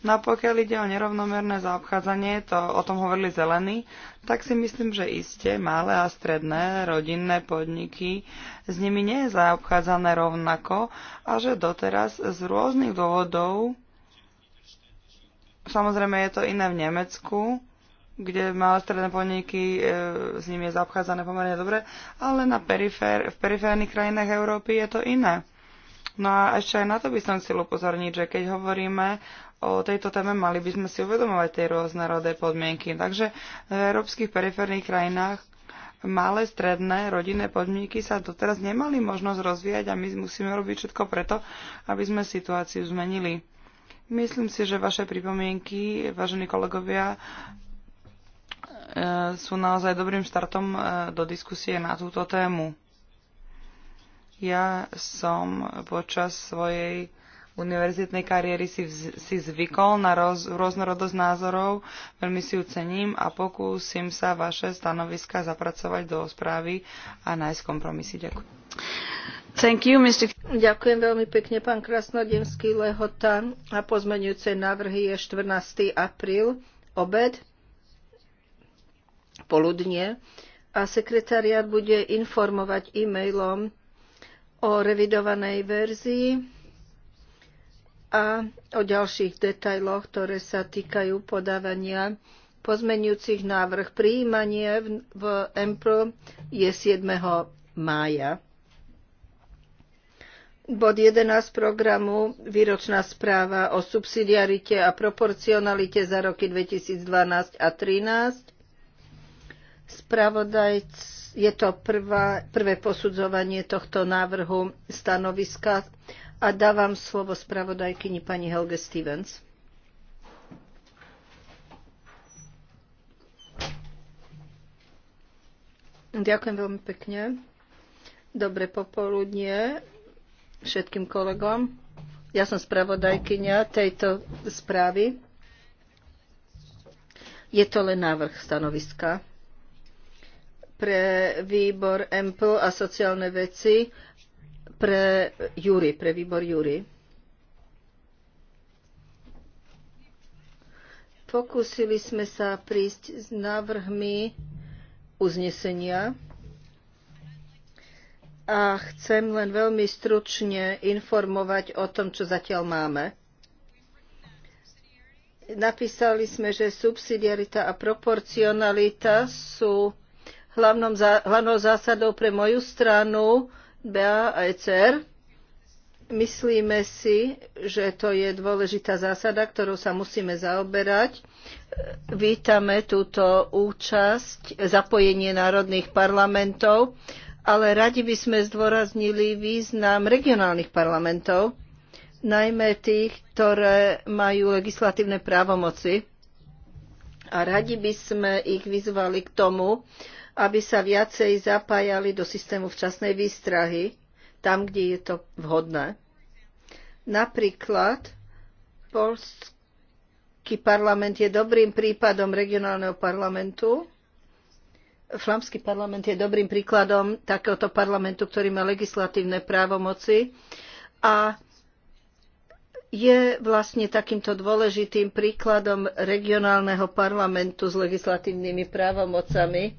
No a pokiaľ ide o nerovnomerné zaobchádzanie, to o tom hovorili zelení, tak si myslím, že iste malé a stredné rodinné podniky s nimi nie je zaobchádzané rovnako a že doteraz z rôznych dôvodov, samozrejme je to iné v Nemecku, kde malé stredné podniky, e, s nimi je zaobchádzané pomerne dobre, ale na perifér, v periférnych krajinách Európy je to iné. No a ešte aj na to by som chcel upozorniť, že keď hovoríme o tejto téme, mali by sme si uvedomovať tie rôznorodé podmienky. Takže v európskych periférnych krajinách malé, stredné, rodinné podmienky sa doteraz nemali možnosť rozvíjať a my musíme robiť všetko preto, aby sme situáciu zmenili. Myslím si, že vaše pripomienky, vážení kolegovia, e, sú naozaj dobrým štartom e, do diskusie na túto tému. Ja som počas svojej univerzitnej kariéry si, si zvykol na roz, rôznorodosť názorov, veľmi si ju cením a pokúsim sa vaše stanoviska zapracovať do správy a nájsť kompromisy. Ďakujem. Thank you, Mr. Ďakujem veľmi pekne, pán Krasnodemský Lehota. A pozmenujúce návrhy je 14. apríl, obed, poludnie. A sekretariat bude informovať e-mailom o revidovanej verzii a o ďalších detailoch, ktoré sa týkajú podávania pozmenujúcich návrh. Prijímanie v, v je 7. mája. Bod 11 programu Výročná správa o subsidiarite a proporcionalite za roky 2012 a 2013. Spravodajc je to prvá, prvé posudzovanie tohto návrhu stanoviska a dávam slovo spravodajkyni pani Helge Stevens. Ďakujem veľmi pekne. Dobre popoludnie všetkým kolegom. Ja som spravodajkynia tejto správy. Je to len návrh stanoviska pre výbor EMPL a sociálne veci pre Júri, pre výbor Júri. Pokúsili sme sa prísť s návrhmi uznesenia a chcem len veľmi stručne informovať o tom, čo zatiaľ máme. Napísali sme, že subsidiarita a proporcionalita sú hlavnou zásadou pre moju stranu BA a ECR. Myslíme si, že to je dôležitá zásada, ktorou sa musíme zaoberať. Vítame túto účasť, zapojenie národných parlamentov, ale radi by sme zdôraznili význam regionálnych parlamentov, najmä tých, ktoré majú legislatívne právomoci. A radi by sme ich vyzvali k tomu, aby sa viacej zapájali do systému včasnej výstrahy, tam, kde je to vhodné. Napríklad polský parlament je dobrým prípadom regionálneho parlamentu. Flamský parlament je dobrým príkladom takéhoto parlamentu, ktorý má legislatívne právomoci a je vlastne takýmto dôležitým príkladom regionálneho parlamentu s legislatívnymi právomocami,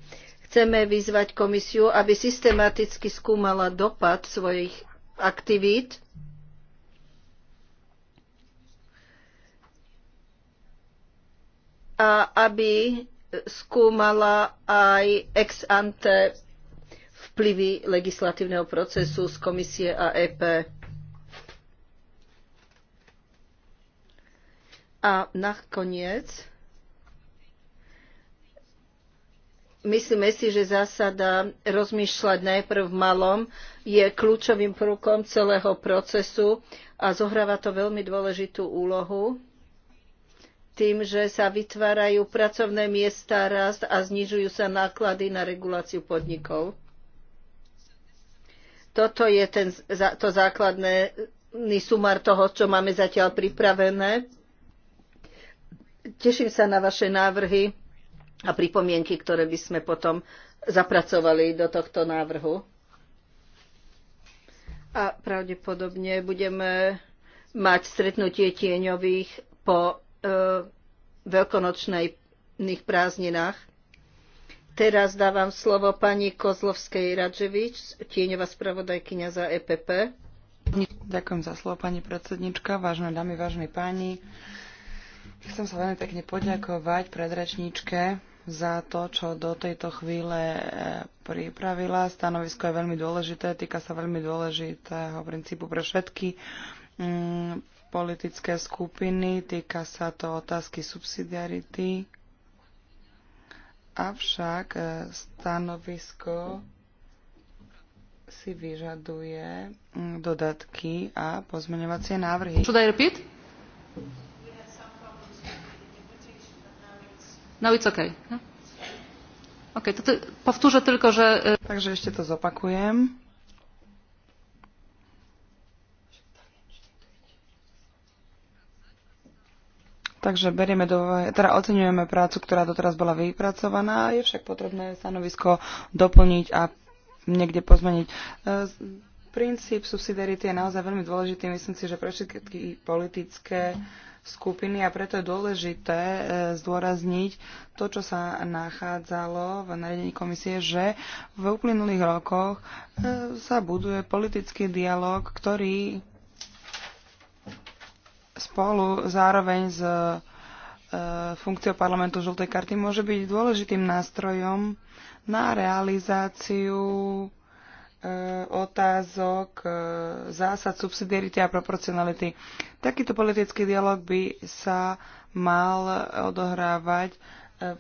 Chceme vyzvať komisiu, aby systematicky skúmala dopad svojich aktivít a aby skúmala aj ex ante vplyvy legislatívneho procesu z komisie a EP. A nakoniec Myslíme si, že zásada rozmýšľať najprv v malom je kľúčovým prvkom celého procesu a zohráva to veľmi dôležitú úlohu tým, že sa vytvárajú pracovné miesta, rast a znižujú sa náklady na reguláciu podnikov. Toto je ten, to základné sumár toho, čo máme zatiaľ pripravené. Teším sa na vaše návrhy a pripomienky, ktoré by sme potom zapracovali do tohto návrhu. A pravdepodobne budeme mať stretnutie tieňových po e, veľkonočných prázdninách. Teraz dávam slovo pani Kozlovskej Radževič, tieňová spravodajkyňa za EPP. Ďakujem za slovo, pani predsednička, vážne dámy, vážne páni. Chcem sa veľmi pekne poďakovať predračníčke za to, čo do tejto chvíle e, pripravila. Stanovisko je veľmi dôležité, týka sa veľmi dôležitého princípu pre všetky mm, politické skupiny, týka sa to otázky subsidiarity. Avšak e, stanovisko si vyžaduje mm, dodatky a pozmeňovacie návrhy. Should I repeat? No it's okay. No. Okay, to, powtórzę tylko, że... Takže ešte to zopakujem. Takže berieme do, teda oceňujeme prácu, ktorá doteraz bola vypracovaná, je však potrebné stanovisko doplniť a niekde pozmeniť. E, Princíp subsidiarity je naozaj veľmi dôležitý, myslím si, že pre všetky politické skupiny a preto je dôležité e, zdôrazniť to, čo sa nachádzalo v nariadení komisie, že v uplynulých rokoch e, sa buduje politický dialog, ktorý spolu zároveň s e, funkciou parlamentu žltej karty môže byť dôležitým nástrojom na realizáciu Eh, otázok eh, zásad subsidiarity a proporcionality. Takýto politický dialog by sa mal odohrávať, eh,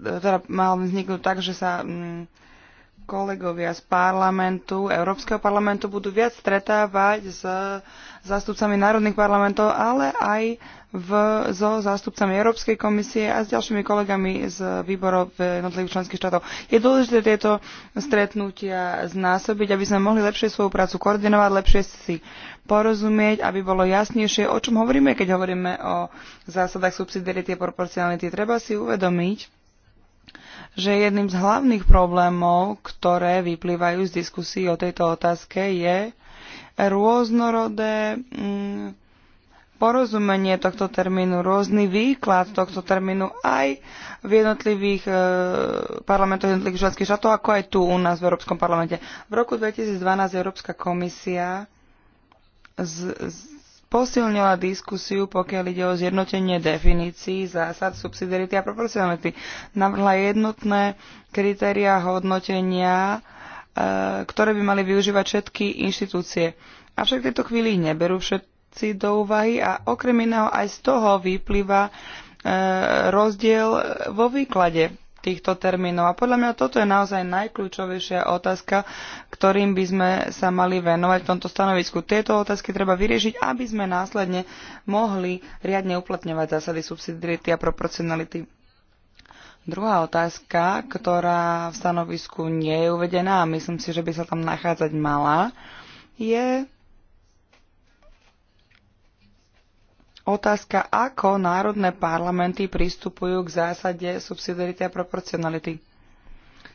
teda mal vzniknúť tak, že sa mm, kolegovia z parlamentu, Európskeho parlamentu budú viac stretávať s zástupcami národných parlamentov, ale aj v, so zástupcami Európskej komisie a s ďalšími kolegami z výborov jednotlivých členských štátov. Je dôležité tieto stretnutia znásobiť, aby sme mohli lepšie svoju prácu koordinovať, lepšie si porozumieť, aby bolo jasnejšie, o čom hovoríme, keď hovoríme o zásadách subsidiarity a proporcionality. Treba si uvedomiť, že jedným z hlavných problémov, ktoré vyplývajú z diskusí o tejto otázke, je rôznorodé mm, porozumenie tohto termínu, rôzny výklad tohto termínu aj v jednotlivých e, parlamentoch jednotlivých členských štátov, ako aj tu u nás v Európskom parlamente. V roku 2012 Európska komisia z, z, posilnila diskusiu, pokiaľ ide o zjednotenie definícií zásad subsidiarity a proporcionality. Navrhla jednotné kritéria hodnotenia, e, ktoré by mali využívať všetky inštitúcie. Avšak v tejto chvíli neberú všetci do úvahy a okrem iného aj z toho vyplýva e, rozdiel vo výklade týchto termínov. A podľa mňa toto je naozaj najkľúčovejšia otázka, ktorým by sme sa mali venovať v tomto stanovisku. Tieto otázky treba vyriešiť, aby sme následne mohli riadne uplatňovať zásady subsidiarity a proporcionality. Druhá otázka, ktorá v stanovisku nie je uvedená a myslím si, že by sa tam nachádzať mala, je otázka, ako národné parlamenty pristupujú k zásade subsidiarity a proporcionality.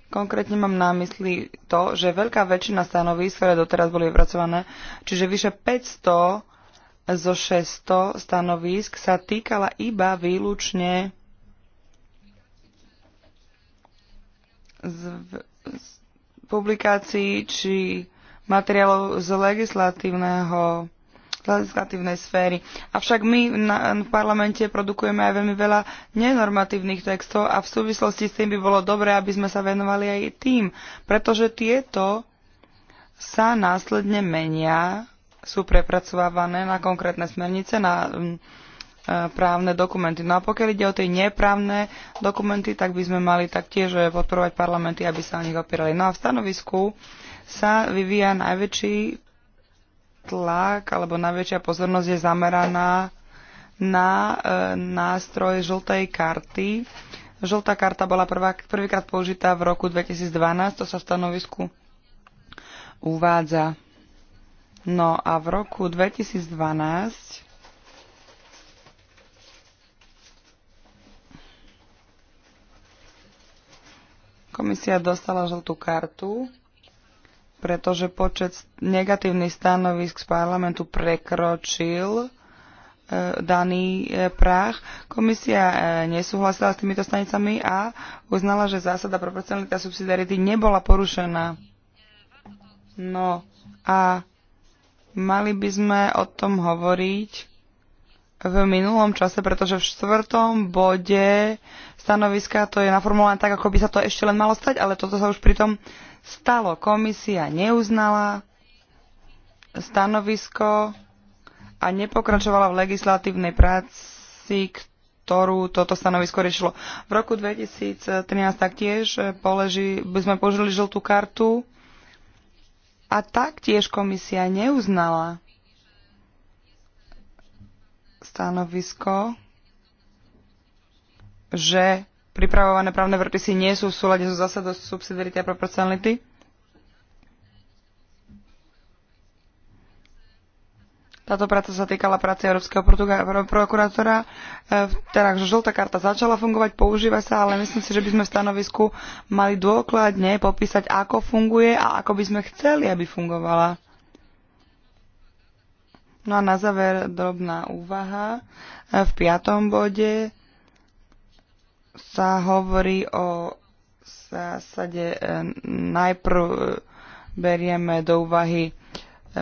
Konkrétne mám na mysli to, že veľká väčšina stanovísk, ktoré doteraz boli vypracované, čiže vyše 500 zo 600 stanovísk sa týkala iba výlučne z, z publikácií či materiálov z legislatívneho legislatívnej sféry. Avšak my na, v parlamente produkujeme aj veľmi veľa nenormatívnych textov a v súvislosti s tým by bolo dobré, aby sme sa venovali aj tým, pretože tieto sa následne menia, sú prepracovávané na konkrétne smernice, na mm, e, právne dokumenty. No a pokiaľ ide o tie neprávne dokumenty, tak by sme mali taktiež e, podporovať parlamenty, aby sa o nich opierali. No a v stanovisku sa vyvíja najväčší tlak alebo najväčšia pozornosť je zameraná na e, nástroj žltej karty. Žltá karta bola prvá, prvýkrát použitá v roku 2012, to sa v stanovisku uvádza. No a v roku 2012 komisia dostala žltú kartu pretože počet negatívnych stanovisk z parlamentu prekročil e, daný e, práh. Komisia e, nesúhlasila s týmito stanicami a uznala, že zásada a subsidiarity nebola porušená. No a mali by sme o tom hovoriť v minulom čase, pretože v štvrtom bode stanoviska to je naformulované tak, ako by sa to ešte len malo stať, ale toto sa už pritom stalo. Komisia neuznala stanovisko a nepokračovala v legislatívnej práci, ktorú toto stanovisko riešilo. V roku 2013 taktiež poleži, by sme požili žltú kartu a taktiež komisia neuznala stanovisko, že pripravované právne predpisy nie sú v súlade so zásadou subsidiarity a proporcionality? Táto práca sa týkala práce Európskeho prokurátora. E, takže teda, žltá karta začala fungovať, používa sa, ale myslím si, že by sme v stanovisku mali dôkladne popísať, ako funguje a ako by sme chceli, aby fungovala. No a na záver drobná úvaha. E, v piatom bode sa hovorí o zásade e, najprv e, berieme do úvahy e,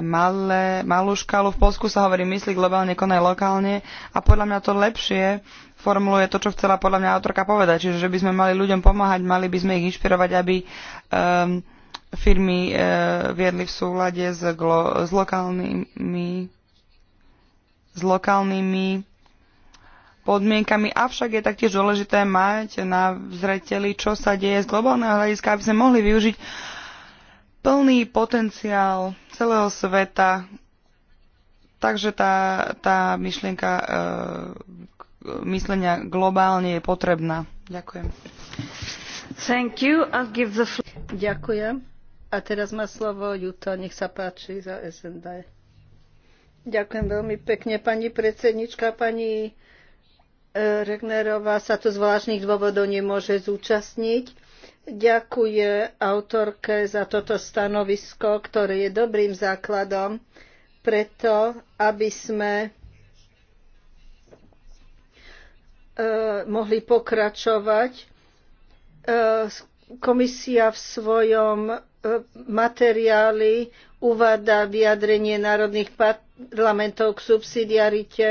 malé, malú škálu. V Polsku sa hovorí myslí globálne, konaj lokálne a podľa mňa to lepšie formuluje to, čo chcela podľa mňa autorka povedať. Čiže že by sme mali ľuďom pomáhať, mali by sme ich inšpirovať, aby um, firmy uh, viedli v súlade s, glo, s lokálnymi s lokálnymi podmienkami, avšak je taktiež dôležité mať na zreteli, čo sa deje z globálneho hľadiska, aby sme mohli využiť plný potenciál celého sveta. Takže tá, tá myšlienka e, myslenia globálne je potrebná. Ďakujem. Thank you. I'll give the floor. Ďakujem. A teraz má slovo Juto, nech sa páči za SND. Ďakujem veľmi pekne, pani predsednička, pani Regnerová sa tu z zvláštnych dôvodov nemôže zúčastniť. Ďakuje autorke za toto stanovisko, ktoré je dobrým základom preto, aby sme e, mohli pokračovať. E, komisia v svojom e, materiáli uvádza vyjadrenie národných parlamentov k subsidiarite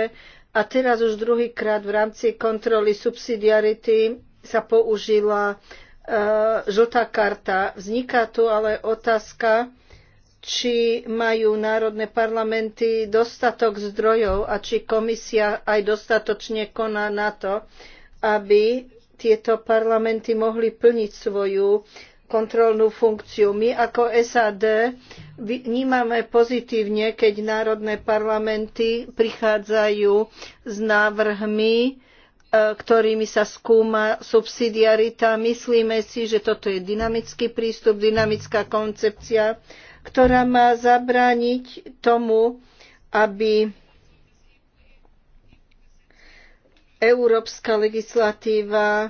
a teraz už druhýkrát v rámci kontroly subsidiarity sa použila e, žltá karta. Vzniká tu ale otázka, či majú národné parlamenty dostatok zdrojov a či komisia aj dostatočne koná na to, aby tieto parlamenty mohli plniť svoju kontrolnú funkciu. My ako SAD Vnímame pozitívne, keď národné parlamenty prichádzajú s návrhmi, e, ktorými sa skúma subsidiarita. Myslíme si, že toto je dynamický prístup, dynamická koncepcia, ktorá má zabrániť tomu, aby európska legislatíva e,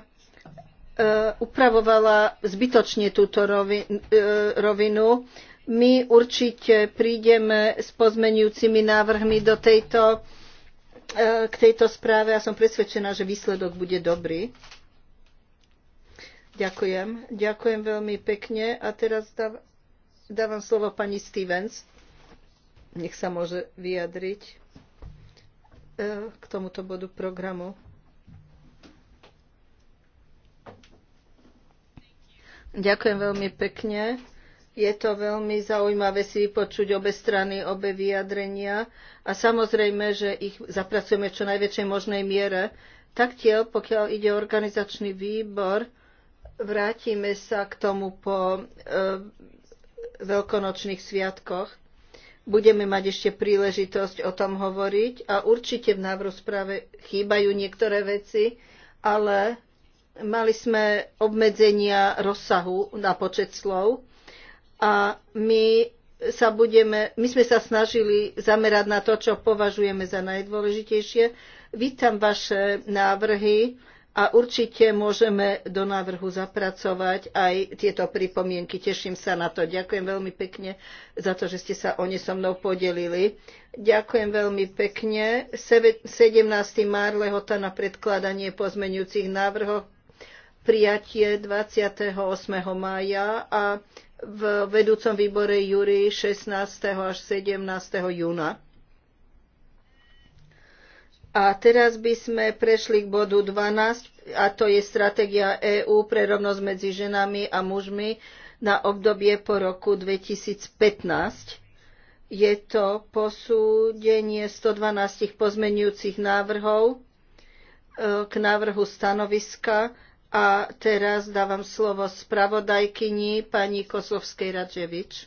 upravovala zbytočne túto e, rovinu my určite prídeme s pozmenujúcimi návrhmi do tejto, e, k tejto správe a som presvedčená, že výsledok bude dobrý. Ďakujem. Ďakujem veľmi pekne. A teraz dáv- dávam slovo pani Stevens. Nech sa môže vyjadriť e, k tomuto bodu programu. Ďakujem veľmi pekne. Je to veľmi zaujímavé si vypočuť obe strany, obe vyjadrenia a samozrejme, že ich zapracujeme v čo najväčšej možnej miere. Taktiel, pokiaľ ide o organizačný výbor, vrátime sa k tomu po e, veľkonočných sviatkoch. Budeme mať ešte príležitosť o tom hovoriť a určite v návrhu správe chýbajú niektoré veci, ale mali sme obmedzenia rozsahu na počet slov a my sa budeme, my sme sa snažili zamerať na to, čo považujeme za najdôležitejšie. Vítam vaše návrhy a určite môžeme do návrhu zapracovať aj tieto pripomienky. Teším sa na to. Ďakujem veľmi pekne za to, že ste sa o ne so mnou podelili. Ďakujem veľmi pekne. 17. már lehota na predkladanie pozmenujúcich návrhov prijatie 28. mája a v vedúcom výbore Júri 16. až 17. júna. A teraz by sme prešli k bodu 12, a to je stratégia EÚ pre rovnosť medzi ženami a mužmi na obdobie po roku 2015. Je to posúdenie 112 pozmenujúcich návrhov e, k návrhu stanoviska a teraz dávam slovo spravodajkyni pani Kosovskej Radževič.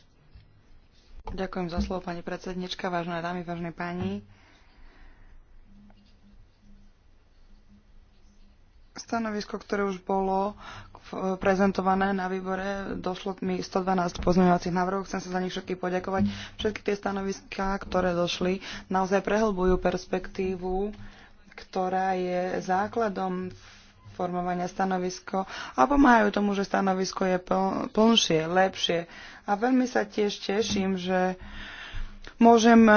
Ďakujem za slovo, pani predsednička, vážené dámy, vážne páni. Stanovisko, ktoré už bolo prezentované na výbore, došlo mi 112 pozmeňovacích návrhov. Chcem sa za nich všetky poďakovať. Všetky tie stanoviská, ktoré došli, naozaj prehlbujú perspektívu, ktorá je základom v formovania stanovisko a pomáhajú tomu, že stanovisko je pl- plnšie, lepšie. A veľmi sa tiež teším, že môžem e, e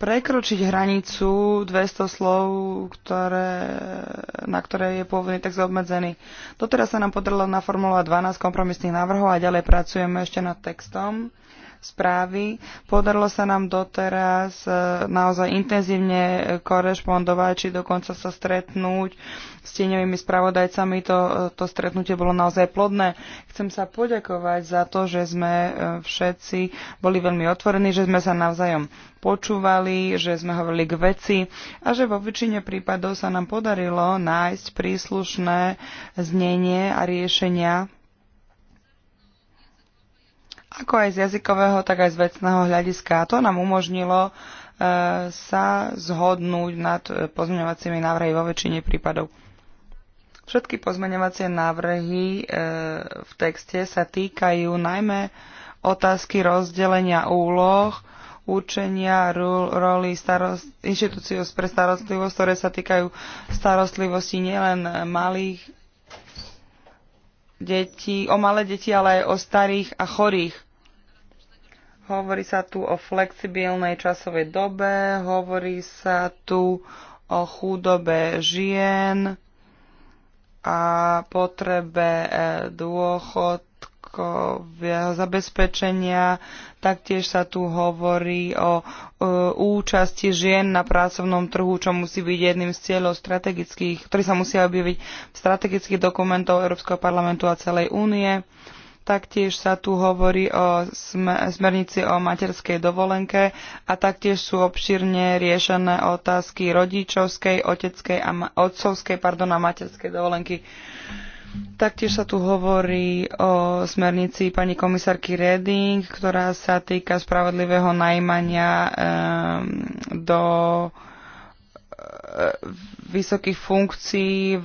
prekročiť hranicu 200 slov, ktoré, na ktoré je pôvodný text obmedzený. Doteraz sa nám podarilo naformulovať 12 kompromisných návrhov a ďalej pracujeme ešte nad textom správy. Podarilo sa nám doteraz e, naozaj intenzívne e, korešpondovať, či dokonca sa stretnúť s tieňovými spravodajcami. To, e, to stretnutie bolo naozaj plodné. Chcem sa poďakovať za to, že sme všetci boli veľmi otvorení, že sme sa navzájom počúvali, že sme hovorili k veci a že vo väčšine prípadov sa nám podarilo nájsť príslušné znenie a riešenia ako aj z jazykového, tak aj z vecného hľadiska. A to nám umožnilo e, sa zhodnúť nad e, pozmeňovacími návrhy vo väčšine prípadov. Všetky pozmeňovacie návrhy e, v texte sa týkajú najmä otázky rozdelenia úloh, učenia, roli starost, inštitúcií pre starostlivosť, ktoré sa týkajú starostlivosti nielen malých detí, o malé deti, ale aj o starých a chorých. Hovorí sa tu o flexibilnej časovej dobe, hovorí sa tu o chudobe žien a potrebe e, dôchodkového zabezpečenia. Taktiež sa tu hovorí o e, účasti žien na pracovnom trhu, čo musí byť jedným z cieľov strategických, ktorý sa musia objaviť v strategických dokumentov Európskeho parlamentu a celej únie. Taktiež sa tu hovorí o smernici o materskej dovolenke a taktiež sú obšírne riešené otázky rodičovskej, oteckej a ma- otcovskej pardon, a materskej dovolenky. Taktiež sa tu hovorí o smernici pani komisárky Reding, ktorá sa týka spravodlivého najmania um, ehm, do e, vysokých funkcií v,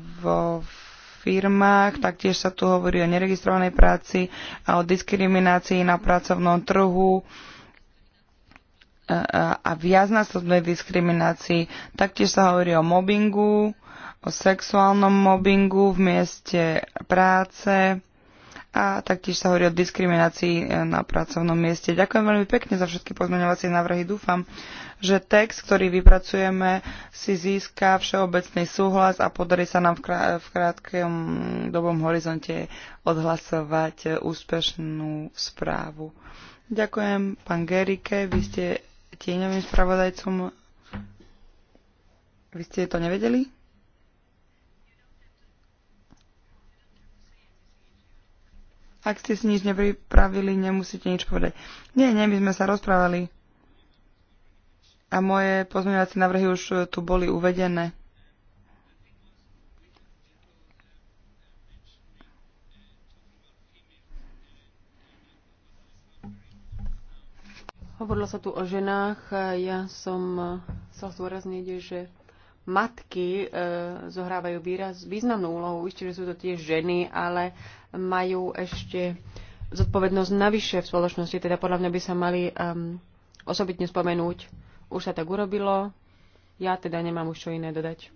v, v firmách, taktiež sa tu hovorí o neregistrovanej práci a o diskriminácii na pracovnom trhu a viacnásobnej diskriminácii. Taktiež sa hovorí o mobbingu, o sexuálnom mobbingu v mieste práce a taktiež sa hovorí o diskriminácii na pracovnom mieste. Ďakujem veľmi pekne za všetky pozmeňovacie návrhy. Dúfam, že text, ktorý vypracujeme, si získa všeobecný súhlas a podarí sa nám v, krátkom dobom horizonte odhlasovať úspešnú správu. Ďakujem, pán Gerike, vy ste tieňovým spravodajcom. Vy ste to nevedeli? Ak ste si nič nepripravili, nemusíte nič povedať. Nie, nie, my sme sa rozprávali a moje pozmeňovacie návrhy už e, tu boli uvedené. Hovorilo sa tu o ženách. Ja som e, chcel zdôrazniť, že matky e, zohrávajú výraz, významnú úlohu. Isté, že sú to tiež ženy, ale majú ešte zodpovednosť navyše v spoločnosti. Teda podľa mňa by sa mali um, osobitne spomenúť už sa tak urobilo. Ja teda nemám už čo iné dodať.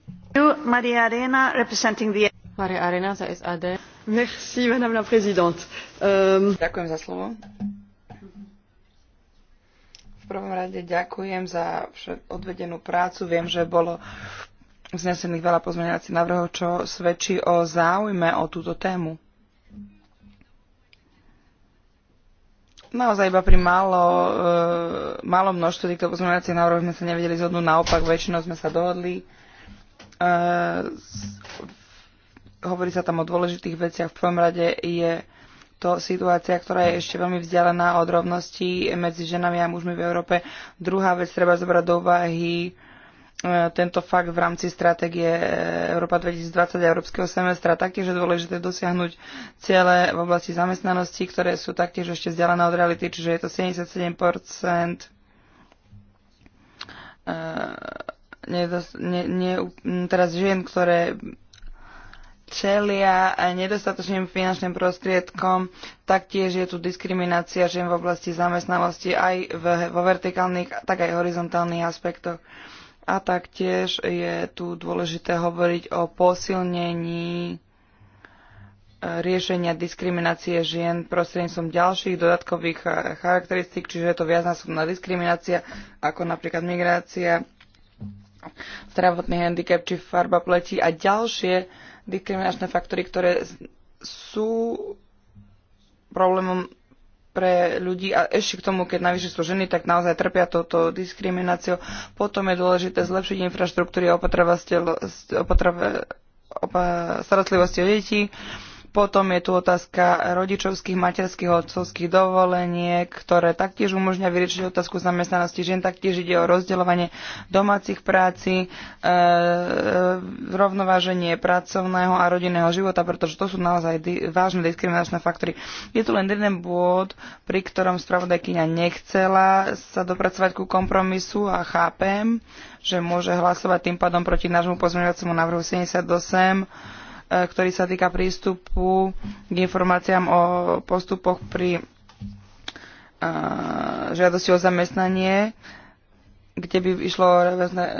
Maria Arena, representing the... Maria Arena za SAD. Merci, madame la présidente. Um... Ďakujem za slovo. V prvom rade ďakujem za odvedenú prácu. Viem, že bolo vznesených veľa pozmeňovacích návrhov, čo svedčí o záujme o túto tému. Naozaj iba pri málo, e, malom množstve týchto pozmeňovacích návrhov sme sa nevedeli zhodnúť, naopak väčšinou sme sa dohodli. E, s, hovorí sa tam o dôležitých veciach. V prvom rade je to situácia, ktorá je ešte veľmi vzdialená od rovnosti medzi ženami a mužmi v Európe. Druhá vec treba zobrať do úvahy, e, E, tento fakt v rámci stratégie e, Európa 2020 a Európskeho semestra. Taktiež je dôležité dosiahnuť ciele v oblasti zamestnanosti, ktoré sú taktiež ešte vzdialené od reality, čiže je to 77 nie, nie, teraz žien, ktoré čelia nedostatočným finančným prostriedkom, taktiež je tu diskriminácia žien v oblasti zamestnanosti aj v, vo vertikálnych, tak aj horizontálnych aspektoch. A taktiež je tu dôležité hovoriť o posilnení e, riešenia diskriminácie žien prostredníctvom ďalších dodatkových e, charakteristík, čiže je to viacnásobná diskriminácia, ako napríklad migrácia, zdravotný handicap či farba pleti a ďalšie diskriminačné faktory, ktoré sú problémom pre ľudí a ešte k tomu, keď navyše sú ženy, tak naozaj trpia touto diskrimináciou. Potom je dôležité zlepšiť infraštruktúry a opatrava, opatrava, starostlivosti o deti. Uh, potom je tu otázka rodičovských, materských, otcovských dovoleniek, ktoré taktiež umožňa vyriešiť otázku zamestnanosti žien. Taktiež ide o rozdeľovanie domácich práci, e, e, rovnováženie pracovného a rodinného života, pretože to sú naozaj di- vážne diskriminačné faktory. Je tu len jeden bod, pri ktorom spravodajkyňa nechcela sa dopracovať ku kompromisu a chápem, že môže hlasovať tým pádom proti nášmu pozmeňovaciemu návrhu 78 E, ktorý sa týka prístupu k informáciám o postupoch pri e, žiadosti o zamestnanie, kde by išlo o revezné e,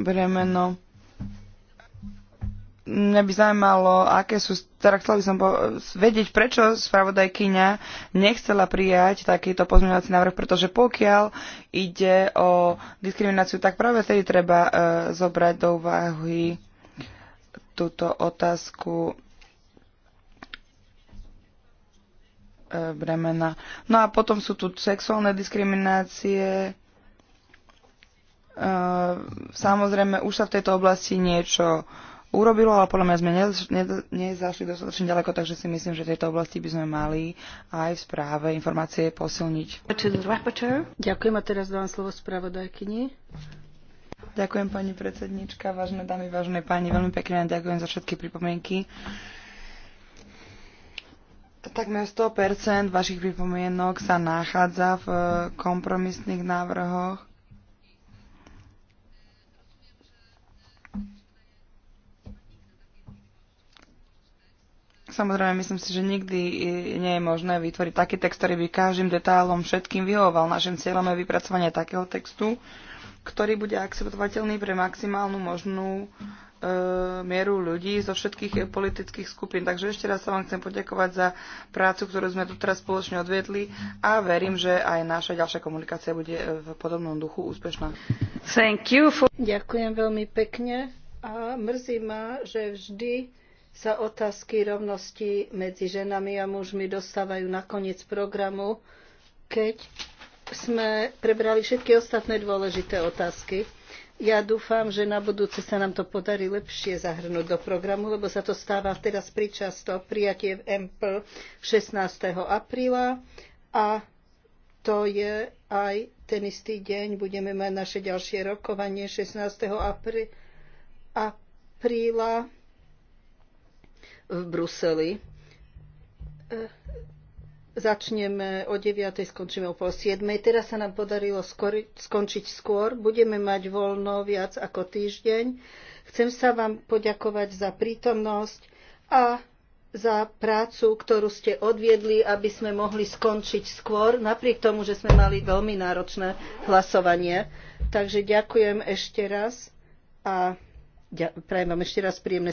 bremeno mňa by zaujímalo, aké sú, teda chcela by som vedieť, prečo spravodajkyňa nechcela prijať takýto pozmeňovací návrh, pretože pokiaľ ide o diskrimináciu, tak práve tedy treba e, zobrať do úvahy túto otázku e, bremena. No a potom sú tu sexuálne diskriminácie. E, samozrejme, už sa v tejto oblasti niečo urobilo, ale podľa mňa sme nezašli dostatočne ďaleko, takže si myslím, že v tejto oblasti by sme mali aj v správe informácie posilniť. Ďakujem a teraz dávam slovo spravodajkyni. Ďakujem pani predsednička, vážne dámy, vážne páni, veľmi pekne a ďakujem za všetky pripomienky. Takmer 100% vašich pripomienok sa nachádza v kompromisných návrhoch Samozrejme, myslím si, že nikdy e, nie je možné vytvoriť taký text, ktorý by každým detailom všetkým vyhovoval. Našim cieľom je vypracovanie takého textu, ktorý bude akceptovateľný pre maximálnu možnú e, mieru ľudí zo všetkých politických skupín. Takže ešte raz sa vám chcem poďakovať za prácu, ktorú sme tu teraz spoločne odvietli a verím, že aj naša ďalšia komunikácia bude e, v podobnom duchu úspešná. Thank you for... Ďakujem veľmi pekne a mrzí ma, že vždy sa otázky rovnosti medzi ženami a mužmi dostávajú na koniec programu, keď sme prebrali všetky ostatné dôležité otázky. Ja dúfam, že na budúce sa nám to podarí lepšie zahrnúť do programu, lebo sa to stáva teraz pričasto prijatie v MPL 16. apríla a to je aj ten istý deň. Budeme mať naše ďalšie rokovanie 16. apríla v Bruseli. E, začneme o 9. skončíme o pol 7. Teraz sa nám podarilo skor- skončiť skôr. Budeme mať voľno viac ako týždeň. Chcem sa vám poďakovať za prítomnosť a za prácu, ktorú ste odviedli, aby sme mohli skončiť skôr, napriek tomu, že sme mali veľmi náročné hlasovanie. Takže ďakujem ešte raz a prajem vám ešte raz príjemné.